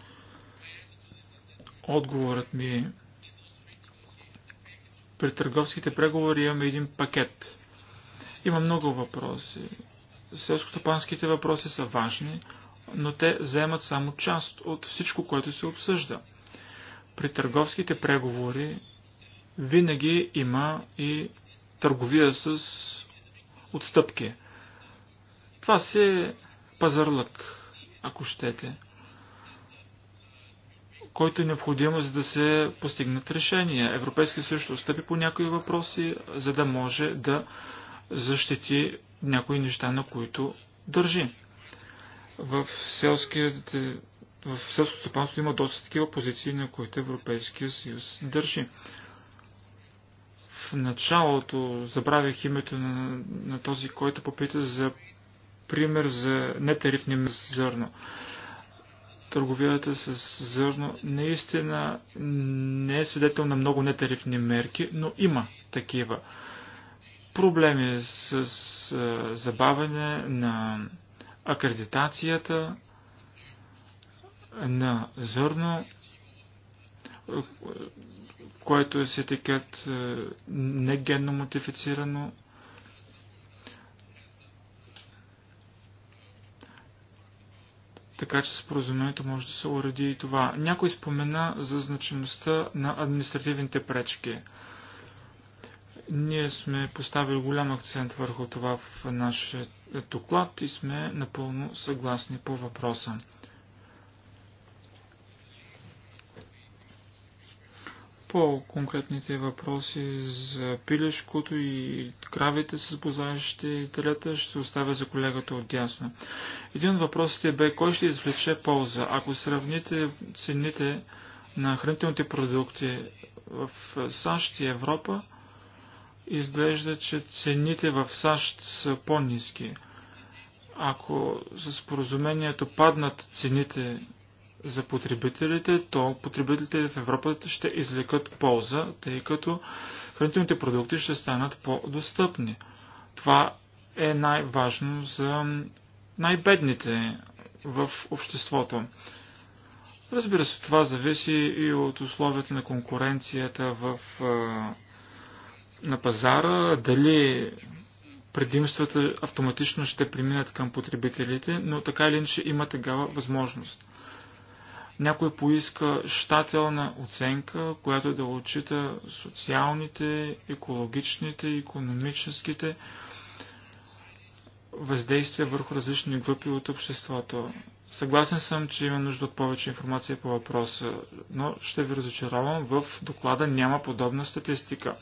Отговорът ми е при търговските преговори имаме един пакет. Има много въпроси. Селскостопанските въпроси са важни, но те заемат само част от всичко, което се обсъжда. При търговските преговори винаги има и търговия с отстъпки. Това се е пазарлък, ако щете, който е необходимо, за да се постигнат решения. Европейски съюз ще отстъпи по някои въпроси, за да може да защити някои неща, на които държи. В, селските, в селското стопанство има доста такива позиции, на които Европейския съюз държи началото забравих името на, на този, който попита за пример за нетарифни зърно. Търговията с зърно наистина не е свидетел на много нетарифни мерки, но има такива. Проблеми е с забавяне на акредитацията на зърно, което е с етикет е, генно модифицирано. Така че споразумението може да се уреди и това. Някой спомена за значимостта на административните пречки. Ние сме поставили голям акцент върху това в нашия доклад и сме напълно съгласни по въпроса. По-конкретните въпроси за пилешкото и кравите с бозаещите телета ще оставя за колегата от дясно. Един от въпросите бе кой ще извлече полза. Ако сравните цените на хранителните продукти в САЩ и Европа, изглежда, че цените в САЩ са по-низки. Ако за споразумението паднат цените за потребителите, то потребителите в Европа ще извлекат полза, тъй като хранителните продукти ще станат по-достъпни. Това е най-важно за най-бедните в обществото. Разбира се, това зависи и от условията на конкуренцията в, на пазара, дали предимствата автоматично ще преминат към потребителите, но така или иначе има такава възможност. Някой поиска щателна оценка, която да отчита социалните, екологичните, економическите въздействия върху различни групи от обществото. Съгласен съм, че има нужда от повече информация по въпроса, но ще ви разочаровам, в доклада няма подобна статистика.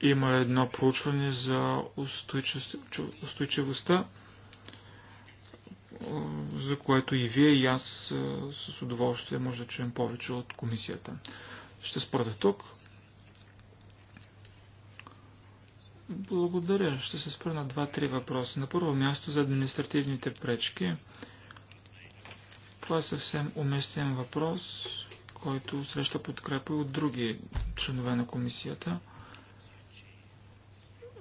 Има едно проучване за устойчивостта, за което и вие и аз с удоволствие може да чуем повече от комисията. Ще спра тук. Благодаря. Ще се спра на два-три въпроса. На първо място за административните пречки. Това е съвсем уместен въпрос, който среща подкрепа и от други членове на комисията.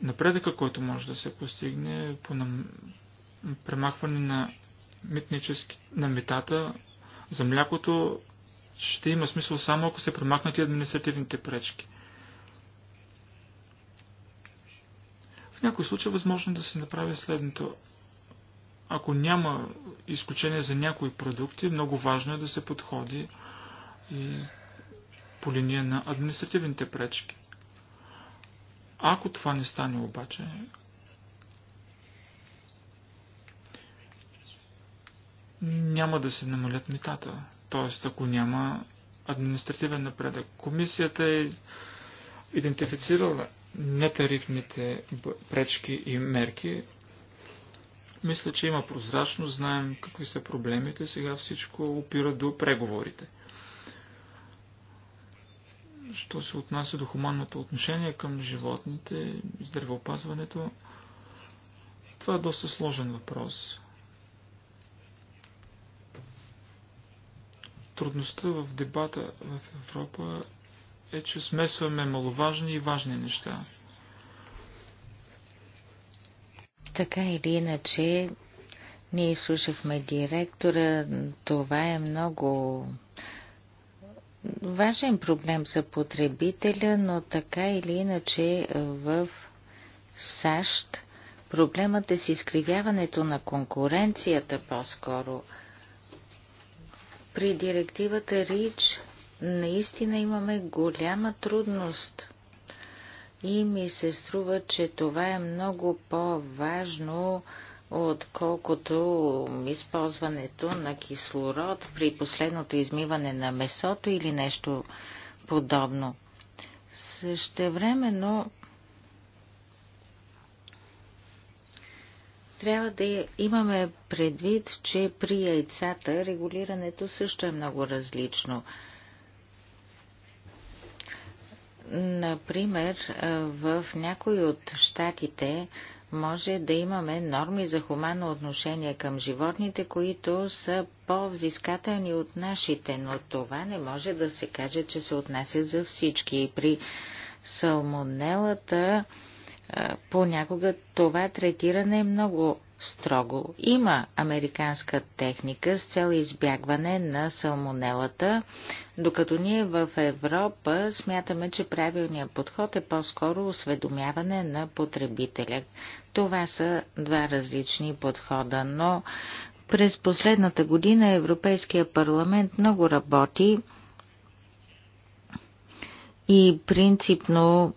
Напредъка, който може да се постигне по премахване на митнически, на митата за млякото ще има смисъл само ако се промахнат и административните пречки. В някой случай е възможно да се направи следното. Ако няма изключение за някои продукти, много важно е да се подходи и по линия на административните пречки. Ако това не стане обаче, няма да се намалят митата. Т.е. ако няма административен напредък. Комисията е идентифицирала нетарифните пречки и мерки. Мисля, че има прозрачност, знаем какви са проблемите, сега всичко опира до преговорите. Що се отнася до хуманното отношение към животните, здравеопазването, това е доста сложен въпрос. Трудността в дебата в Европа е, че смесваме маловажни и важни неща. Така или иначе, ние слушахме директора. Това е много важен проблем за потребителя, но така или иначе в САЩ проблемът е с изкривяването на конкуренцията по-скоро – при директивата РИЧ наистина имаме голяма трудност и ми се струва, че това е много по-важно, отколкото използването на кислород при последното измиване на месото или нещо подобно. Същевременно Трябва да имаме предвид, че при яйцата регулирането също е много различно. Например, в някои от щатите може да имаме норми за хуманно отношение към животните, които са по-взискателни от нашите, но това не може да се каже, че се отнася за всички. И при салмонелата понякога това третиране е много строго. Има американска техника с цел избягване на салмонелата, докато ние в Европа смятаме, че правилният подход е по-скоро осведомяване на потребителя. Това са два различни подхода, но през последната година Европейския парламент много работи и принципно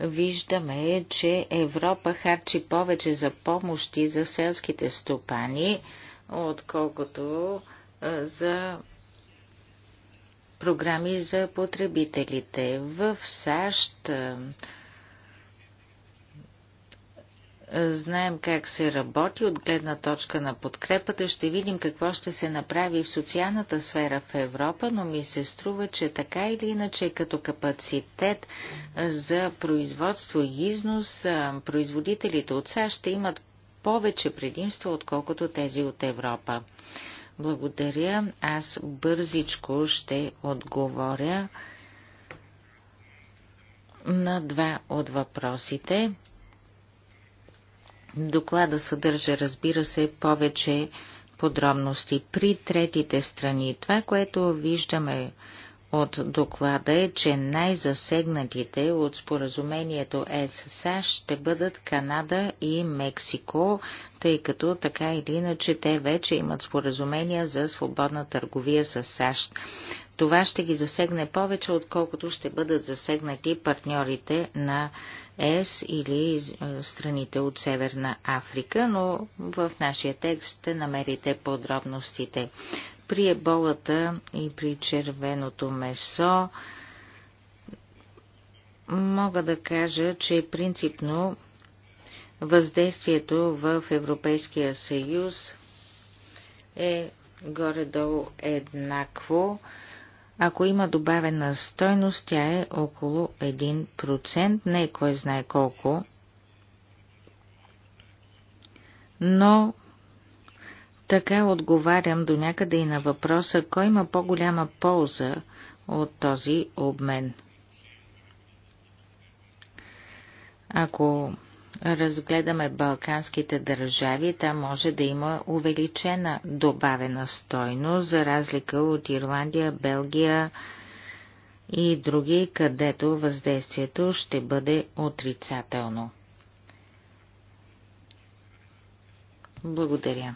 виждаме, че Европа харчи повече за помощи за селските стопани, отколкото за програми за потребителите. В САЩ знаем как се работи от гледна точка на подкрепата, ще видим какво ще се направи в социалната сфера в Европа, но ми се струва, че така или иначе като капацитет за производство и износ, производителите от САЩ ще имат повече предимства, отколкото тези от Европа. Благодаря. Аз бързичко ще отговоря на два от въпросите. Доклада съдържа, разбира се, повече подробности. При третите страни това, което виждаме от доклада е, че най-засегнатите от споразумението ЕС-САЩ ще бъдат Канада и Мексико, тъй като така или иначе те вече имат споразумения за свободна търговия с САЩ. Това ще ги засегне повече, отколкото ще бъдат засегнати партньорите на ЕС или е, страните от Северна Африка, но в нашия текст ще намерите подробностите. При еболата и при червеното месо мога да кажа, че принципно въздействието в Европейския съюз е горе-долу еднакво. Ако има добавена стойност, тя е около 1%, не е кой знае колко, но така отговарям до някъде и на въпроса, кой има по-голяма полза от този обмен. Ако разгледаме балканските държави, там може да има увеличена добавена стойност, за разлика от Ирландия, Белгия и други, където въздействието ще бъде отрицателно. Благодаря.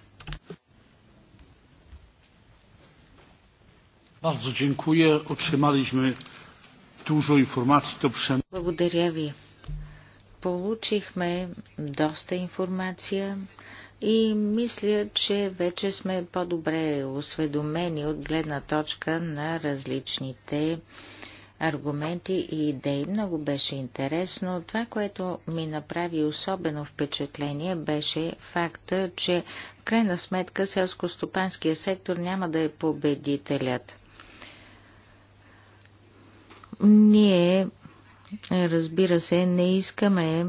Благодаря ви. Получихме доста информация и мисля, че вече сме по-добре осведомени от гледна точка на различните аргументи и идеи. Много беше интересно. Това, което ми направи особено впечатление, беше факта, че в крайна сметка селско-стопанския сектор няма да е победителят. Ние Разбира се, не искаме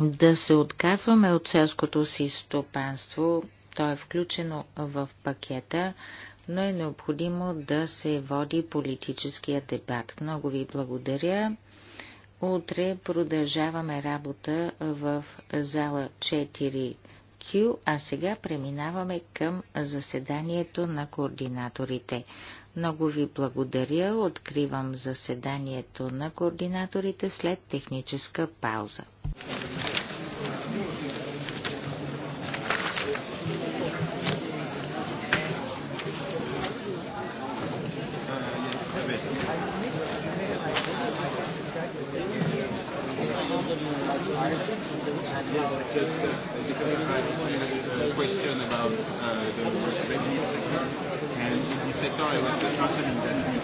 да се отказваме от селското си стопанство. То е включено в пакета, но е необходимо да се води политическия дебат. Много ви благодаря. Утре продължаваме работа в зала 4Q, а сега преминаваме към заседанието на координаторите. Много ви благодаря. Откривам заседанието на координаторите след техническа пауза. Yes, just uh, a uh, uh, question about sector, I was just concerned that